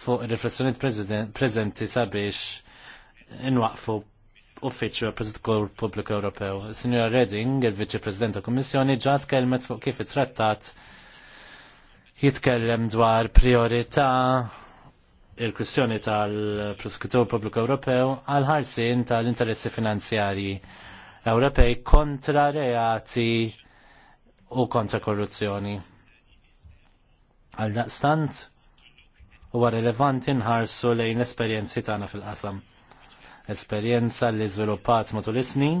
fuq riflessjoniet prezenti sabiex inwaqfu uffiċċju għal-President Pubbliku Ewropew. Signora Redding, il-Viċi President tal Kummissjoni, ġat tkellmet fuq kif it-trattat jitkellem dwar priorità il-kwistjoni tal-Prosekutur Pubbliku Ewropew għal ħarsin tal-interessi finanzjarji Ewropej kontra reati u kontra korruzzjoni. Għal daqstant huwa relevanti nħarsu lejn l-esperjenzi tagħna fil-qasam. Esperjenza li żviluppat matul is-snin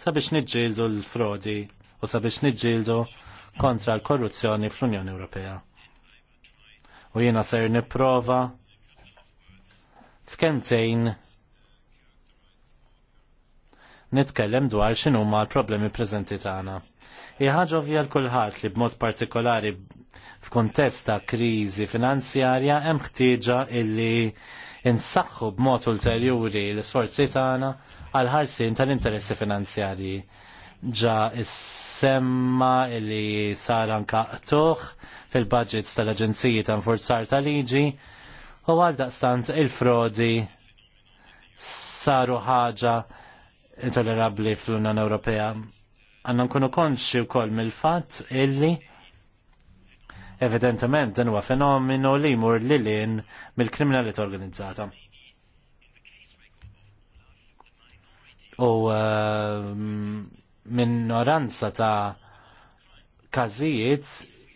sabiex niġġieldu l-frodi u sabiex niġġieldu kontra l-korruzzjoni fl-Unjoni Ewropea u jiena ser nipprova f'kemtejn nitkellem dwar x'inhu huma l-problemi preżenti tagħna. Hija ħaġa ovvja l-kulħadd li b'mod partikolari f'kuntest ta' kriżi finanzjarja hemm ħtieġa illi insaħħu b'mod ulterjuri l-isforzi tagħna għal ħarsien tal-interessi finanzjarji ġa is-semma li sar anka fil-budgets tal-Aġenziji ta' nforzar tal-Liġi u għaldaqstant il-frodi saru ħaġa intolerabli fl-Unjoni Ewropea. Għanna nkunu konxi wkoll mill-fatt illi evidentement dan huwa fenomenu li jmur lin mill-kriminalità organizzata. U uh, minoranza ta' każijiet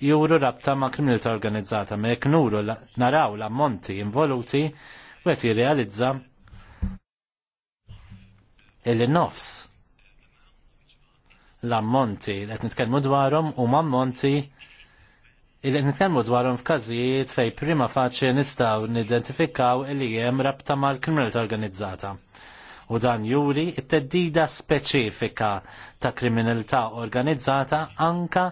juru rabta ma' kriminalità organizzata, ma' jek nuru naraw l-ammonti involuti u għet jirrealizza il-nofs l-ammonti li għet nitkelmu dwarom u ammonti il qed nitkelmu dwarom f'kazijiet fej prima faċi nistaw nidentifikaw li jem rabta ma' kriminalità organizzata u dan juri it-teddida speċifika ta' kriminalità organizzata anka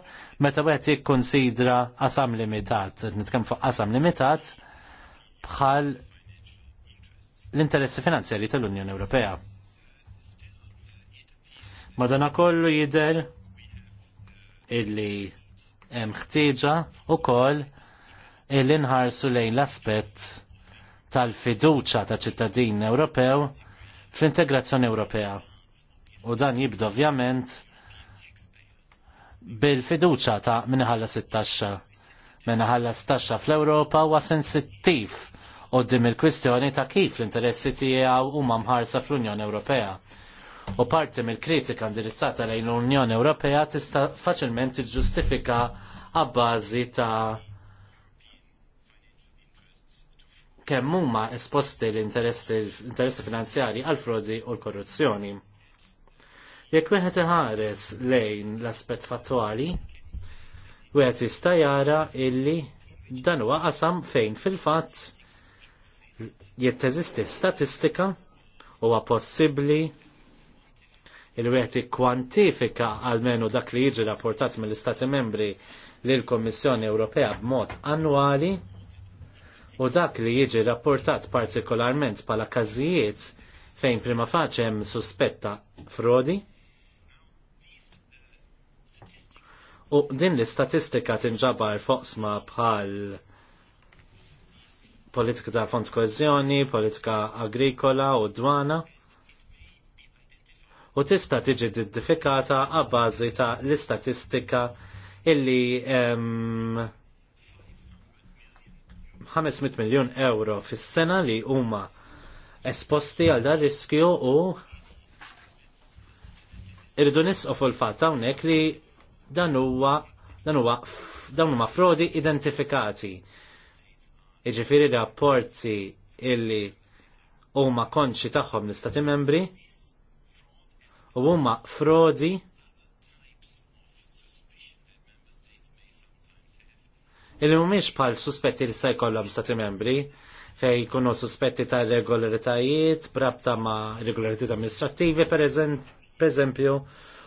meta wieħed jikkonsidra qasam limitat. Nitkellem fuq qasam limitat bħal l-interessi finanzjari tal-Unjoni Ewropea. Madana kollu jidher illi hemm ħtieġa wkoll illi nħarsu lejn l-aspett tal-fiduċa ta' ċittadin Ewropew fl-integrazzjoni Ewropea. U dan jibda ovvjament bil-fiduċa ta' minħalla 16. Minħalla 16 fl-Ewropa huwa sensittiv qoddim il-kwistjoni ta' kif l-interessi tiegħu huma mħarsa fl-Unjoni Ewropea. U parti mill-kritika indirizzata lejn l-Unjoni Ewropea tista' faċilment tiġġustifika għabbażi ta' kemm huma esposti l-interessi finanzjari għal frodi u l-korruzzjoni. Jekk wieħed iħares lejn l-aspett fattuali, wieħed jista' jara illi dan huwa qasam fejn fil-fatt jitteżisti statistika huwa possibbli il wieħed ikkwantifika għalmenu dak li jiġi rapportat mill-Istati membri lill kummissjoni Ewropea b'mod annwali U dak li jiġi rapportat partikolarment pala każijiet fejn prima faċe hemm suspetta frodi. U din l-istatistika tinġabar foqsma bħal politika ta' fond koezjoni, politika agrikola u dwana. U tista' tiġi identifikata għabbażi ta' l-istatistika illi um, 500 miljon euro fis-sena li huma esposti għal dar riskju u irridu nisqu fuq il-fatt hawnhekk li dan huwa dan huwa dawn huma frodi identifikati. Jiġifieri rapporti illi huma konċi tagħhom l-istati membri u huma frodi illi mhumiex bħal suspetti li se jkollhom stati membri fej jkunu suspetti ta' irregolaritajiet, brabta ma' regolaritajiet amministrativi per eżempju,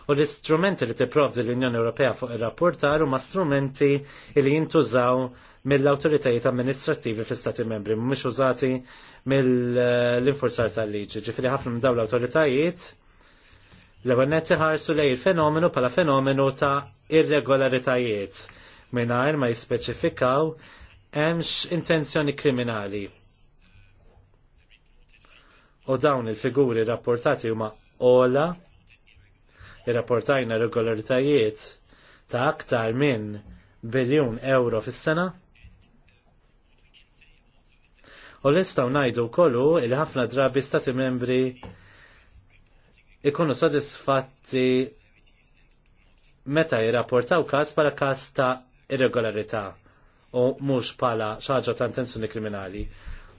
u l-istrumenti li tipprovdi l-Unjoni Ewropea fuq ir-rapportar huma strumenti li jintużaw mill-awtoritajiet amministrattivi fl-Stati membri, mhumiex użati mill-infurzar tal-liġi. Ġifieri ħafna minn dawn l-awtoritajiet l-ewwel nett iħarsu lej il-fenomenu bħala fenomenu ta' irregolaritajiet mingħajr ma jispeċifikaw hemmx intenzjoni kriminali. U dawn il-figuri rapportati huma ola irrapportajna regolaritajiet ta' aktar minn biljun euro fis-sena. U l-istaw najdu kollu il ħafna drabi stati membri ikunu sodisfatti meta jirrapportaw kas para kas ta' irregolarità u mhux pala xaġa ta' intenzjoni kriminali.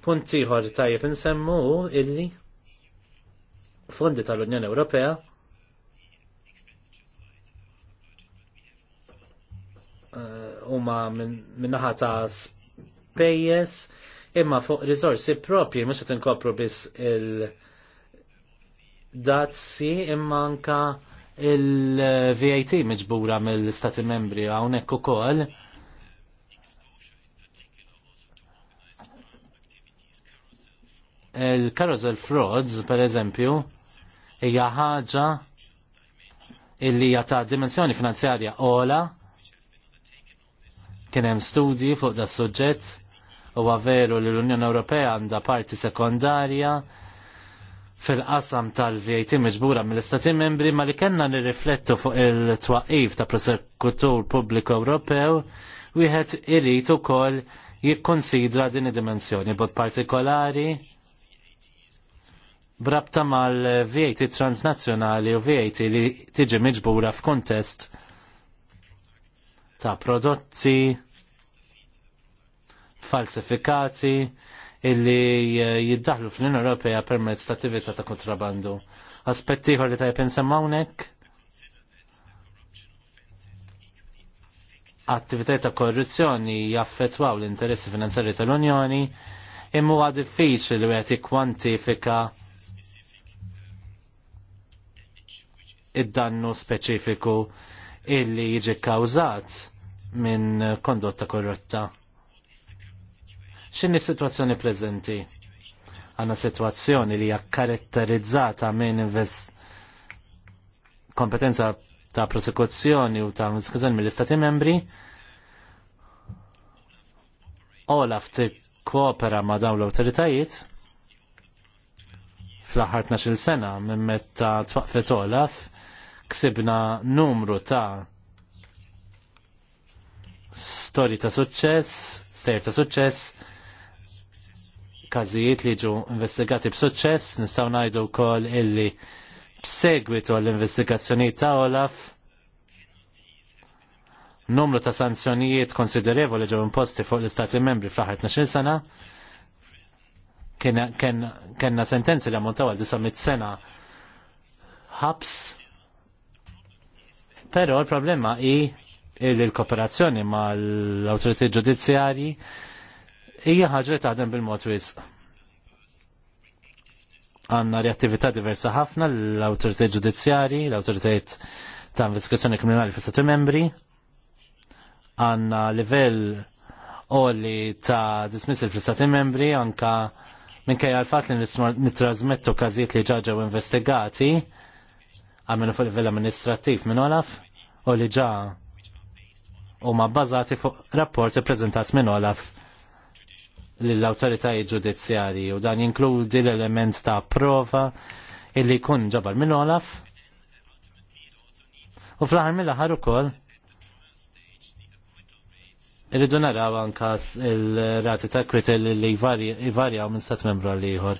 Punt ieħor tajjeb insemmu illi fondi tal-Unjoni Ewropea eh, huma naħa ta' spejjes imma fuq riżorsi propri mhux qed inkopru biss il-dazzi imma anka il-VAT miġbura mill-Stati membri hawnhekk ukoll. Il-carousel frauds, per eżempju, hija ħaġa illi hija ta' dimensjoni finanzjarja ola kien hemm studji fuq da' suġġett huwa veru li l-Unjoni Ewropea għandha parti sekondarja fil-qasam tal-VAT miġbura mill-Istati membri ma li kellna nirriflettu fuq il-twaqif ta' prosekutur pubbliku Ewropew wieħed irid ukoll jikkonsidra din id-dimensjoni bod partikolari brabta mal-VAT transnazzjonali u VAT li tiġi miġbura f'kuntest ta' prodotti falsifikati illi jiddaħlu fl-Unjoni Ewropea permezz ta' attività ta' kontrabandu. Aspetti ieħor li tajb hawnhekk. Attivitajiet ta' korruzzjoni jaffettwaw l-interessi finanzjari tal-Unjoni imma huwa diffiċli li wieħed jikkwantifika id-dannu speċifiku illi jiġi kkawżat minn kondotta korrotta ċini situazzjoni prezenti? Għanna situazzjoni li hija karatterizzata minn invest kompetenza ta' prosekuzzjoni u ta' diskussjoni mill-Istati membri. Olaf tikkoopera ma' dawn l-autoritajiet fl-aħħar 12 sena minn meta twaqfet Olaf ksibna numru ta' stori ta' suċċess, stejr ta' suċċess, każijiet li ġu investigati b'suċċess, nistgħu ngħidu wkoll illi b'segwitu għall-investigazzjonijiet ta' Olaf numru ta' sanzjonijiet konsiderevoli ġew imposti fuq l-Istati membri fl-aħħar 12 sena kena, sentenzi li ammontaw għal 900 sena ħabs. Pero l-problema i il-kooperazzjoni ma l-autoriti ġudizzjari hija ħaġa li taħdem bil-mod wisq. Għanna reattività diversa ħafna l-autoritet ġudizzjari, l-autoritet ta' investigazzjoni kriminali fi stati membri, għanna livell oli ta' dismissil fi stati membri, anka minkajja għal-fat li nitrasmettu kazijiet li u investigati, għamilu fuq livell amministrativ minn Olaf, u li ġa u ma bazati fuq rapporti prezentati minn Olaf l-autoritajiet ġudizzjarji u dan jinkludi l-element ta' prova illi jkun ġabar minn Olaf u fl-ħar mill-ħar ukoll Irridu naraw anka il-rati ta' kritel li jvarjaw minn stat membru għal ieħor.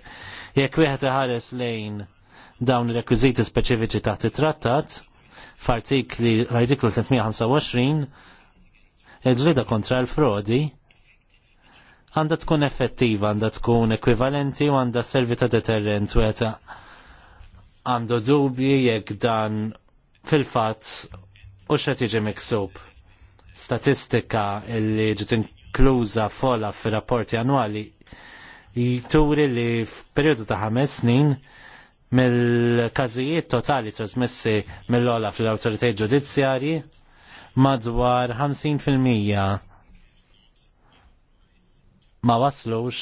Jekk wieħed iħares lejn dawn ir-rekwiżiti speċifiċi taħt it-trattat, f'artikli l-artiklu 325, il-ġrida kontra l-frodi, għandha tkun effettiva, għandha tkun ekwivalenti u għandha servi ta' deterrent u għeta għandu dubji jekk dan fil-fatt u xed jiġi miksub. Statistika illi ġiet inkluża fola fir-rapporti annwali jituri li f'perjodu ta' ħames snin mill-każijiet totali trasmessi mill-ola fl-autoritajiet ġudizzjarji madwar 50% ma waslux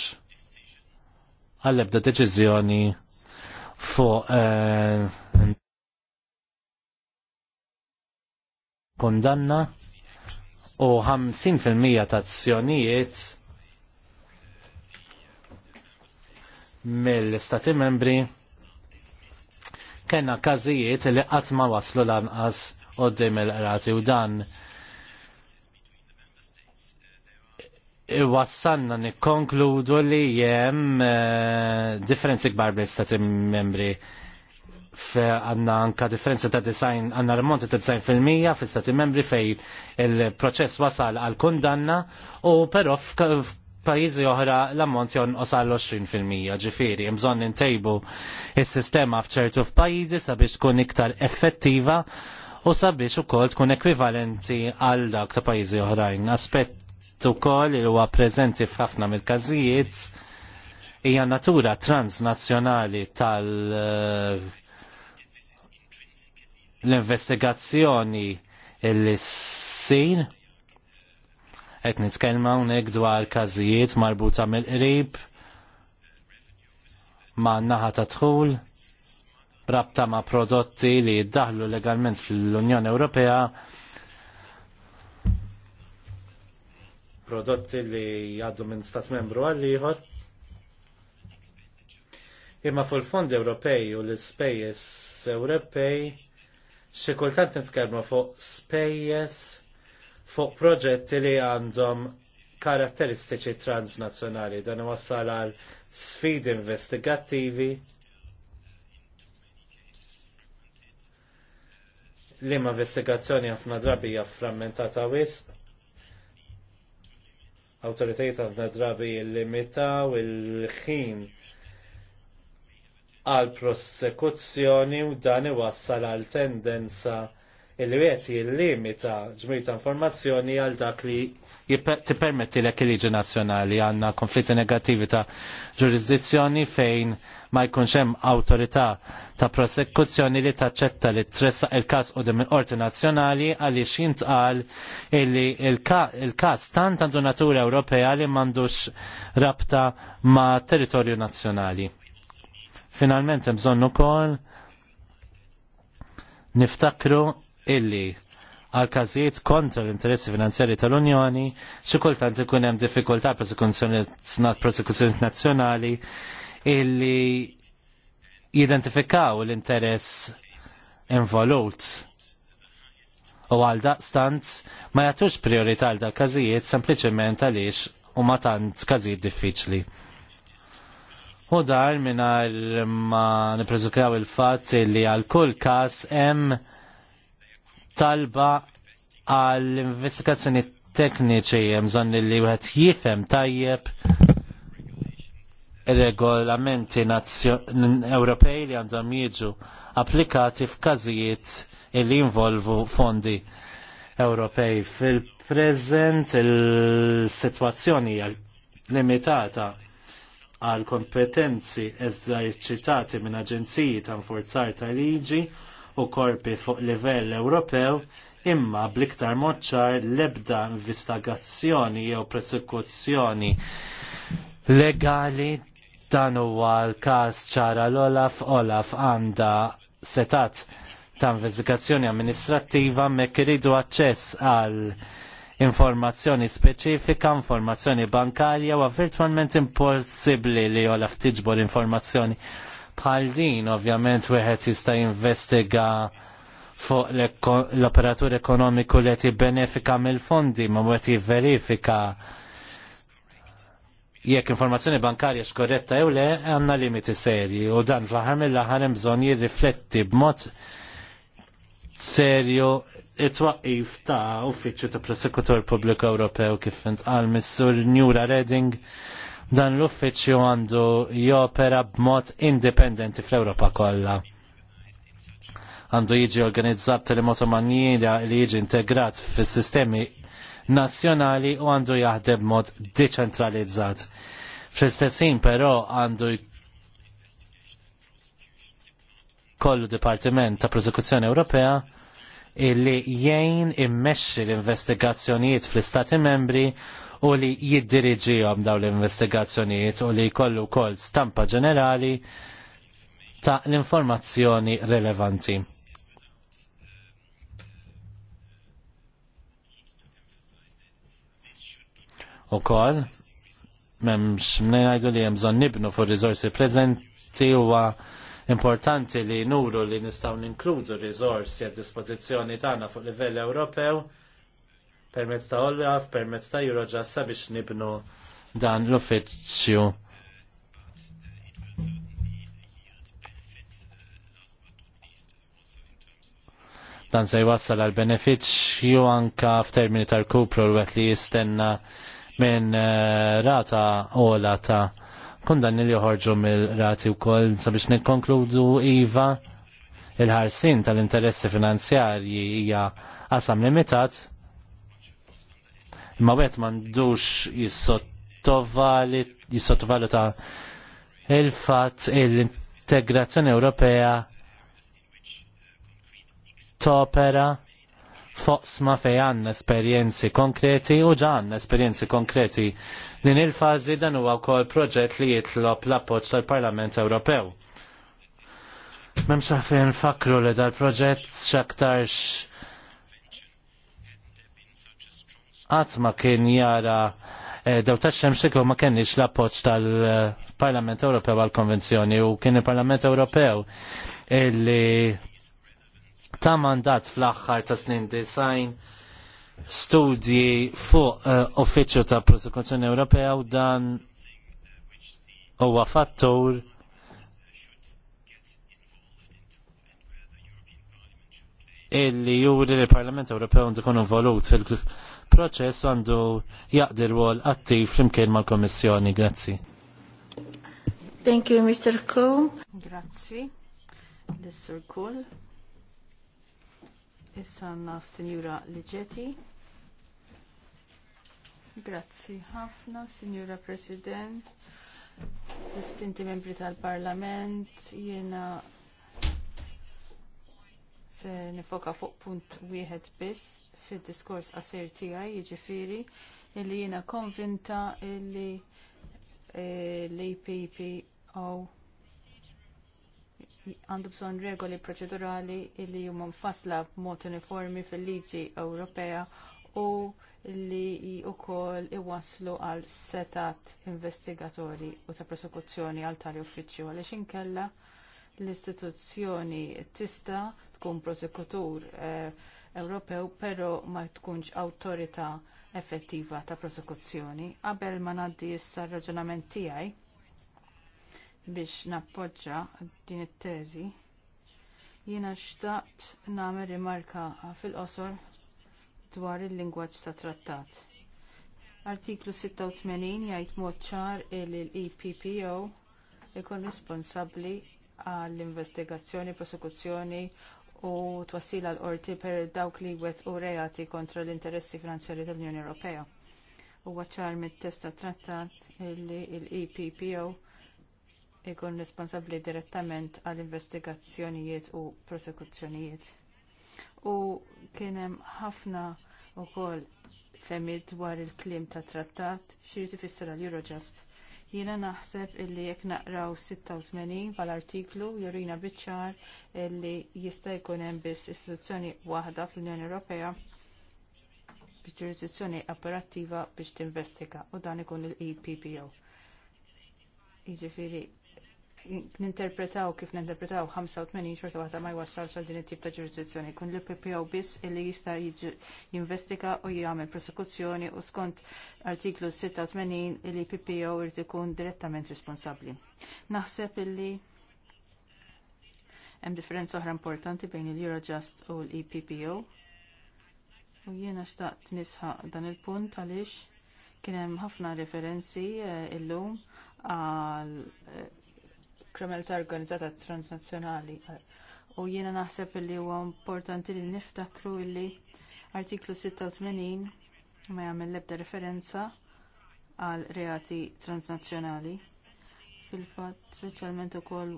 għall-ebda deċiżjoni fuq eh, kondanna u 50% ta' azzjonijiet mill-Stati membri kena kazijiet li qatt ma waslu lanqas qoddim il-qrati u dan iwassanna nikkonkludu li jem eh, differenzi kbar bl-Sati membri għanna anka differenzi ta' design, għanna remonti ta' design fil-mija fil stati membri fej il-proċess wasal għal kundanna u pero f'pajizi oħra l-ammont għon osal 20% ġifiri, mżon nintejbu il-sistema fċertu f'pajizi sabiex tkun iktar effettiva u sabiex ukoll tkun ekvivalenti għal dak ta' pajizi oħrajn. Aspett ukoll li huwa preżenti f'ħafna mill-każijiet hija natura transnazzjonali tal eh, l-investigazzjoni illi sin qed nitkellma hawnhekk dwar każijiet marbuta mill-qrib ma' naħa ta' dħul rabta ma' prodotti li jiddaħħlu legalment fl-Unjoni Ewropea prodotti li jgħaddu minn stat membru għal ieħor. Imma fuq il-fond Ewropej u l-ispejjeż Ewropej xi kultant nitkellmu fuq spejjeż fuq proġetti li għandhom karatteristiċi transnazzjonali dan iwassal għal sfidi investigattivi li ma investigazzjoni ħafna drabi hija frammentata wisq Awtoritajiet għadna drabi il il-ħin għal prosekuzzjoni u dan iwassal għal tendenza illi għet jillimita ġmir informazzjoni għal dak li tippermetti l ekiliġi liġi nazzjonali għandna konflitti negattivi ta' ġurisdizzjoni fejn ma jkunx hemm awtorità ta' prosekuzzjoni li taċċetta li tressaq il-każ qudiem il-Qorti Nazzjonali għaliex jintqal illi il-każ tant għandu natura Ewropea li m'għandux rabta ma' territorju nazzjonali. Finalment hemm bżonn ukoll niftakru illi għal każijiet kontra l-interessi finanzjari tal-Unjoni, xi kultant ikun hemm diffikultà prosekuzzjoni nazzjonali illi jidentifikaw l-interess involut. U għal daqstant ma jagħtux priorità għal dak każijiet sempliċement għaliex huma tant kazijiet diffiċli. U dar mingħajr ma nippreżukraw il-fatt li għal kull każ hemm talba għall investigazzjoni tekniċi hemm bżonn li wieħed jifhem tajjeb regolamenti Ewropej li għandhom jiġu applikati f'każijiet li jinvolvu fondi Ewropej. Fil-preżent il-sitwazzjoni limitata għal kompetenzi eżerċitati minn aġenziji ta' nfurzar ta' liġi u korpi fuq livell Ewropew imma bliktar moċċar l-ebda investigazzjoni jew prosekuzzjoni legali Dan huwa l-każ ċara l-Olaf, Olaf għandha setat ta' investigazzjoni amministrattiva mek iridu aċċess għal informazzjoni speċifika, informazzjoni bankarja u virtualment impossibbli li Olaf tiġbor informazzjoni bħal din ovvjament wieħed jista' jinvestiga fuq l-operatur ekonomiku li qed jibbenefika mill-fondi ma wieħed jivverifika verifika jekk informazzjoni bankarja skorretta jew le għandna limiti serji u dan fl-aħħar mill-aħħar hemm bżonn jirrifletti b'mod serju it twaqif ta' uffiċċju ta' prosekutur pubbliku Ewropew kif intqal mis-sur Njura Reding dan l-uffiċċju għandu jopera b'mod indipendenti fl-Ewropa kollha. Għandu jiġi organizzat tal-motomanjira li jiġi integrat fis-sistemi nazzjonali u għandu jaħdem mod deċentralizzat. Fl-istessin però għandu kollu Dipartiment ta' Prosekuzzjoni Ewropea illi jgħin immexxi l-investigazzjonijiet fl-Istati membri u li jiddiriġijom daw l-investigazzjonijiet u li jkollu kol stampa ġenerali ta' l-informazzjoni relevanti. u kol memx mnenajdu li jemżon nibnu fuq rizorsi prezenti huwa importanti li nuru li nistaw ninkludu rizorsi għad dispozizjoni tagħna fuq livell Ewropew permezz ta' Olaf, permezz ta' Eurojust sabiex nibnu dan l-uffiċċju dan se jwassal għal benefiċċju anka f'termini tal-kupru l-wet li jistenna minn eh, rata ola ta' kundanni li joħorġu mill-rati wkoll sabiex nikkonkludu iva il-ħarsin tal-interessi finanzjarji hija qasam limitat imma wet mandux jissottovali ta' il-fat l-integrazzjoni Ewropea topera foqsma fej għandna esperienzi konkreti u ġan esperienzi konkreti. Din il-fazi dan huwa wkoll proġett li jitlob l-appoġġ tal-Parlament Ewropew. Memx fejn fakru li dal-proġett xaktarx għatma kien jara eh, daw ta' xemxiku ma kenniex l-appoċ tal-Parlament Ewropew għal-Konvenzjoni u kien il-Parlament Ewropew illi ta' mandat fl-axħar ta' snin design studji fuq uh, uffiċċju ta' prosekuzzjoni Ewropea u dan huwa fattur illi juri li parlament Ewropew għandu kun involut fil-proċess għandu jaqdi wol attiv flimkien mal-Komissjoni. Grazzi. Thank you, Mr. Kuhl. Grazzi. Mr. Kuhl. Issa għanna Signora Ligetti. Grazzi ħafna, Signora President, distinti membri tal-Parlament, jiena se nifoka fuq punt wieħed biss fid-diskors qasir tiegħi, jiġifieri illi jiena konvinta illi eh, l-APPO għandu bżonn regoli proċedurali li huma mfassla b'mod uniformi fil-liġi Ewropea u li wkoll iwasslu għal setat investigatorji u ta' prosekuzzjoni għal tali uffiċċju għaliex inkella l-istituzzjoni tista tkun prosekutur eh, Ewropew però ma tkunx awtorità effettiva ta' prosekuzzjoni. Qabel ma ngħaddi issa r raġunament tiegħi biex nappoġġa din it-teżi. Jiena xtaqt nagħmel rimarka fil-qosor dwar il-lingwaġġ ta' trattat. Artiklu 86 jgħid mod ċar li l-EPPO ikun responsabbli għall-investigazzjoni, prosekuzzjoni u twassila l-qorti per dawk li wet u reati kontra l-interessi finanzjarji tal-Unjoni Ewropea. Huwa ċar mit-testa trattat li l-EPPO ikun responsabbli direttament għall investigazzjonijiet u prosekuzzjonijiet. U kien hemm ħafna wkoll femid dwar il kliem tat trattat xirti fissar l-Eurojust. Jiena naħseb illi jekk naqraw 86 bħal artiklu jorina biċ-ċar illi jista' jkun hemm biss istituzzjoni waħda fl-Unjoni Ewropea biex ġurisdizzjoni apparattiva biex tinvestiga u dan ikun il-EPPO. Jiġifieri ninterpretaw kif ninterpretaw 85 xorta waħda ma jwassal għal din it-tip ta' ġurisdizzjoni. Kun li PPO biss illi jista' jinvestiga u jagħmel prosekuzzjoni u skont artiklu 86 illi PPO irid ikun direttament responsabbli. Naħseb illi hemm differenza oħra importanti bejn il-Eurojust u l-EPPO. U jiena xtaqt nisħaq dan il-punt għaliex kien hemm ħafna referenzi eh, illum għal eh, kriminalità organizzata transnazzjonali. U jiena naħseb li huwa importanti li niftakru li artiklu 86 ma jagħmel l-ebda referenza għal reati transnazzjonali fil-fatt speċjalment ukoll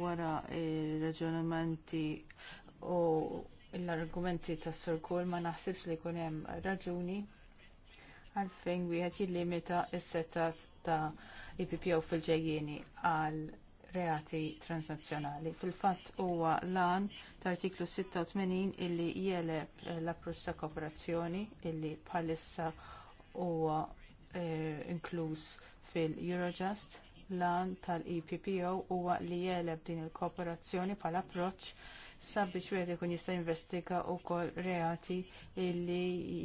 wara r raġunamenti u l-argumenti tas Sur Kull ma naħsibx li jkun hemm raġuni għalfejn wieħed jillimita s-setat ta' IPPO fil-ġejjieni għal reati transnazzjonali. Fil-fatt huwa lan tal-artiklu 86 illi jeleb eh, l-approċċ ta' kooperazzjoni illi bħalissa huwa eh, inkluż fil-Eurojust lan tal-EPPO huwa li jeleb din il-kooperazzjoni bħala approċċ sabiex wieħed ikun jista' investiga wkoll reati illi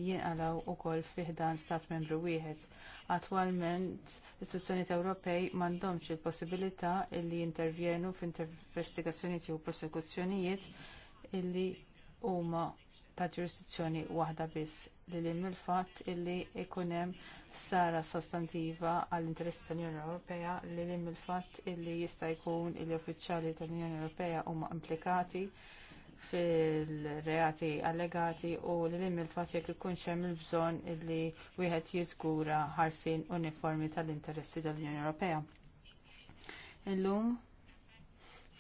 jinqalaw ukoll fih dan stat membru wieħed. Attualment l-istituzzjonijiet Ewropej m'għandhomx il-possibilità illi jintervjenu f'investigazzjonijiet jew prosekuzzjonijiet illi huma ta' ġurisdizzjoni waħda biss li l mill fatt illi ikun hemm sara sostantiva għall-interess tal-Unjoni Ewropea li l mill fatt illi jista' jkun il uffiċjali tal-Unjoni Ewropea huma implikati fil-reati allegati u li l mill fatt jekk ikunx hemm il-bżonn illi wieħed jiżgura ħarsien uniformi tal-interessi tal-Unjoni Ewropea. Illum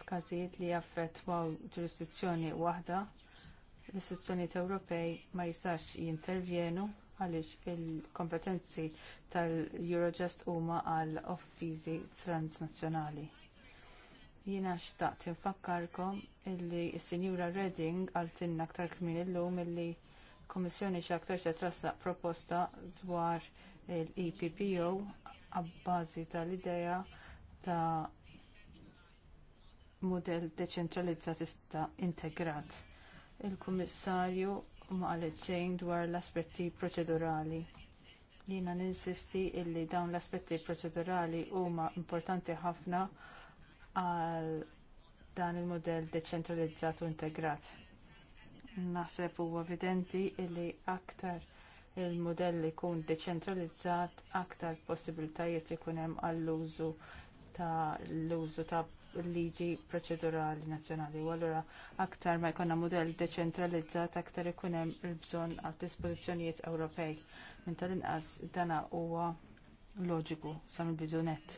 f'każijiet li jaffettwaw ġurisdizzjoni waħda l-istituzzjonijiet Ewropej ma jistax jintervjenu għaliex il-kompetenzi tal-Eurojust huma għal offiżi transnazzjonali. Jiena xtaqt infakkarkom illi s-Sinjura Reding għaltinna aktar kmin illum illi xi x'aktar se trassaq proposta dwar l-EPPO għabbażi tal-idea ta' mudell deċentralizzat integrat il-Kummissarju ma qalet xejn dwar l-aspetti proċedurali. Jiena ninsisti illi dawn l-aspetti proċedurali huma importanti ħafna għal dan il mudell deċentralizzat u integrat. Naħseb huwa evidenti illi aktar il mudell ikun deċentralizzat, aktar possibilitajiet ikun hemm għall-użu ta' l-użu ta' l liġi proċedurali nazzjonali. U allura aktar ma jkollna mudell deċentralizzat aktar ikun hemm il-bżonn għal dispożizzjonijiet Ewropej. Minn tal-inqas dana huwa loġiku sa mill-bidu nett.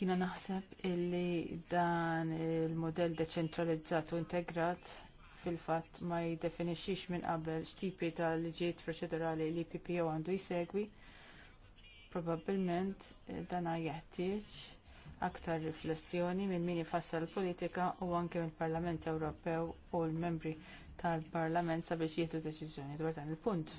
Jiena naħseb illi dan il-modell deċentralizzat u integrat fil-fatt ma jiddefinixxix minn qabel x'tipi ta' liġijiet proċedurali li PPO għandu jsegwi probabbilment eh, dan jeħtieġ aktar riflessjoni minn min ifassal politika u anke mill-Parlament Ewropew u l-membri tal-Parlament sabiex jieħdu deċiżjoni dwar dan il-punt.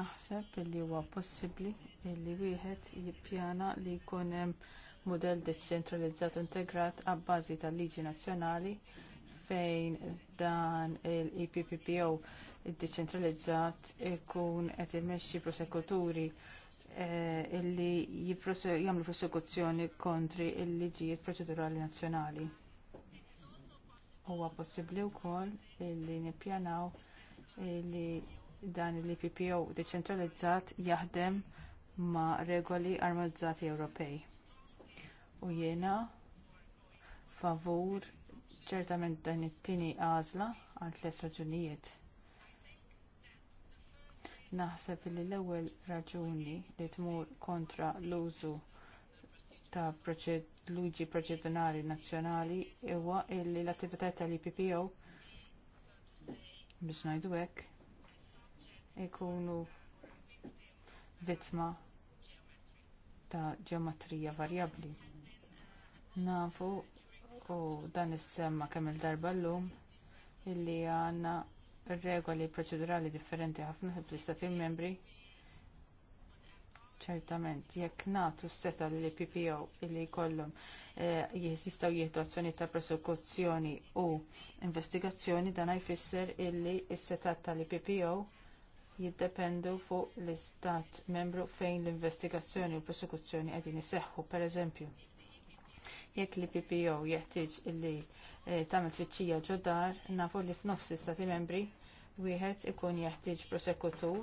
Naħseb li huwa possibbli li wieħed jippjana li jkun hemm mudell deċentralizzat integrat għabbażi tal-liġi nazzjonali fejn dan il ipppo id-deċentralizzat ikun qed imexxi prosekuturi Eh, illi jagħmlu prosekuzzjoni kontri il-liġijiet proċedurali nazzjonali. Huwa possibbli wkoll illi nippjanaw illi dan l-IPPO deċentralizzat jaħdem ma' regoli armonizzati Ewropej. U jiena favur ċertament dan it-tieni għażla għal tliet raġunijiet Naħseb li l-ewwel raġuni li tmur kontra l-użu ta' luġi proċedunali nazzjonali huwa li l-attività tal-IPPO biex ngħidu hekk ikunu vittma ta' ġeometrija varjabbli. Nafu u dan is-semma kemm il-darba llum illi għandna regoli proċedurali differenti ħafna fl-istati membri. Ċertament, jekk nagħtu s-seta li PPO li jkollhom eh, jistgħu jieħdu azzjoni ta' prosekuzzjoni u investigazzjoni dan jfisser illi s-seta tal-PPO jiddependu fuq l-istat membru fejn l-investigazzjoni u l prosekuzzjoni qegħdin iseħħu, pereżempju jekk li PPO jeħtieġ illi eh, tagħmel tfittxija ġodar, nafu li f'nofs istati membri wieħed ikun jeħtieġ prosekutur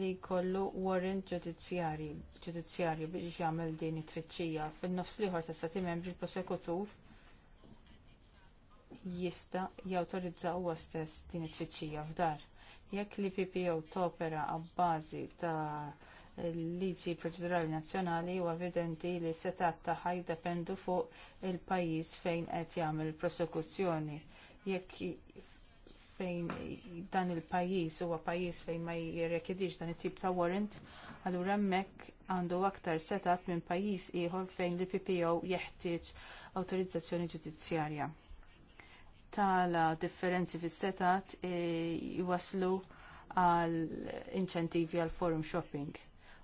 li jkollu warrant ġudizzjarju biex jagħmel din it-tfittxija. Fin-nofs liħor ta' stati membri l-prosekutur jista' jawtorizza huwa stess din it-tfittxija f'dar. Jekk li PPO topera għabbażi ta' il liġi proċedurali nazzjonali huwa evidenti li setat tagħha jiddependu fuq il-pajjiż fejn qed jagħmel prosekuzzjoni. Jekk fejn dan il-pajjiż huwa pajjiż fejn ma jirrekjedix dan it-tip ta' warrant, allura hemmhekk għandu aktar setat minn pajjiż ieħor fejn l-PPO jeħtieġ awtorizzazzjoni ġudizzjarja. Tala differenzi fis-setat eh, jwaslu għal inċentivi għal forum shopping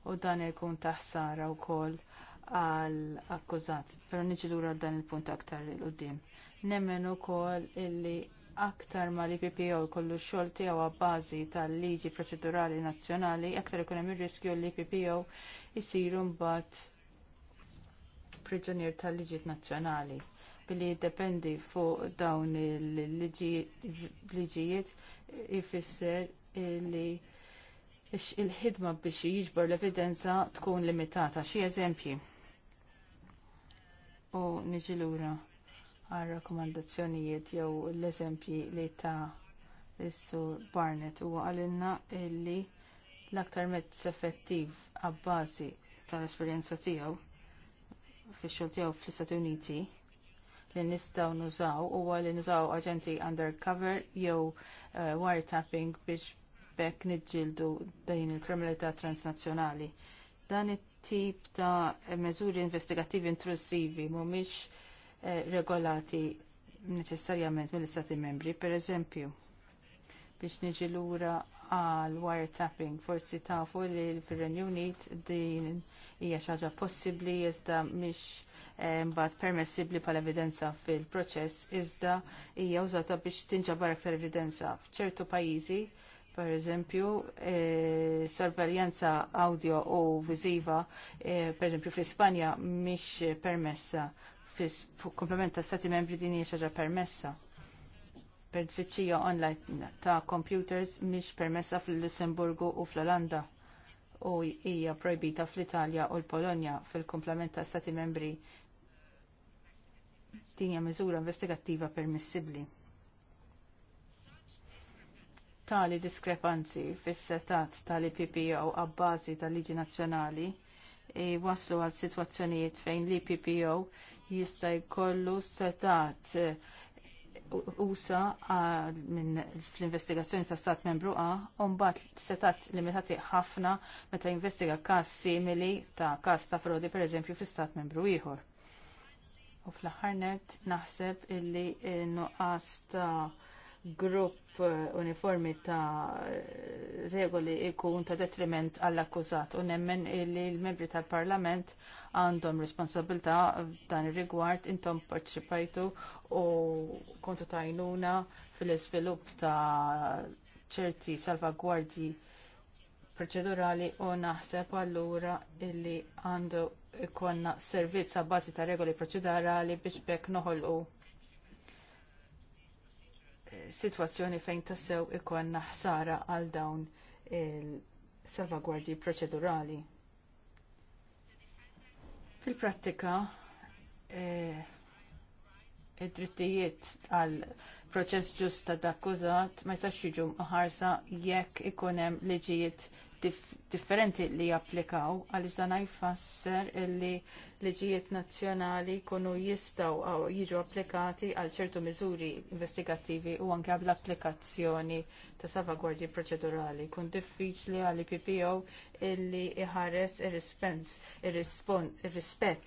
u dan ikun taħsara wkoll għal akkużat. Però niġi lura dan il-punt aktar il qudiem Nemmen ukoll illi aktar ma li PPO kollu xogħol tiegħu bażi tal-liġi proċedurali nazzjonali, aktar ikun hemm ir-riskju li PPO jsiru mbagħad priġunier tal liġi nazzjonali billi jiddependi fuq dawn il-liġijiet ifisser li il-ħidma biex jiġbor l-evidenza tkun limitata. Xi eżempji. U niġi lura għal rakkomandazzjonijiet jew l-eżempji li ta' is-sur Barnett huwa għalinna li l-aktar mezz effettiv għabbażi tal-esperjenza tiegħu fi xogħol tiegħu fl-Istati Uniti li nistgħu nużaw huwa li nużaw aġenti undercover jew eh, wiretapping biex bekk niġġieldu dejn il-kriminalità transnazzjonali. Dan it-tip ta' meżuri investigattivi intrusivi mhumiex eh, regolati neċessarjament mill-Istati membri, per eżempju, biex niġi lura għal wiretapping, forsi tafu li fir renju Unit din hija xi ħaġa possibbli iżda mhix eh, mbagħad permessibbli bħala evidenza fil-proċess iżda hija użata biex tinġabar aktar evidenza f'ċertu pajjiżi per eżempju, e, sorveljanza audio u viziva, e, per eżempju, fl-Ispanja mhix permessa, komplementa stati membri din xaġa permessa. Per tfittxija online ta' computers mhix permessa fil-Lussemburgu u fl-Olanda u hija projbita fl-Italja u l-Polonja fil komplementa ta' stati membri din hija miżura investigattiva permissibbli tali diskrepanzi fis-setat tal-IPPO għabbażi tal-Liġi Nazzjonali waslu għal situazzjonijiet fejn l-IPPO jista' jkollu setat eh, usa minn fl-investigazzjoni ta' stat membru A, mbagħad setat limitati ħafna meta investiga kas simili ta' kas ta' frodi pereżempju fl-stat membru ieħor. U fl-aħħar net naħseb illi eh, nuqqas ta' grupp uniformi ta' regoli ikun ta' detriment għall-akkużat u nemmen li l-membri tal-parlament għandhom responsabilta dan ir-rigward intom parteċipajtu u kontu tajnuna fil-iżvilupp ta' ċerti salvagwardji proċedurali u naħseb allura illi għandu ikonna servizza bazi ta' regoli proċedurali biex bekk noħolqu situazzjoni fejn tassew ikonna ħsara għal dawn il-salvagwardji proċedurali. Fil-prattika, eh, id-drittijiet għal proċess ġust ta' akkużat ma jistax jiġu mħarsa jekk ikun hemm liġijiet differenti li japplikaw għaliex dan jfasser illi liġijiet nazzjonali jkunu jistgħu jiġu applikati għal ċertu miżuri investigattivi u anke għal applikazzjoni ta' salvagwardji proċedurali. Kun diffiċli għal PPO illi iħares ir-rispett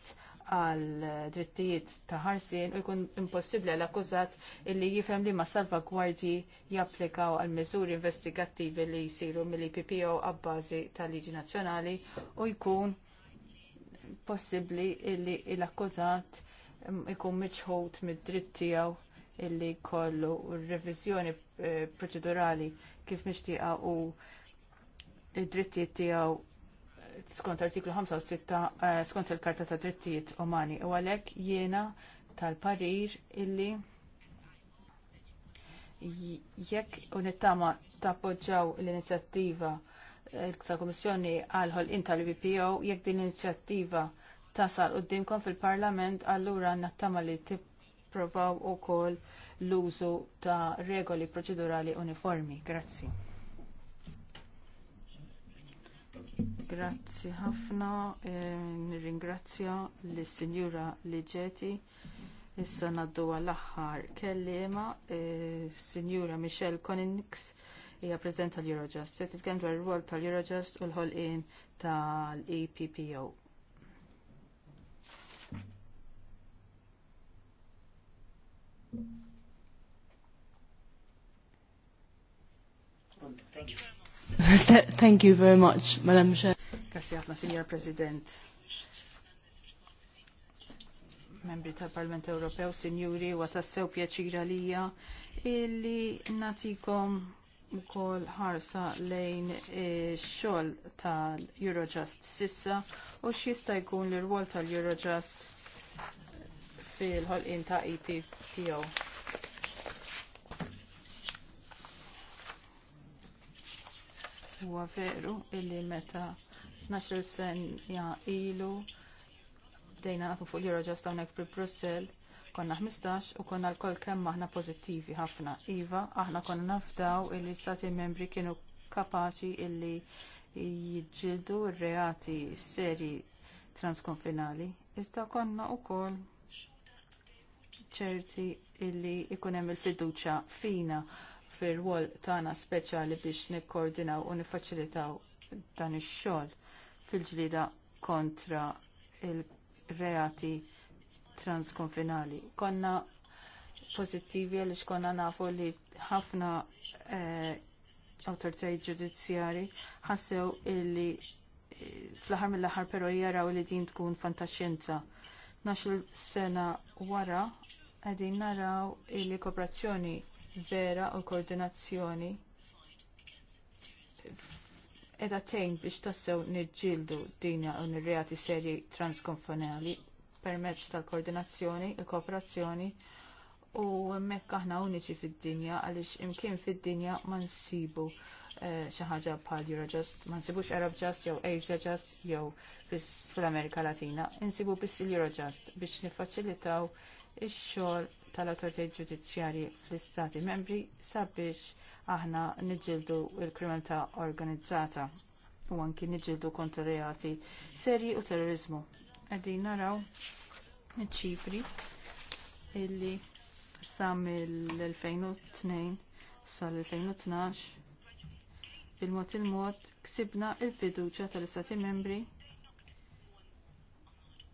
għal drittijiet ta' ħarsien u jkun impossibbli l akkużat illi jifhem li ma' salvagwardji japplikaw għal miżuri investigattivi li jsiru mill-IPPO għabbażi tal-Liġi Nazzjonali u jkun possibbli illi l-akkużat ikun miċħud mid-dritt tiegħu illi kollu r-reviżjoni eh, proċedurali kif mixtieqa u id-drittijiet tiegħu skont artiklu 5 eh, skont il-Karta ta' Drittijiet Umani u għalhekk jiena tal-parir illi jekk u nittama tappoġġaw l-inizjattiva eh, tal-Kummissjoni għal in tal-BPO jekk din l-inizjattiva tasal qudiemkom fil-Parlament allura nattama li tipprovaw ukoll l-użu ta' regoli proċedurali uniformi. Grazzi. Grazzi ħafna, e, nirringrazzja lis sinjura ġeti, Issa naddu għall-aħħar kelliema, e, sinjura Michelle Connings hija President tal-Eurojust. Se titkellem dwar ir-rwol tal-Eurojust u l-ħolqien tal-EPPO. Thank you thank you very much, Madam Chair. Grazie Senior Signor President. Membri tal-Parlament Ewropew, Sinjuri, u għatassew pjaċira lija illi natikom ukoll ħarsa lejn xogħol tal-Eurojust sissa u xista jkun l-rwol tal-Eurojust fil-ħolqien ta' EPPO. Huwa veru illi meta naxil sen ja ilu dejna nagħtu fuq l-Eurojust hawnhekk fi Brussell konna 15 u konna lkoll kemm aħna pożittivi ħafna. Iva, aħna konna nafdaw illi stati membri kienu kapaċi illi jġildu reati seri transkonfinali. Iżda konna wkoll ċerti illi jkun hemm il fiduċja fina fir-rwol tagħna speċjali biex nikkoordinaw u niffaċilitaw dan ix-xogħol fil-ġlida kontra il-reati transkonfinali. Konna pożittivi għaliex konna nafu li ħafna eh, awtoritajiet ġudizzjari ħassew illi eh, fl-aħħar mill-aħħar però jaraw li din tkun fantaxjenza. Nax sena wara qegħdin naraw li kooperazzjoni vera u koordinazzjoni qiegħda tgħin biex tassew nirġildu dinja u nirreati serji transkonfonali permezz tal-koordinazzjoni, il-kooperazzjoni u hemmhekk aħna uniċi fid-dinja għaliex imkien fid-dinja ma nsibu eh, xi ħaġa bħal Eurojust, ma nsibux Arab Just jew Asia Just jew fl-Amerika Latina, insibu biss il-Eurojust biex niffaċilitaw ix-xogħol tal-autoritajiet ġudizzjarji fl-istati membri sabiex aħna niġildu l kriminalità organizzata u anki niġildu kontra reati serji u terrorizmu. Qegħdin naraw iċ-ċifri illi sa mill-2002 sal-2012 bil-mod il-mod ksibna l fiduċja tal-istati membri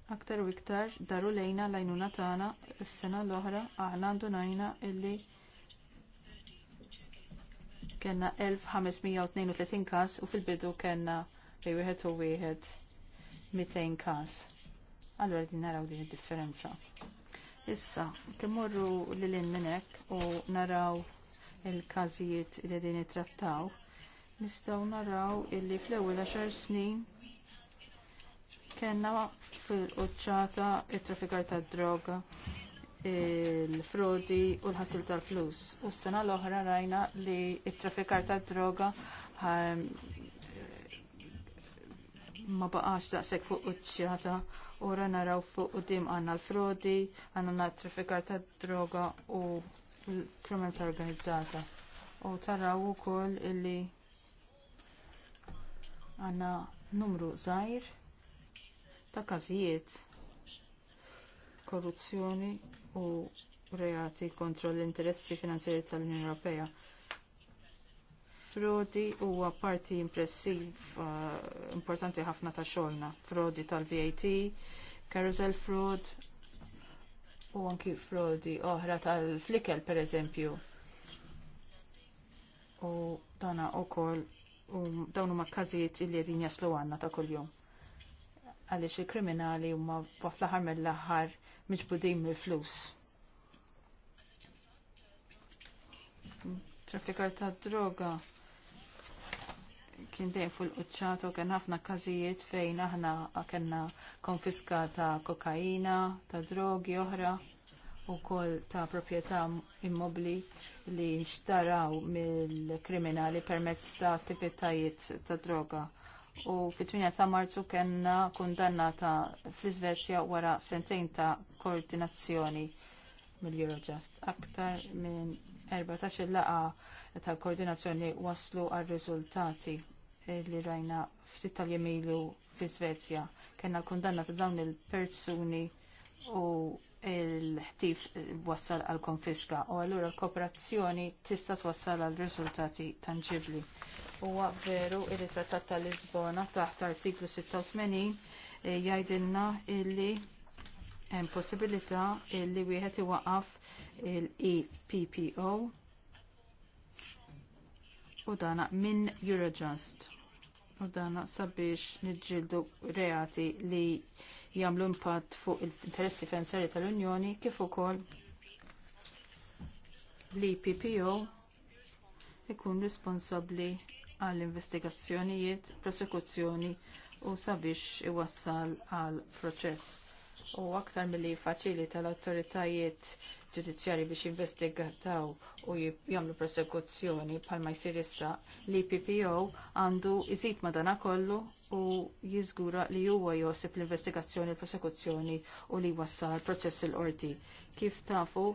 aktar u iktar daru lejna l-għajnuna tagħna s-sena l-oħra aħna għandu najna illi kena 1532 każ u fil-bidu kellna bej wieħed u wieħed 200 każ. Allura din naraw din id-differenza. Issa, kemm morru lil minn hekk u naraw il-każijiet li din nittrattaw, nistgħu naraw illi fl-ewwel għaxar snin Kellna fil quċċata it-traffikar tad droga il-frodi u l-ħasil tal-flus. U s-sena l-oħra rajna li t traffikar tad droga eh, ma baqax daqshekk fuq uċċata, u rana naraw fuq quddiem għandna l-frodi, għandna traffikar tad droga u l-kriminalità organizzata. U taraw ukoll illi għandna numru żgħir ta' każijiet korruzzjoni u reati kontra l-interessi finanzjari tal-Unjoni Ewropea. Frodi huwa parti impressiva importanti ħafna ta' xogħolna. Frodi tal-VAT, carousel fraud u anki frodi oħra tal-flikel pereżempju. U dana wkoll u dawn huma każijiet li qegħdin jaslu għandna ta' kuljum għaliex il-kriminali huma fl mill-aħħar miġbudin mill-flus. Traffikar ta' droga kien dejjem fuq il-quċċat u kien ħafna każijiet fejn aħna kellna konfiska ta' kokaina, ta' drogi oħra u kol ta' proprjetà immobli li nxtaraw mill-kriminali permezz ta' attivitajiet ta' droga u fit-8 ta' marzu kena kundannata fl iżvezja wara sentejn ta' koordinazzjoni mill-Eurojust. Aktar minn 14 laqa ta' koordinazzjoni waslu għal riżultati li rajna ftit tal-jemilu fl-Izvezja. Kena kundanna ta' dawn il-persuni u l-ħtif wassal għal konfiska u allura l-kooperazzjoni tista' twassal għal riżultati tangibli huwa veru ir trattat tal-Lisbona taħt artiklu 86 eh, jgħidilna illi hemm possibilità illi wieħed iwaqaf il-EPPO u dana minn Eurojust u dana sabiex niġġieldu reati li jagħmlu impatt fuq l-interessi finanzjarji tal-Unjoni kif ukoll li e PPO ikun responsabbli għall-investigazzjonijiet, prosekuzzjoni u sabiex iwassal għal proċess. U aktar milli faċili tal-autoritajiet ġudizzjari biex investigataw u jagħmlu prosekuzzjoni bħalma jsir issa li PPO għandu iżid madana kollu u jiżgura li huwa josib l-investigazzjoni l-prosekuzzjoni u li jwassal proċess il-qorti. Kif tafu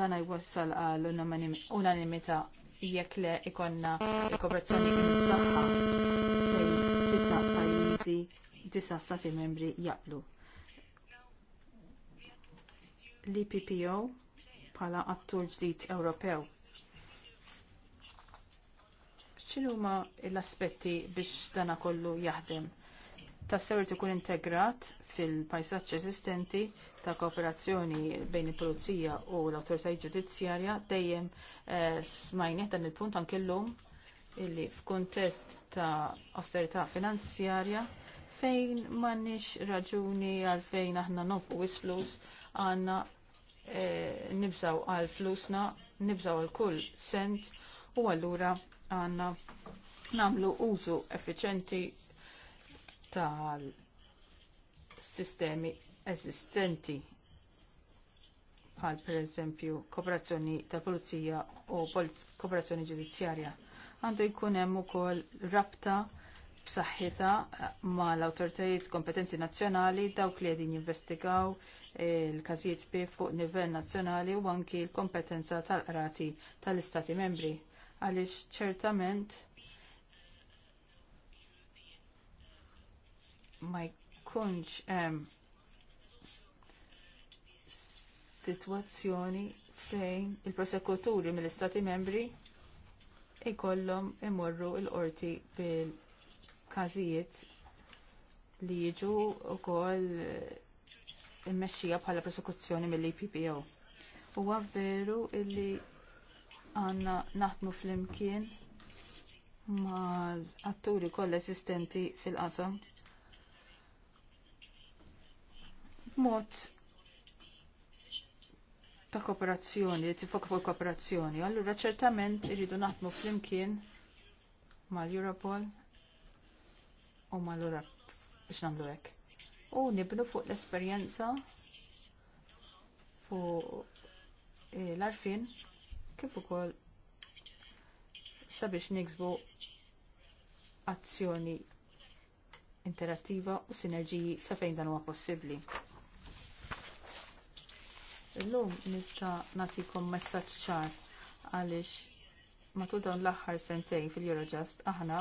dan jwassal għal unanimità jekk le ikonna kooperazzjoni mis-saħħa fejn tisa pajjiżi tisa stati membri jaqblu. L-IPPO bħala attur ġdid Ewropew. ċinu ma l-aspetti biex dana kollu jaħdem? tas-sewret ikun integrat fil-pajsaġġ eżistenti ta' kooperazzjoni bejn il-Pulizija u l-Awtoritajiet Ġudizzjarja dejjem eh, dan il-punt anke llum illi f'kuntest ta' austerità finanzjarja fejn m'għandniex raġuni għalfejn aħna nofqu is-flus għandna nibżgħu eh, nibżaw għal flusna, nibżaw għal kull sent u allura għandna nagħmlu użu effiċenti tal-sistemi eżistenti bħal pereżempju kooperazzjoni tal-Pulizija u kooperazzjoni ġudizzjarja. Għandu jkun hemm ukoll rabta b'saħħitha mal awtoritajiet kompetenti nazzjonali dawk li qegħdin jinvestigaw il-każijiet eh, bi fuq livell nazzjonali u anki l-kompetenza tal-qrati tal-Istati membri. Għaliex ċertament ma jkunx um, situazzjoni fejn il-prosekuturi mill-Istati membri ikollhom imorru l-qorti bil-każijiet li jiġu wkoll eh, immexxija bħala prosekuzzjoni mill-IPPO. Huwa veru illi għandna naħdmu flimkien mal-atturi kollha eżistenti fil-qasam mod ta' kooperazzjoni, li tifok fuq kooperazzjoni. Allura ċertament irridu naħdmu flimkien mal-Europol u mal-Urab biex nagħmlu hekk. U nibnu fuq l-esperjenza fuq eh, l-arfin kif ukoll sabiex niksbu azzjoni interattiva u sinerġiji sa fejn dan huwa possibbli. Illum nista' nagħtikom messaġġ ċar għaliex matul dawn l-aħħar sentejn fil-Eurojust aħna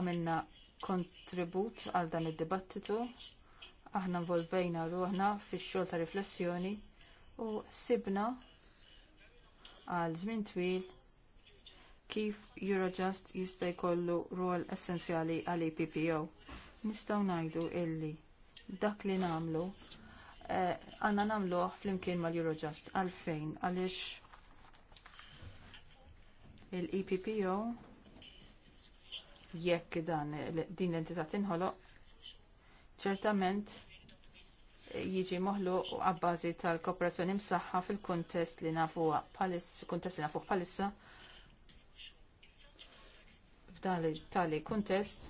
għamilna kontribut għal dan id-dibattitu, aħna involvejna ruħna fix-xogħol ta' riflessjoni u sibna għal żmien twil kif Eurojust jista' jkollu rol essenzjali għall EPPO. Nistgħu ngħidu illi dak li nagħmlu Eh, għanna namlu fl-imkien mal-Eurojust għalfejn għalix il-EPPO jekk dan din l-entità tinħoloq ċertament jiġi moħlu għabbażi tal-kooperazzjoni msaħħa fil-kontest li nafu kontest li nafu bħalissa f'dan tali kontest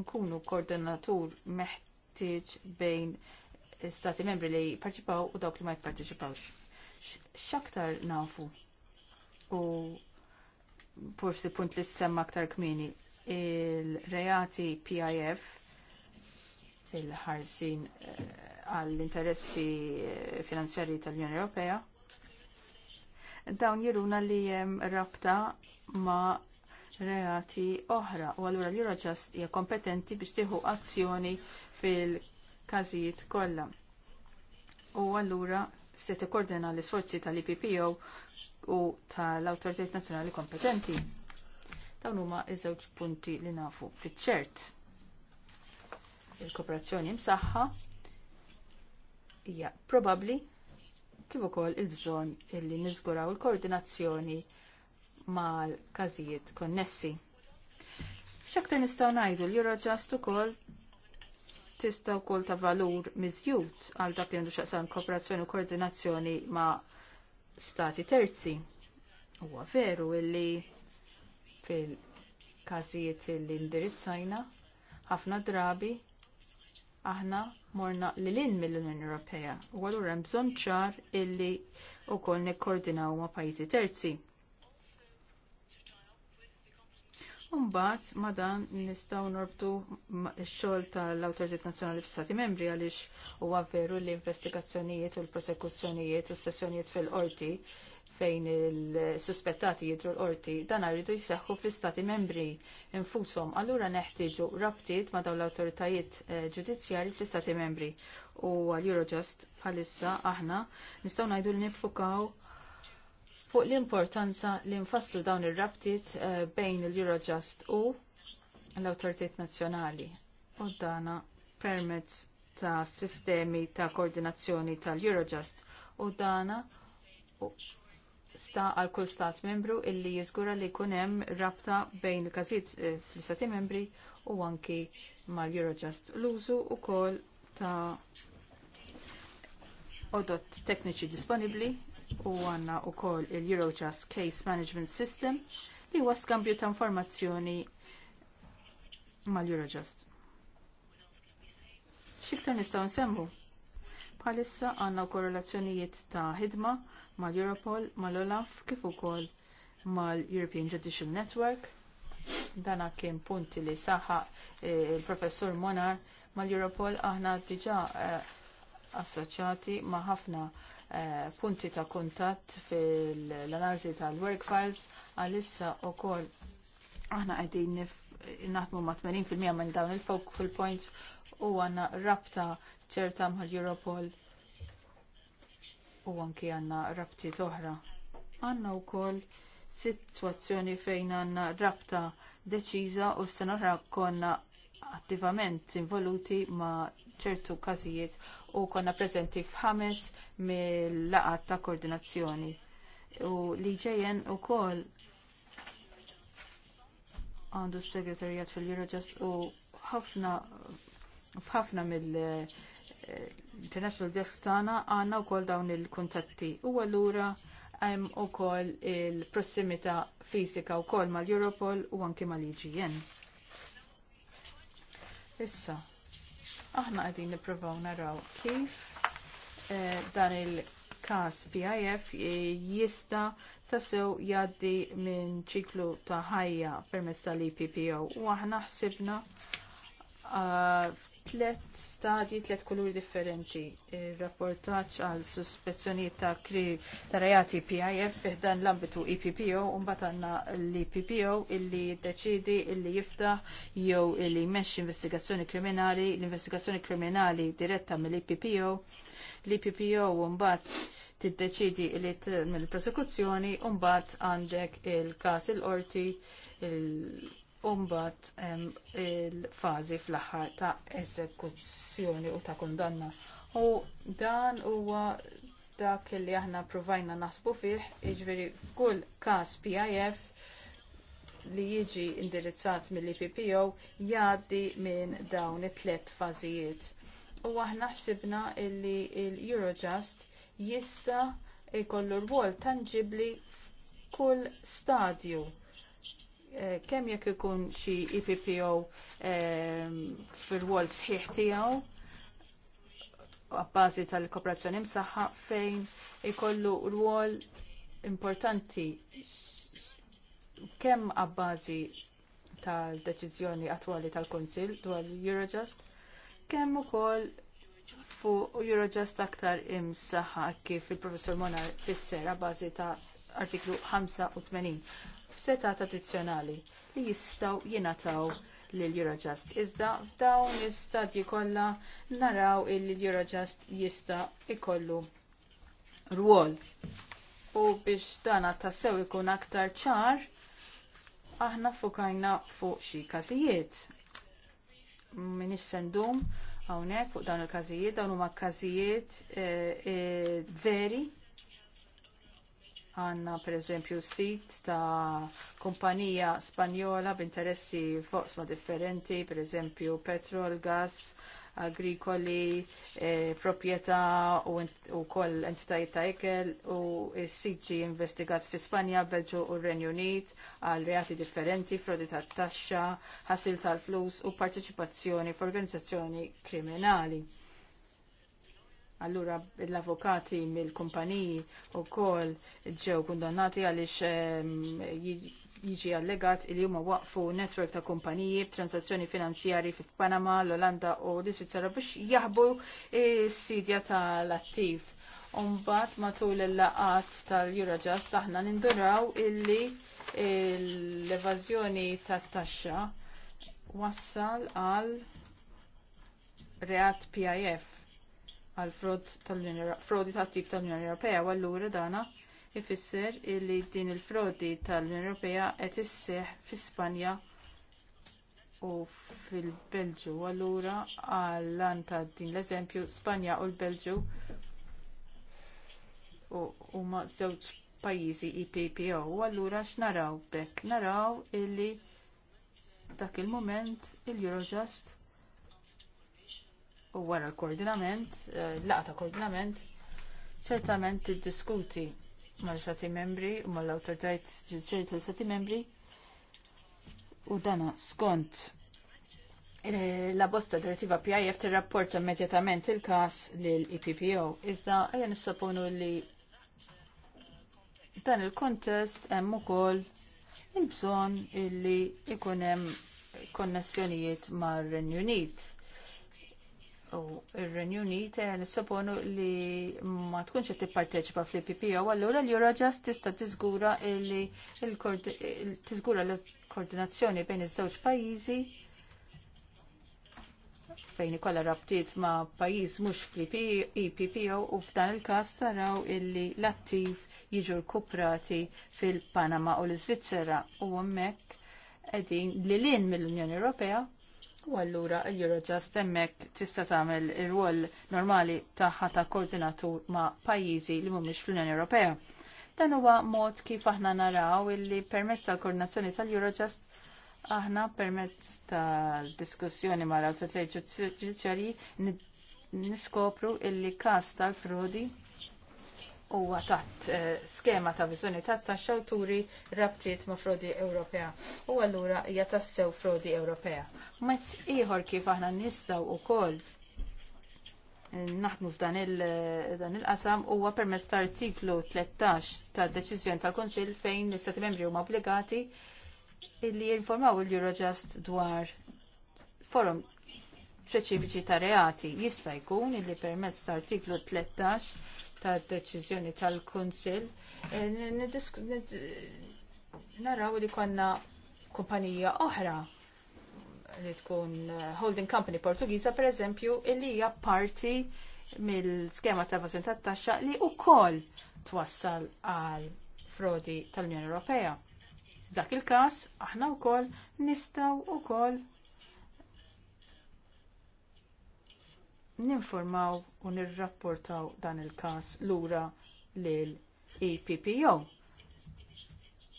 inkunu koordinatur meħt taħtieġ bejn stati membri li jipparteċipaw u dawk li ma jipparteċipawx. X'aktar nafu u forsi punt li semma aktar kmieni il-reati PIF il-ħarsin eh, għall-interessi eh, finanzjarji tal-Unjoni Ewropea dawn jiruna li jem rabta ma reati oħra u allura l-Eurojust hija kompetenti biex tieħu azzjoni fil-każijiet kollha. U allura se tikkoordina l-isforzi tal-IPPO u tal-Awtoritajiet Nazzjonali kompetenti. Dawn huma ż-żewġ punti li nafu fiċ-ċert. Il-kooperazzjoni msaħħa hija probabbli kif ukoll il-bżonn illi niżguraw il-koordinazzjoni il koordinazzjoni mal-każijiet konnessi. X'aktar nistgħu ngħidu li Eurojust ukoll tista' wkoll ta' valur miżjud għal dak li għandu xaqsan kooperazzjoni u koordinazzjoni ma' stati terzi. Huwa veru illi fil-każijiet li indirizzajna ħafna drabi aħna morna li mill-Unjoni Ewropea u għallura hemm bżonn ċar illi wkoll nikkoordinaw ma' pajjiżi terzi. Umbat, madan nistaw norbtu xol tal autorizit Nazjonali fl-Stati Membri għalix u veru l investigazzjonijiet u l-prosekuzzjonijiet u s-sessjonijiet fil-qorti fejn il-suspettati jidru l-qorti, dan għarridu jseħħu fl-Stati Membri infusom. Allura neħtieġu rabtiet ma daw l-autoritajiet eh, ġudizzjari fl-Stati Membri u għal Eurojust bħalissa aħna nistaw najdu li nifukaw fuq l-importanza li nfasslu dawn ir-rabtiet eh, bejn il-Eurojust u l-awtoritiet nazzjonali u dana permezz ta' sistemi ta' koordinazzjoni tal-Eurojust u dana sta għal kull stat membru illi jiżgura li jkun hemm rabta bejn il każijiet eh, fl-istati membri u anki mal-Eurojust l-użu wkoll ta' odot tekniċi disponibbli u għandna wkoll il-Eurojust Case Management System li huwa skambju ta' informazzjoni mal-Eurojust. Xiktar nistgħu nsemmu? Bħalissa għandna korrelazzjonijiet ta' ħidma mal-Europol, mal-Olaf, kif ukoll mal-European Judicial Network. Dana kien punti li saħa eh, il-professur Monar mal-Europol aħna diġà eh, assoċjati ma' ħafna Eh, punti ta' kuntatt fil analizi tal-work files għalissa wkoll aħna qegħdin naħtmu ma' 80% minn dawn il-focal points u għandna rabta ċerta mal Europol u anki għandna rabti oħra. Għandna wkoll sitwazzjoni fejn għandna rabta deċiża u s-sena konna attivament involuti ma' ċertu każijiet u konna preżenti f'ħames mill-laqat ta' koordinazzjoni. U li ġejjen u kol għandu s-segretarjat fil-Eurojust u ħafna f'ħafna mill- eh, International Desk tagħna għandna wkoll dawn il-kuntatti. U allura hemm ukoll il-prossimità u wkoll mal-Europol u anke mal-IGN. Issa, aħna qegħdin niprofaw naraw kif eh, dan il-każ PIF eh, jista tassew jgħaddi minn ċiklu ta' ħajja permezz tal-IPPO u aħna ħsibna Ah, f'tlet stadji, tlet kuluri differenti. Rapportaċ għal suspezzjoniet ta' kri ta' rajati PIF dan l-ambitu EPPO, unbat għanna l ippo illi deċidi illi jiftaħ jew illi jmexxi investigazzjoni kriminali, l-investigazzjoni kriminali diretta mill ippo l ippo e unbat tiddeċidi li mill-prosekuzzjoni unbat għandek il-kas il-qorti il Umbat il-fazi fl-aħħar ta' eżekuzzjoni u ta' kundanna. U dan huwa dak li aħna provajna nasbu fih, jiġifieri f'kull każ PIF li jiġi indirizzat mill-IPPO jgħaddi minn dawn it-tlet fażijiet. U aħna ħsibna li l-Eurojust jista' jkollu rwol tangibbli f'kull stadju Eh, kemm jekk ikun xi EPPO ehm, fir wol sħiħ tiegħu għabbażi tal-kooperazzjoni msaħħa fejn ikollu rwol importanti kemm għabbażi tal-deċiżjoni attwali tal kunsill dwar Eurojust, kemm ukoll fuq Eurojust aktar imsaħħa kif il professur Monar fisser għabbażi ta' artiklu 85 setat tradizzjonali li jistgħu jingħataw lill Eurojust. Iżda f'dawn l-istadji kollha naraw illi Eurojust jista' ikollu rwol. U biex dan tassew ikun aktar ċar, aħna fukajna fuq xi każijiet. Min issendum hawnhekk fuq dawn il-każijiet, dawn huma każijiet eh, eh, veri Għanna per eżempju sit ta' kumpanija spanjola b'interessi foqsma differenti, per eżempju petrol, gas, agrikoli, eh, propieta u, u koll entitajiet ta' ikel u s-sitġi investigat fi Spanja, Belġu u Renju Unit għal reati differenti, frodi ta' taxxa, ħasil tal-flus u parteċipazzjoni f'organizzazzjoni kriminali. Allura l-avokati mill-kumpaniji u kol ġew kundannati għalix ehm, jiġi allegat li huma waqfu netwerk ta' kumpaniji b'transazzjoni finanzjari fi Panama, l-Olanda u l-Isvizzera biex jaħbu s-sidja tal-attiv. Umbat matul il-laqat tal-Eurojust aħna ninduraw illi l-evazjoni tat-taxxa wassal għal reat PIF għal frodi ta' tip tal-Unjoni Ewropea u allura dana ifisser li din il-frodi tal-Unjoni Ewropea qed isseħħ fi Spanja u fil-Belġu. Allura għal ta' din l-eżempju Spanja u l-Belġu huma żewġ pajjiżi IPPO e u allura x'naraw bekk? Naraw illi dak il mument il-Eurojust u wara l-koordinament, eh, laqa ta' koordinament, ċertament tiddiskuti mal-stati membri u mal-autoritajt ġudizzjoni tal-stati membri u dana skont eh, la bosta direttiva PIF tirrapporta immedjatament il-kas lil ippo Iżda s nissaponu li dan il-kontest hemm ukoll il bżon illi ikun hemm konnessjonijiet mar-Renju Unit u r-Renju Unit eh, nissoponu li ma tkunx qed tipparteċipa fl-IPPO, allura l Eurojust tista' tiżgura li tiżgura l-koordinazzjoni bejn iż-żewġ pajjiżi fejn ikolla rabtiet ma' pajjiż mhux fl-IPPO u f'dan il-każ taraw illi l-attiv jiġu rkuprati fil-Panama u l-Iżvizzera u hemmhekk qegħdin lilin mill-Unjoni Ewropea U allura Eurojust hemmhekk tista' tagħmel ir-rwol normali tagħha ta' koordinatur ma' pajjiżi li mhumiex fl-Unjoni Ewropea. Dan huwa mod kif aħna naraw illi permezz tal-koordinazzjoni tal-Eurojust aħna permezz tal-diskussjoni mal l ġudizzjarji niskopru illi każ tal-frodi huwa taħt eh, skema ta' viżjoni ta' taxxa rabtiet ma' frodi Ewropea. U allura hija tassew frodi Ewropea. Mezz ieħor kif aħna nistgħu wkoll eh, naħdmu f'dan eh, il-qasam huwa permezz ta' artiklu 13 tad deċiżjoni tal kunċil fejn l-Istati Membri huma obbligati illi jinformaw il-Eurojust dwar forum speċifiċi ta' reati jista' jkun illi permezz ta' artiklu 13 ta' deċiżjoni tal-Kunsill, eh, naraw li konna kumpanija oħra li tkun eh, holding company Portugiża pereżempju illi hija parti mill-skema ta' evażjoni tat-taxxa li wkoll twassal għal frodi tal-Unjoni Ewropea. F'dak il-każ aħna wkoll nistgħu wkoll ninformaw u nirrapportaw dan il każ lura lill EPPO.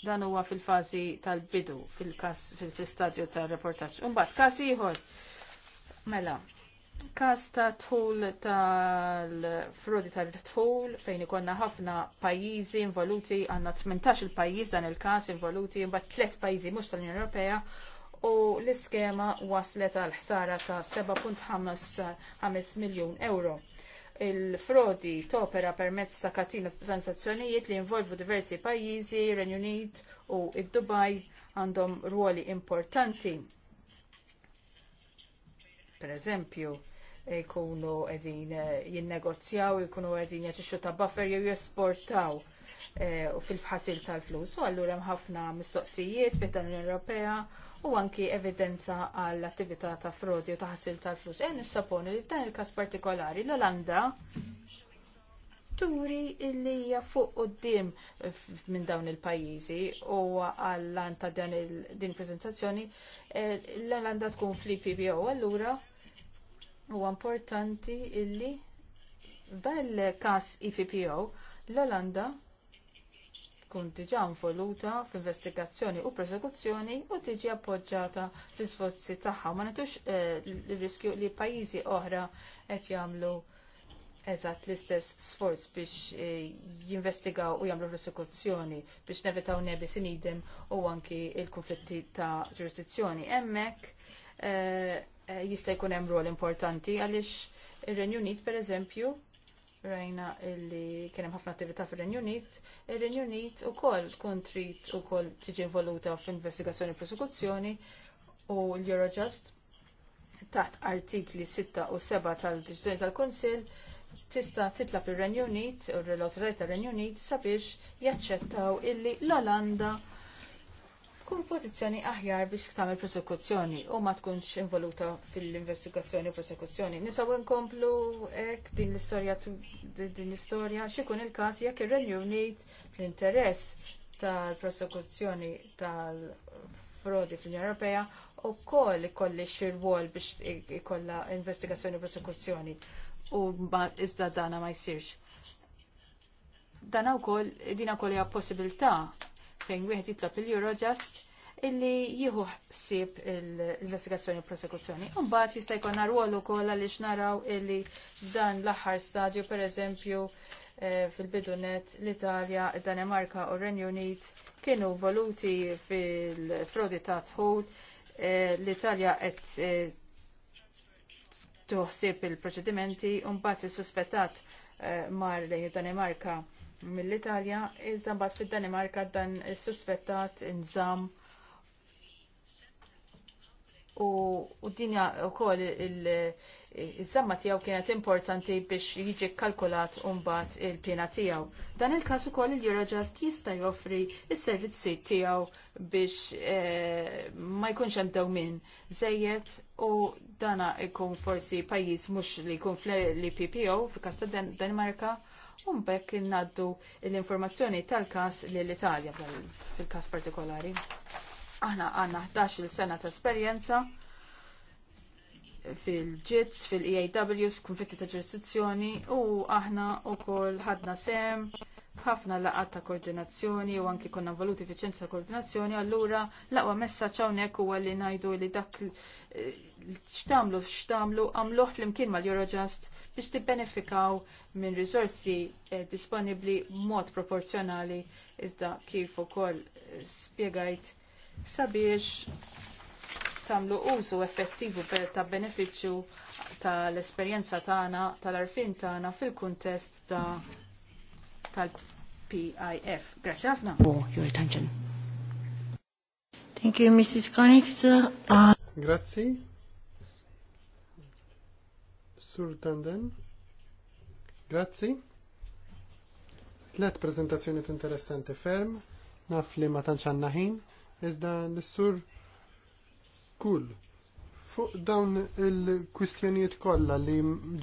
Dan huwa fil-fażi tal-bidu fil-stadju fil tal-reportaġġ. Imbagħad każ ieħor mela każ ta' tħul tal-frodi tal-tħul fejn ikonna ħafna pajjiżi involuti għandna 18 il-pajjiż dan il-każ involuti mbagħad tliet pajjiżi mhux tal-Unjoni Ewropea u l-iskema waslet għal ħsara ta' 7.5 miljun euro. Il-frodi topera permezz ta' katina transazzjonijiet li involvu diversi pajjiżi, Renju Unit u id-Dubaj għandhom ruoli importanti. Per eżempju, jkunu edin jinnegozjaw, jkunu edin ta' buffer jew jesportaw Eh, u fil-ħasil tal-flus. U allura hemm ħafna mistoqsijiet fit dan l-Unjoni Ewropea u anki evidenza għall attività ta' frodi u ta' ħasil tal-flus. Hemm nissaponi li f'dan il-każ partikolari l-Olanda turi li hija fuq quddiem minn dawn il-pajjiżi u għall ta' dan din prezentazzjoni eh, l-Olanda tkun fl-IPBO allura huwa importanti illi f'dan il-każ IPPO e l-Olanda tkun diġà involuta f'investigazzjoni u prosekuzzjoni u tiġi appoġġjata fl isforzi tagħha. Ma nitux l-riskju eh, li pajjiżi oħra qed jagħmlu eżatt l-istess sforz biex eh, jinvestigaw u jagħmlu prosekuzzjoni biex nevitaw nebi sinidem u anki l konflitti ta' ġurisdizzjoni. Hemmhekk eh, jista' jkun hemm rol importanti għaliex ir-Renju Unit pereżempju rajna illi kienem ħafna attività fil-Renju Unit, il-Renju Unit u koll kontrit u koll tiġi involuta f'investigazzjoni u prosekuzzjoni u l-Eurojust taħt artikli 6 u 7 tal deċizjoni tal-Konsil tista titlab ir renju Unit u l-autoritajiet tar renju Unit sabiex jaċċettaw illi l-Olanda tkun pożizzjoni aħjar biex tagħmel prosekuzzjoni u ma tkunx involuta fil-investigazzjoni u prosekuzzjoni. Nisaw nkomplu hekk din l-istorja din l-istorja x'ikun il-każ jekk ir-Renju Unit l-interess tal-prosekuzzjoni tal-frodi fl-Unjoni Ewropea u koll ikolli xirwol biex ikolla investigazzjoni u prosekuzzjoni u iżda dana ma jsirx. Dan wkoll dina wkoll hija possibilità fejn wieħed jitlob il-Eurojust illi jieħu ħsieb l-investigazzjoni u prosekuzzjoni. Mbagħad jista' jkollna rwol ukoll għaliex naraw illi dan l-aħħar stadju pereżempju eh, fil-bidunet l-Italja, id-Danemarka u r-Renju Unit kienu voluti fil-frodi ta' tħul eh, l-Italja qed eh, tuħsib il-proċedimenti u mbagħad is-suspettat mar l danimarka mill-Italja, iżda mbagħad fid-Danimarka dan is-suspettat inżam u dinja wkoll il-żamma tiegħu kienet importanti biex jiġi kalkulat mbagħad il-pjena tiegħu. Dan il-każ ukoll il-Eurojust jista' joffri s-servizzi tiegħu biex eh, ma jkunx hemm dewmien żejjed u dana jkun forsi pajjiż mhux li jkun fl-PPO fi każ ta' Danimarka u mbagħad innaddu l-informazzjoni tal-każ lill-Italja fil-każ partikolari. Aħna għandna 11-il sena ta' esperjenza fil ġits fil-EAWs, kunfitti ta' ġurisdizzjoni u aħna wkoll ħadna sem ħafna laqat ta' koordinazzjoni u anki konna voluti fi ċentru ta' koordinazzjoni, allura laqwa messa hawnhekk huwa li ngħidu li dak eh, x'tamlu x'tamlu għamluh flimkien mal-Eurojust biex tibbenefikaw minn risorsi eh, disponibbli mod proporzjonali iżda kif ukoll eh, spjegajt sabiex tagħmlu użu effettivu ta' benefiċċju tal-esperjenza tagħna, tal-arfin tagħna fil-kuntest ta' tal-PIF. Grazie ħafna. For your attention. Thank you, Mrs. Konix. Uh... Grazie. Sur Tanden. Grazie. Tlet prezentazzjoni interessanti ferm, naf li ma tantx għandna ħin, iżda nissur kull. Fuq dawn il-kwistjonijiet kollha li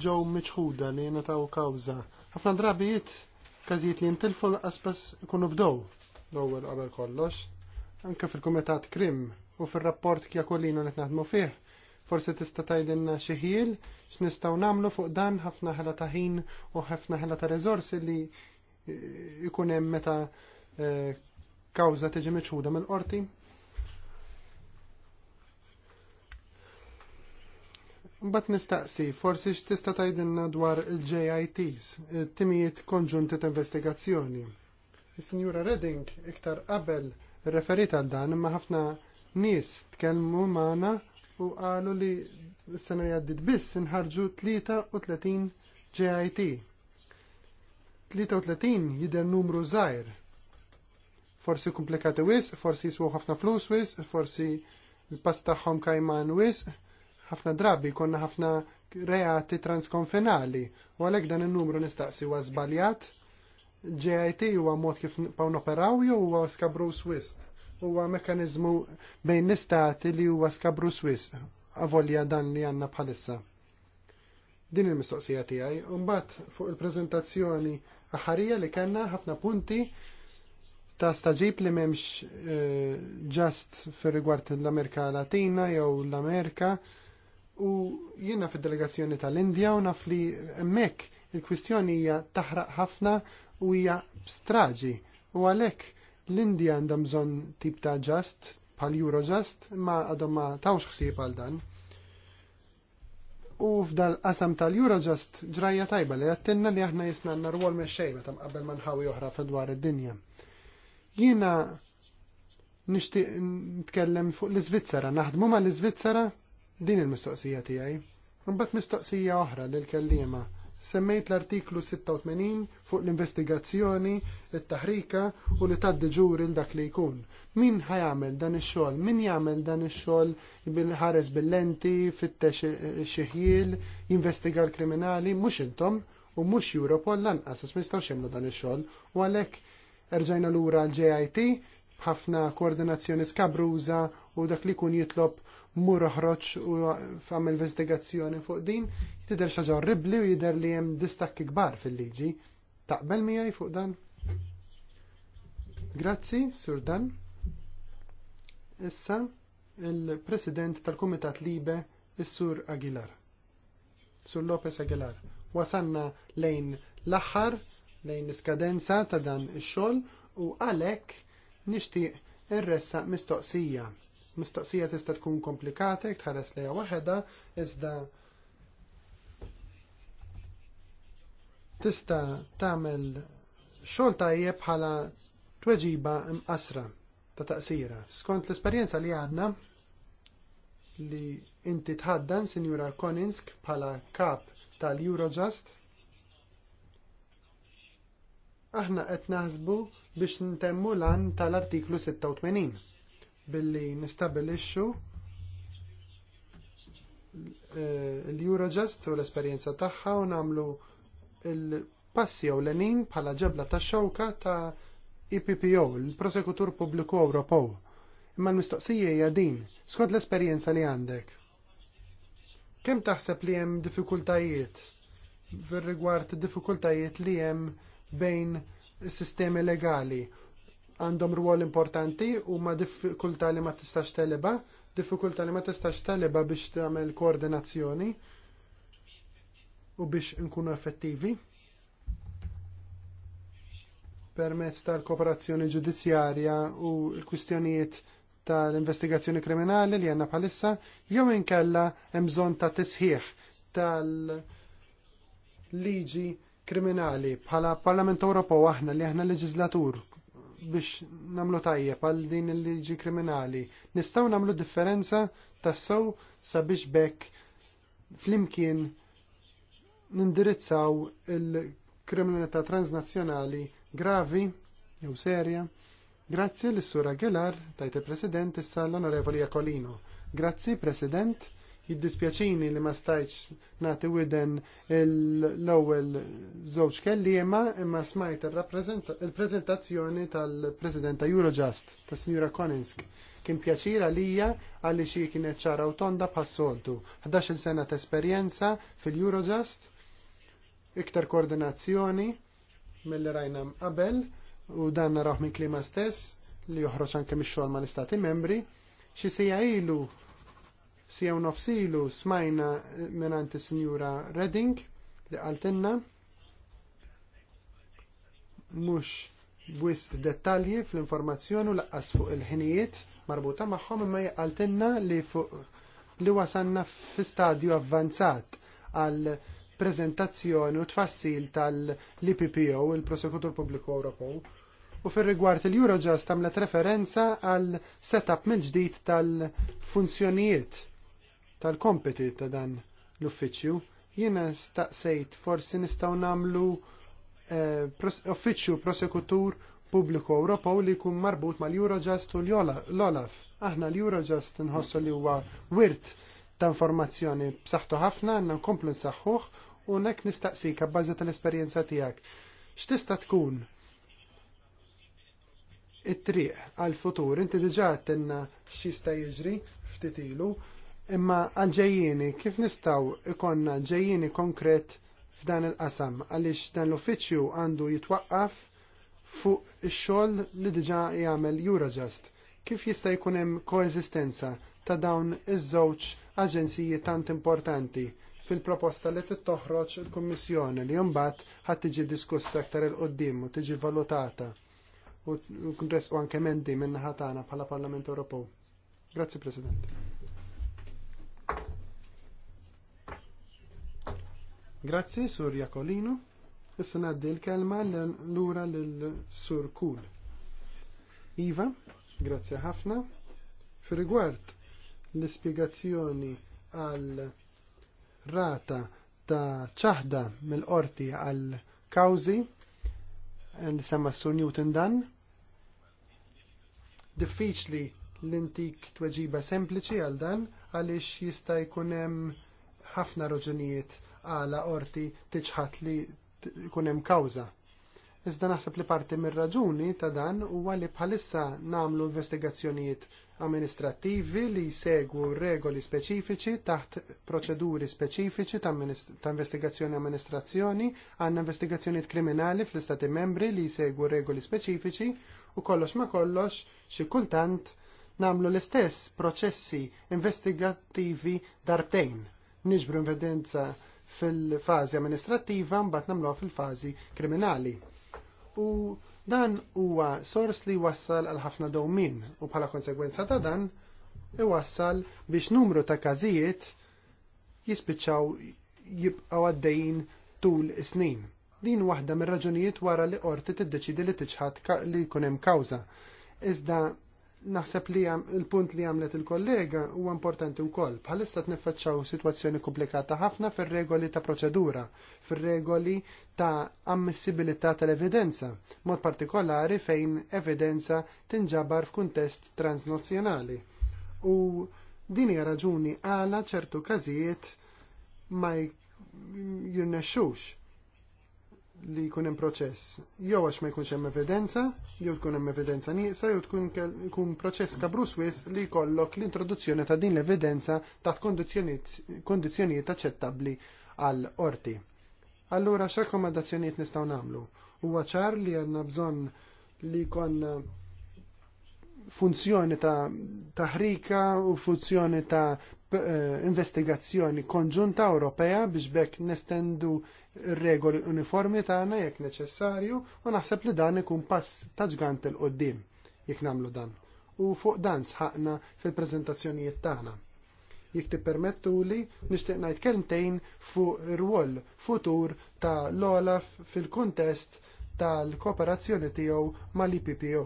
ġew miċħuda li nataw kawża. Ħafna drabijiet każijiet li jintilfu l-qasbas ikunu bdow l-ewwel qabel kollox. Anke fil-Kumitat Krim u fir-rapport kollina li naħdmu fih, forsi tista' tgħidilna xi ħiel x'nistgħu nagħmlu fuq dan ħafna ħela ta' ħin u ħafna ħela ta' riżorsi li jkun eh, hemm meta eh, kawża tiġi miċħuda mill-qorti. Mbatt nistaqsi, forsi x'tista' tgħidilna dwar il-JITs, timijiet konġunti ta' investigazzjoni. Is-Sinjura Redding iktar qabel referita għal dan imma ħafna nies tkellmu maħna u qalu li s-sena jaddit biss nħarġu 33 JIT. 33 jidher numru zaħir. Forsi komplikati wisq, forsi jiswu ħafna flus wis, forsi l-pass tagħhom kajman wisq ħafna drabi konna ħafna reati transkonfinali u għalhekk dan in-numru nistaqsi u żbaljat. JIT huwa mod kif pawn operaw jew huwa skabru Swiss. Huwa mekkaniżmu bejn l-istati li huwa skabru Swiss avolja dan li għandna bħalissa. Din il-mistoqsija tiegħi, u fuq il-preżentazzjoni aħarija li kellna ħafna punti ta' staġib li memx ġast eh, fir rigward l-Amerika Latina jew l-Amerika U jiena fid-delegazzjoni tal-Indja u naf li hemmhekk il-kwistjoni hija taħraq ħafna u hija straġi u għalhekk l-Indja għandha bżonn tip ta' ġast bħal Eurojust ma għadhom ma tawx ħsieb għal dan. U f'dal qasam tal-Eurojust ġrajja tajba li għattinna li aħna jisna għanna rwol me xej meta mqabbel ma nħawi oħra fil-dwar id-dinja. Jiena nixtieq nitkellem fuq l-Iżvizzera, naħdmu ma l-Iżvizzera Din il-mistoqsija tiegħi. Imbagħad mistoqsija oħra lil kelliema. Semmejt l-artiklu 86 fuq l-investigazzjoni, it-taħrika u li taddi ġuri l dak li jkun. Min ħajamel dan ix-xogħol? Min jagħmel dan ix-xogħol bil-ħares bil-lenti, fittex xieħiel, jinvestiga l-kriminali, mhux intom u mhux Europol lanqas, ma jistgħux jagħmlu dan ix-xogħol u għalhekk erġajna lura l-JIT ħafna koordinazzjoni skabruża u dak li kun jitlob mur uħroċ u fam investigazzjoni fuq din, jtider xaġa orribli u jider li jem distakki kbar fil-liġi. Taqbel għaj fuq dan? Grazzi, sur dan. Issa, il-president tal-Kumitat Libe, il-sur Aguilar. Sur Lopez Aguilar. Wasanna lejn l-axar, lejn l-skadenza ta' dan il-xol u għalek nishtiq il ressa mistoqsija Mistaqsija tista' tkun komplikata jekk tħares lejha waħedha, iżda tista' tagħmel xogħol tajjeb bħala tweġiba imqasra ta' taqsira. Skont l-esperjenza li għandna li inti tħaddan Sinjura Koninsk bħala kap tal-Eurojust aħna qed naħsbu biex ntemmu lan tal-artiklu 86 billi nistabilixxu eh, l-Eurojust u l-esperjenza tagħha u nagħmlu l-passi u l-enin bħala ġebla tax xewka ta' IPPO, il-Prosekutur Pubbliku Ewropew. Imma l-mistoqsija hija din, skont l-esperjenza li għandek. Kemm taħseb li hemm diffikultajiet fir-rigward diffikultajiet li hemm bejn is-sistemi legali għandhom rwol importanti u ma diffikultà li ma tistax teleba, diffikultà li ma tistax teleba biex tagħmel koordinazzjoni u biex nkunu effettivi permezz tal-kooperazzjoni ġudizzjarja u l-kwistjonijiet tal-investigazzjoni kriminali li għanna bħalissa, jew inkella hemm bżonn ta' tisħiħ tal-liġi kriminali bħala Parlament Ewropew aħna li aħna leġislatur biex nagħmlu tajjeb għal din il-liġi kriminali. Nistgħu nagħmlu differenza tassew sabiex bekk flimkien nindirizzaw il-kriminalità transnazzjonali gravi jew serja. Grazzi l-Sura Gelar, tajt il-President, issa l-Onorevoli Jakolino. Grazzi, President jiddispjaċini li ma stajċ nati widen l-ewwel żewġ kelliema imma smajt il-prezentazzjoni tal ta' Eurojust, ta' Sinjura Koninsk. Kien pjaċira lija għalli xi kienet ċara u tonda bħas-soltu. 11 sena ta' esperjenza fil-Eurojust, iktar koordinazzjoni mill-li rajna qabel u dan naraw minn klima stess li joħroġ anke mix-xogħol mal-istati membri. Xi sija ilu Sijaw nofsilu smajna menant il-Sinjura Redding li għaltenna mux bwist dettalji fl-informazzjoni u laqqas fuq il-ħinijiet marbuta maħħom imma għaltenna li fuq li wasanna fi-stadju avvanzat għal prezentazzjoni u tfassil tal-IPPO, il-Prosekutur Pubbliku Ewropew. U fir rigward il-Eurojust għamlet referenza għal setup mill-ġdid tal-funzjonijiet tal-kompeti ta' dan l-uffiċċju, jiena staqsejt forsi nistgħu nagħmlu eh, uffiċċju prosekutur pubbliku Ewropew li jkun marbut mal-Eurojust u l-Olaf. Aħna l-Eurojust nħossu li huwa wirt ta' informazzjoni b'saħħtu ħafna għandna nkomplu nsaħħuh u nek nistaqsik bbażi tal-esperjenza tiegħek. X'tista' tkun it-triq għal futur inti diġà għattinna x'jista' jiġri ftit ilu Imma għalġejjini, kif nistaw ikonna ġejjini konkret f'dan il-qasam, għaliex dan l-uffiċju għandu jitwaqqaf fuq ix-xogħol li diġà jagħmel Eurojust. Kif jista' jkun hemm koeżistenza ta' dawn iż-żewġ aġenziji tant importanti fil-proposta li tittoħroġ il-Kummissjoni li mbagħad ħadd tiġi diskussa aktar il qoddim u tiġi valutata u kundresqu anke mendi min tagħna bħala Parlament Ewropew. Grazzi President. Grazzi, Sur Jakolino. Issa naddi l-kelma l-lura l-Sur Kul. Iva, grazzi ħafna. Fir-rigward l-ispiegazzjoni għal rata ta' ċaħda mill-qorti għal kawzi li semma Sur Newton dan. Diffiċli l-intik tweġiba sempliċi għal dan għaliex jista' jkun hemm ħafna raġunijiet għala qorti tiċħat li kunem hemm kawża. Iżda naħseb li parti mir-raġuni ta' dan huwa li bħalissa nagħmlu investigazzjonijiet amministrattivi li jsegwu regoli speċifiċi taħt proċeduri speċifiċi ta', ta investigazzjoni e amministrazzjoni, għandna investigazzjonijiet kriminali fl-istati membri li jsegwu regoli speċifiċi u kollox ma kollox xi kultant nagħmlu l-istess proċessi investigattivi dartejn. Niġbru invidenza fil-fazi amministrattiva mbagħad nagħmluha fil-fazi kriminali. U dan huwa sors li wassal għal ħafna dawmin u bħala konsegwenza ta' dan iwassal biex numru ta' każijiet jispiċċaw jibqgħu għaddejjin tul snin. Din waħda mir raġunijiet wara li qorti tiddeċidi li tiċħat li jkun hemm kawża. Iżda naħseb li il-punt li għamlet il-kollega huwa importanti wkoll. Bħalissa tnifaċċaw sitwazzjoni komplikata ħafna fir-regoli ta' proċedura, fir-regoli ta' ammissibilità tal-evidenza, mod partikolari fejn evidenza tinġabar f'kuntest transnazzjonali. U din hija raġuni għala ċertu każijiet ma jirnexxux li jkun hemm proċess. Jew għax ma jkunx hemm evidenza, jew tkun hemm evidenza nieqsa, jew tkun ikun proċess kabrus wis li jkollok l-introduzzjoni ta' din l-evidenza ta' kondizzjonijiet aċċettabbli għal qorti. Allura x'rakkomandazzjonijiet nistgħu nagħmlu? Huwa ċar li għandna bżonn li jkollna funzjoni ta' taħrika u funzjoni ta' Eh, investigazzjoni konġunta Ewropea biex bekk nestendu regoli uniformi tagħna jekk neċessarju u naħseb li dan ikun pass ta' ġgant il qoddim jekk nagħmlu dan. U fuq dan sħaqna fil-preżentazzjonijiet tagħna. Jekk tippermettu li nixtieq ngħid kelmtejn fuq ir-rwol futur ta' l-Olaf fil-kuntest tal-kooperazzjoni tiegħu mal-IPPO.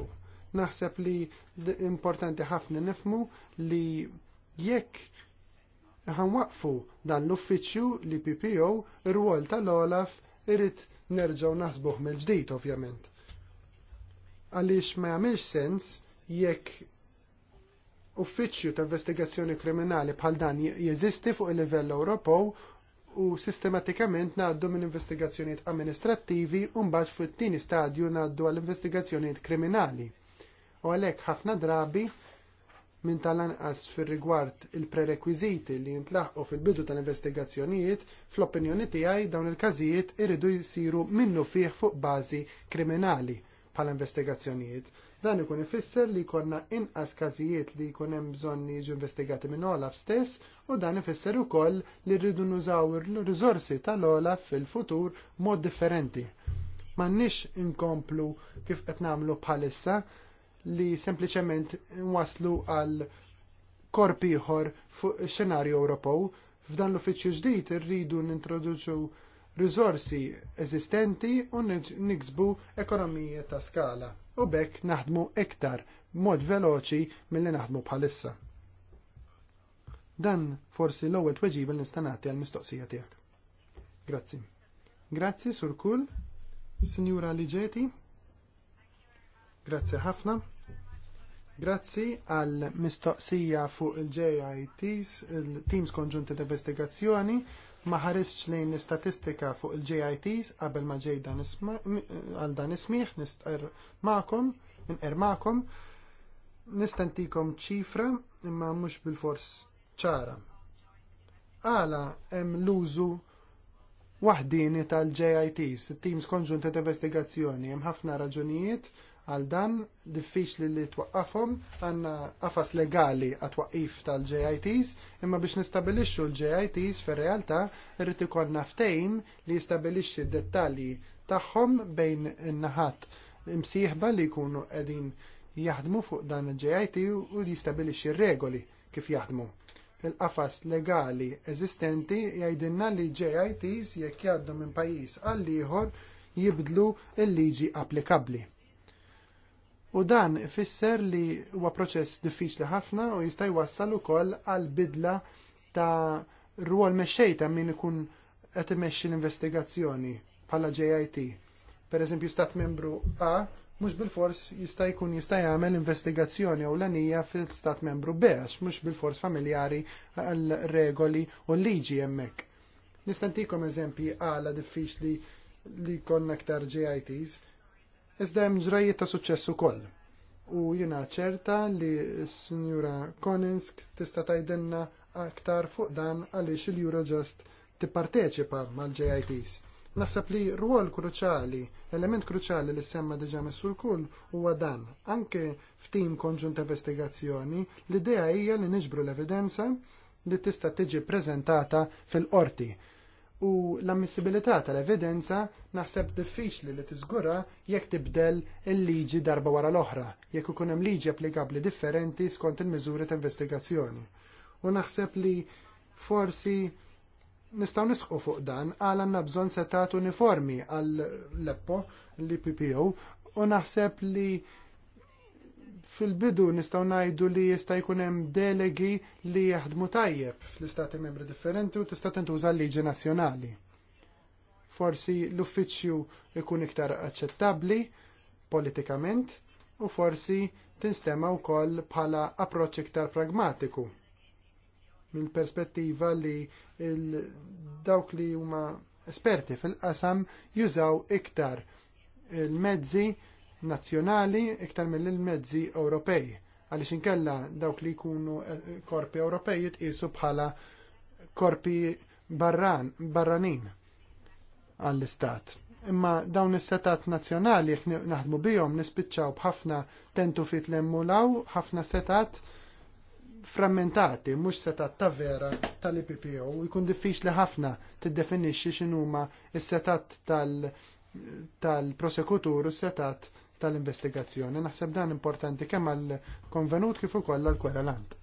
Naħseb li importanti ħafna nifmu li jekk ħan waqfu dan l-uffiċju li PPO r rwol tal-Olaf irrit nerġaw nasbuħ mill-ġdid ovvjament. Għaliex ma jagħmilx sens jekk uffiċċju ta' investigazzjoni kriminali bħal dan jeżisti fuq il-livell Ewropew u sistematikament ngħaddu minn investigazzjonijiet amministrattivi u mbagħad fit-tieni stadju ngħaddu għall investigazzjonijiet kriminali. U għalhekk ħafna drabi minn tal-anqas fir-rigward il-prerekwiżiti li jintlaħqu fil-bidu tal-investigazzjonijiet, fl-opinjoni tiegħi dawn il-każijiet iridu jsiru minnu fih fuq bażi kriminali bħala investigazzjonijiet. Dan ikun ifisser li jkollna inqas każijiet li jkun hemm bżonn jiġu investigati minn Olaf stess u dan ifisser ukoll li rridu nużaw ir-riżorsi tal-Olaf fil-futur mod differenti. M'għandniex inkomplu kif qed nagħmlu bħalissa li sempliċement waslu għal korp ieħor fuq xenarju Ewropew. F'dan l-uffiċċju ġdid irridu nintroduċu riżorsi eżistenti u niksbu ekonomija ta' skala u bekk naħdmu iktar mod veloċi milli naħdmu bħalissa. Dan forsi l-ewwel tweġib li nista' nagħti għall-mistoqsija tiegħek. Grazzi. Grazzi Sur Kull, Sinjura Ligeti. Grazzi ħafna. Grazzi għal mistoqsija fuq il-JITs, il-Teams Konġunti d-Investigazzjoni, ma lejn l-istatistika fuq il-JITs qabel ma ġej għal dan ismiħ, nistqer ma'kom, nqer ma'kom, nistantikom ċifra imma mhux bil-fors ċara. Għala hemm l-użu waħdini tal-JITs, il-Teams Konġunti d-Investigazzjoni, hemm ħafna raġunijiet Għal dan diffiċli li twaqqafhom għandna qafas legali għat-twaqqif tal-JITs, imma biex nistabilixxu l-JITs fir-realtà irrid ikollna ftehim li jistabilixxi d-dettalji tagħhom bejn in-naħat imsieħba li jkunu qegħdin jaħdmu fuq dan il-JIT u li jistabilixxi r-regoli kif jaħdmu. Il-qafas legali eżistenti jgħidilna li JITs jekk jgħaddu minn pajjiż għal ieħor jibdlu l-liġi applikabbli. U dan ifisser li huwa proċess diffiċli ħafna u jista' jwassal ukoll għal bidla ta' rwol mexxej ta' min ikun qed imexxi l-investigazzjoni bħala JIT. Pereżempju stat membru A mhux bilfors jista' jkun jista' jagħmel investigazzjoni ewlenija fil-stat membru B għax mhux bilfors familjari għal regoli u l-liġi hemmhekk. Nistantikom eżempji għala diffiċli li konna aktar JITs iżda hemm ġrajiet ta' suċċess ukoll. U jiena ċerta li s-Sinjura Koninsk tista' tgħidilna aktar fuq dan għaliex il-Eurojust tipparteċipa mal-JITs. Naħseb li rwol kruċali, element kruċali li semma diġa l kull huwa dan. Anke f'tim konġunt investigazzjoni, l-idea hija li niġbru l-evidenza li tista' tiġi prezentata fil-qorti u l-ammissibilità tal-evidenza naħseb diffiċli li tiżgura jekk tibdel il-liġi darba wara l-oħra, jekk ikun hemm liġi applikabbli differenti skont il-miżuri ta' investigazzjoni. U naħseb li forsi nistgħu nisħu fuq dan għal għandna bżonn setat uniformi għall leppo l-PPO u naħseb li Fil-bidu nistgħu ngħidu li jista' jkun hemm delegi li jaħdmu tajjeb fl-istati membri differenti u tista' tintuża l-liġi nazzjonali. Forsi l-uffiċċju ikun iktar aċċettabbli politikament u forsi tinstema wkoll bħala approċċ iktar pragmatiku mill-perspettiva li dawk li huma esperti fil-qasam jużaw iktar il-mezzi nazzjonali iktar mill-mezzi Ewropej għaliex inkella dawk li jkunu eh, korpi Ewropej jitqisu bħala korpi barran, barranin għall-istat. Imma dawn is-setat nazzjonali jekk naħdmu bihom nispiċċaw b'ħafna tentu fit lemmu law, ħafna setat frammentati, mhux setat ta' vera tal-IPPO, jkun diffiċli ħafna tiddefinixxi x'inhuma s-setat tal-prosekutur u s-setat tal-investigazzjoni. Naħseb dan importanti kemm għall konvenut kif ukoll għall kwerelant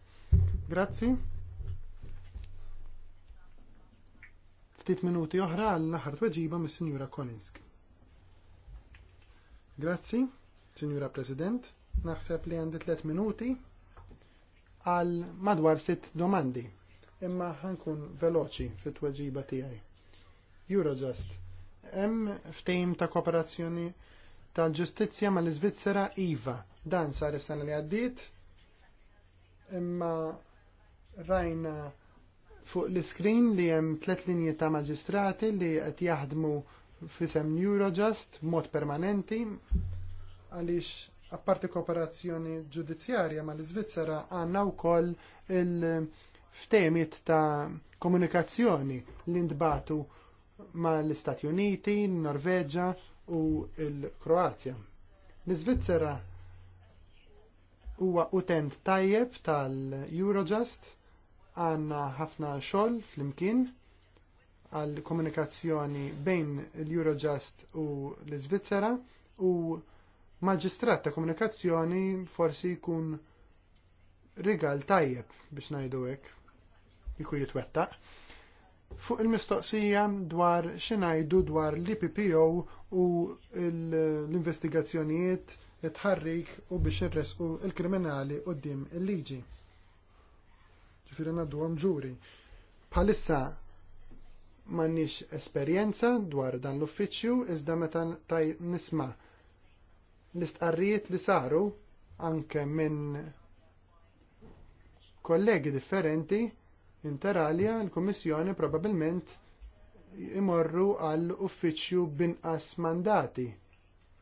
Grazzi. Ftit minuti oħra għall-naħar tweġiba mis-Sinjura Koninsk. Grazzi, Sinjura President. Naħseb li għandi 3 minuti għal madwar sitt domandi. Imma ħankun veloċi fit-tweġiba tiegħi. Eurojust, hemm ftehim ta' kooperazzjoni tal-ġustizzja mal iżvizzera IVA. Dan sar is-sena li għaddiet imma rajna fuq l-iskrin li hemm tliet linji ta' maġistrati li qed jaħdmu f'isem Eurojust b'mod permanenti għaliex apparti kooperazzjoni ġudizzjarja mal iżvizzera għandna wkoll il-ftemiet ta' komunikazzjoni li ntbatu mal istati Uniti, Norveġa, u l-Kroazja. L-Iżvizzera huwa utent tajjeb tal-Eurojust għandna ħafna xogħol flimkien għal komunikazzjoni bejn l-Eurojust u l-Iżvizzera u maġistrat ta' komunikazzjoni forsi jkun rigal tajjeb biex ngħidu hekk jkun jitwettaq. Fuq il-mistoqsija dwar xinajdu dwar l-IPPO u l-investigazzjonijiet tħarrik u biex irresqu l kriminali quddiem il-liġi. Ġifiri naddu għam ġuri. Bħalissa m'għandniex esperjenza dwar dan l-uffiċċju iżda meta taj nisma l-istqarrijiet li saru anke minn kollegi differenti interalja l-Kummissjoni probabbilment imorru għall uffiċċju binqas mandati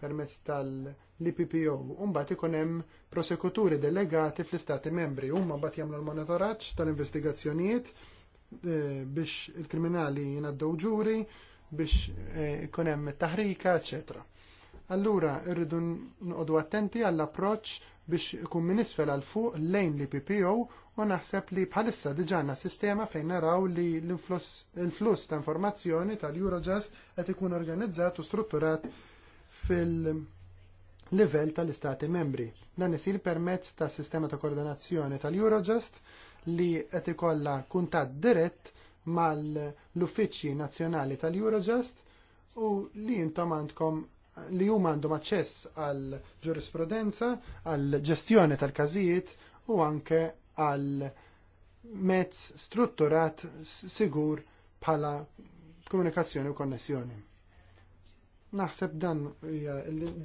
permezz tal-IPPO. Umbat ikun hemm prosekuturi delegati fl-Istati membri. Huma mbagħad jagħmlu l-monitoraġġ tal-investigazzjonijiet eh, biex il-kriminali jingħaddew ġuri biex eh, ikun hemm taħrika, ecc. Allura rridu nqodu attenti għall approċċ biex ikun minn isfel għal fuq lejn l-IPPO u naħseb li bħalissa diġanna sistema fejn naraw li l influss ta' informazzjoni tal-Eurojust qed ikun organizzat u strutturat fil-livell tal-istati membri. Dan isir permezz ta' sistema ta' koordinazzjoni tal-Eurojust li qed ikollha kuntatt dirett mal-Uffiċċji Nazzjonali tal-Eurojust u li jintom għandkom li huma għandhom aċċess għal ġurisprudenza, għal ġestjoni tal-każijiet u anke għal mezz strutturat sigur bħala komunikazzjoni u konnessjoni. Naħseb dan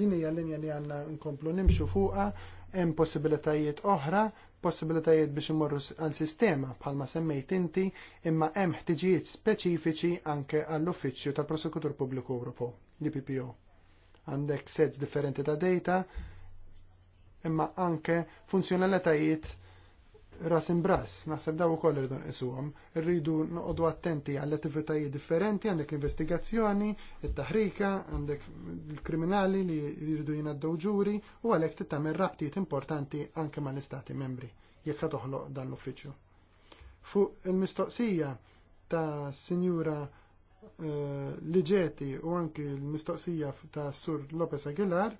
din hija linja li għandna nkomplu nimxu fuqha hemm possibilitajiet oħra, possibilitajiet biex imorru għal sistema bħalma semmejt inti, imma hemm ħtiġijiet speċifiċi anke għall-Uffiċċju tal-Prosekutur Pubbliku Ewropew, l-PPO. Għandek sets differenti ta' data, imma anke funzjonalitajiet ras imbras, naħseb daw ukoll irridu nqisuhom, irridu noqogħdu attenti għall attivitajiet differenti, għandek l-investigazzjoni, it-taħrika, għandek l-kriminali li jridu jingħaddew ġuri u għalhekk tagħmel rabtiet importanti anke mal-istati membri jekk ħad toħloq dan l-uffiċċju. Fuq il-mistoqsija ta' Sinjura eh, Liġeti u anki l-mistoqsija ta' Sur Lopez Aguilar,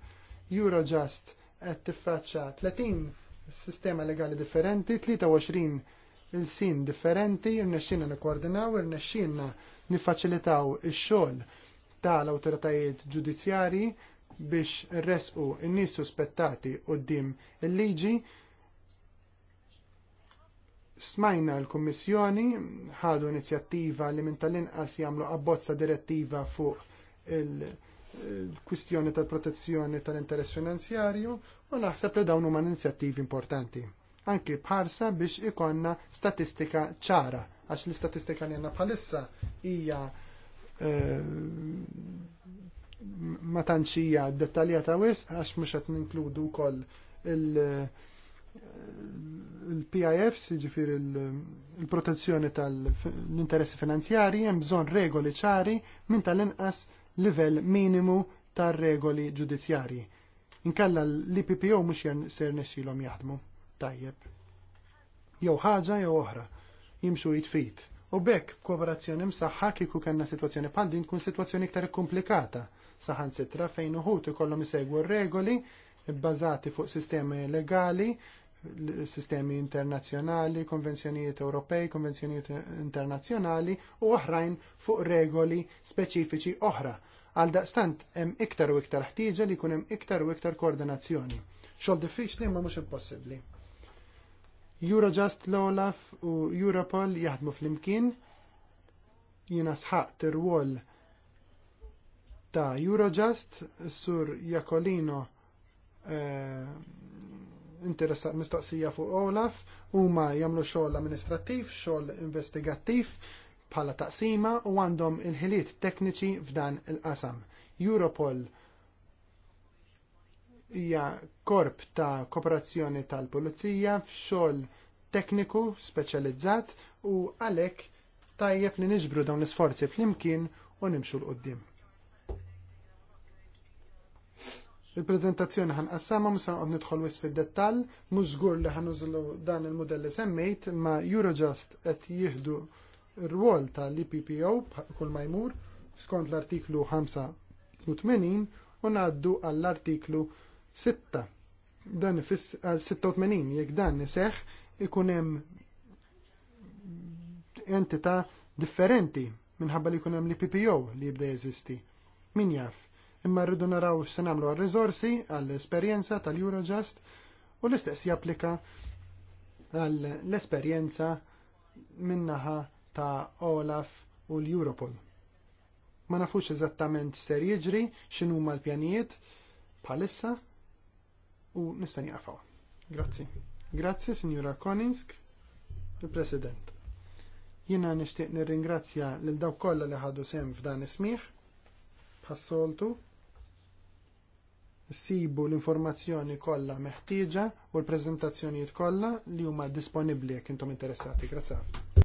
Eurojust qed tiffaċċa 30 sistema legali differenti, 23 il-sin differenti, irnexxina nikkoordinaw, irnexxina nifaċilitaw ix-xogħol tal-awtoritajiet ġudizzjarji biex resqu n-nies suspettati quddiem il-liġi. Smajna l-Kummissjoni ħadu inizjattiva li minn tal-inqas jagħmlu abbozza direttiva fuq il- kwistjoni tal-protezzjoni tal-interess finanzjarju u naħseb li dawn huma inizjattivi importanti. Anki bħarsa biex ikonna statistika ċara, għax l-istatistika li għanna bħalissa hija eh, ma tantxija dettaljata wisq għax mhux qed ninkludu wkoll il eh, pif ġifir il-protezzjoni tal-interessi finanzjari, hemm bżonn regoli ċari minn tal-inqas livell minimu tar regoli ġudizzjarji. Inkalla l-IPPO mhux ser nexxilhom jaħdmu. Tajjeb. Jew ħaġa jew oħra. Jimxu jitfit. U bekk kooperazzjoni msaħħa kieku kellna sitwazzjoni bħal din tkun sitwazzjoni iktar komplikata. Saħan sitra fejn uħut ikollhom isegwu r regoli bbażati fuq sistemi legali sistemi internazzjonali, konvenzjonijiet Ewropej, konvenzjonijiet internazzjonali u oħrajn fuq regoli speċifiċi oħra. Għal daqstant hemm iktar u iktar ħtieġa li jkun hemm iktar u iktar koordinazzjoni. Xogħol diffiċli ma mhux impossibbli. Eurojust, l-Olaf u Europol jaħdmu flimkien, jiena jina sħaqt ir-wol ta' Eurojust, sur Jakolino eh, interessat mistoqsija fuq Olaf huma jagħmlu xogħol amministrattiv, xogħol investigattiv bħala taqsima u għandhom il-ħiliet tekniċi f'dan il-qasam. Europol hija korp ta' kooperazzjoni tal-Pulizija f'xogħol tekniku speċjalizzat u għalhekk tajjeb li niġbru dawn l-isforzi flimkien u nimxu l-qoddim. Il-prezentazzjoni ħan qassama mhux se noqgħod nidħol wis fid-dettall, mhux żgur li ħan dan il-modell li semmejt, ma Eurojust qed jieħdu r-rwol tal-IPPO kull ma jmur skont l-artiklu 85 u ngħaddu għall-artiklu 6. Dan fis għal 86 jekk dan iseħħ ikun hemm entità differenti minħabba li jkun hemm l-IPPO li jibda jeżisti. Min jaf? imma rridu naraw x'se nagħmlu għar-riżorsi għall-esperjenza tal-Eurojust u l-istess japplika għall-esperjenza min-naħa ta' Olaf u l-Europol. Ma nafux eżattament ser jiġri x'inhu l-pjanijiet bħalissa u nista' jaqfaw. Grazzi. Grazzi, Signora Koninsk, il-President. Jiena nixtieq nirringrazzja lil dawk kollha li ħadu sem f'dan is smigħ bħas-soltu sibu l-informazzjoni kollha meħtieġa u l-preżentazzjonijiet kollha li huma disponibbli jekk intom interessati. Grazzi ħafna.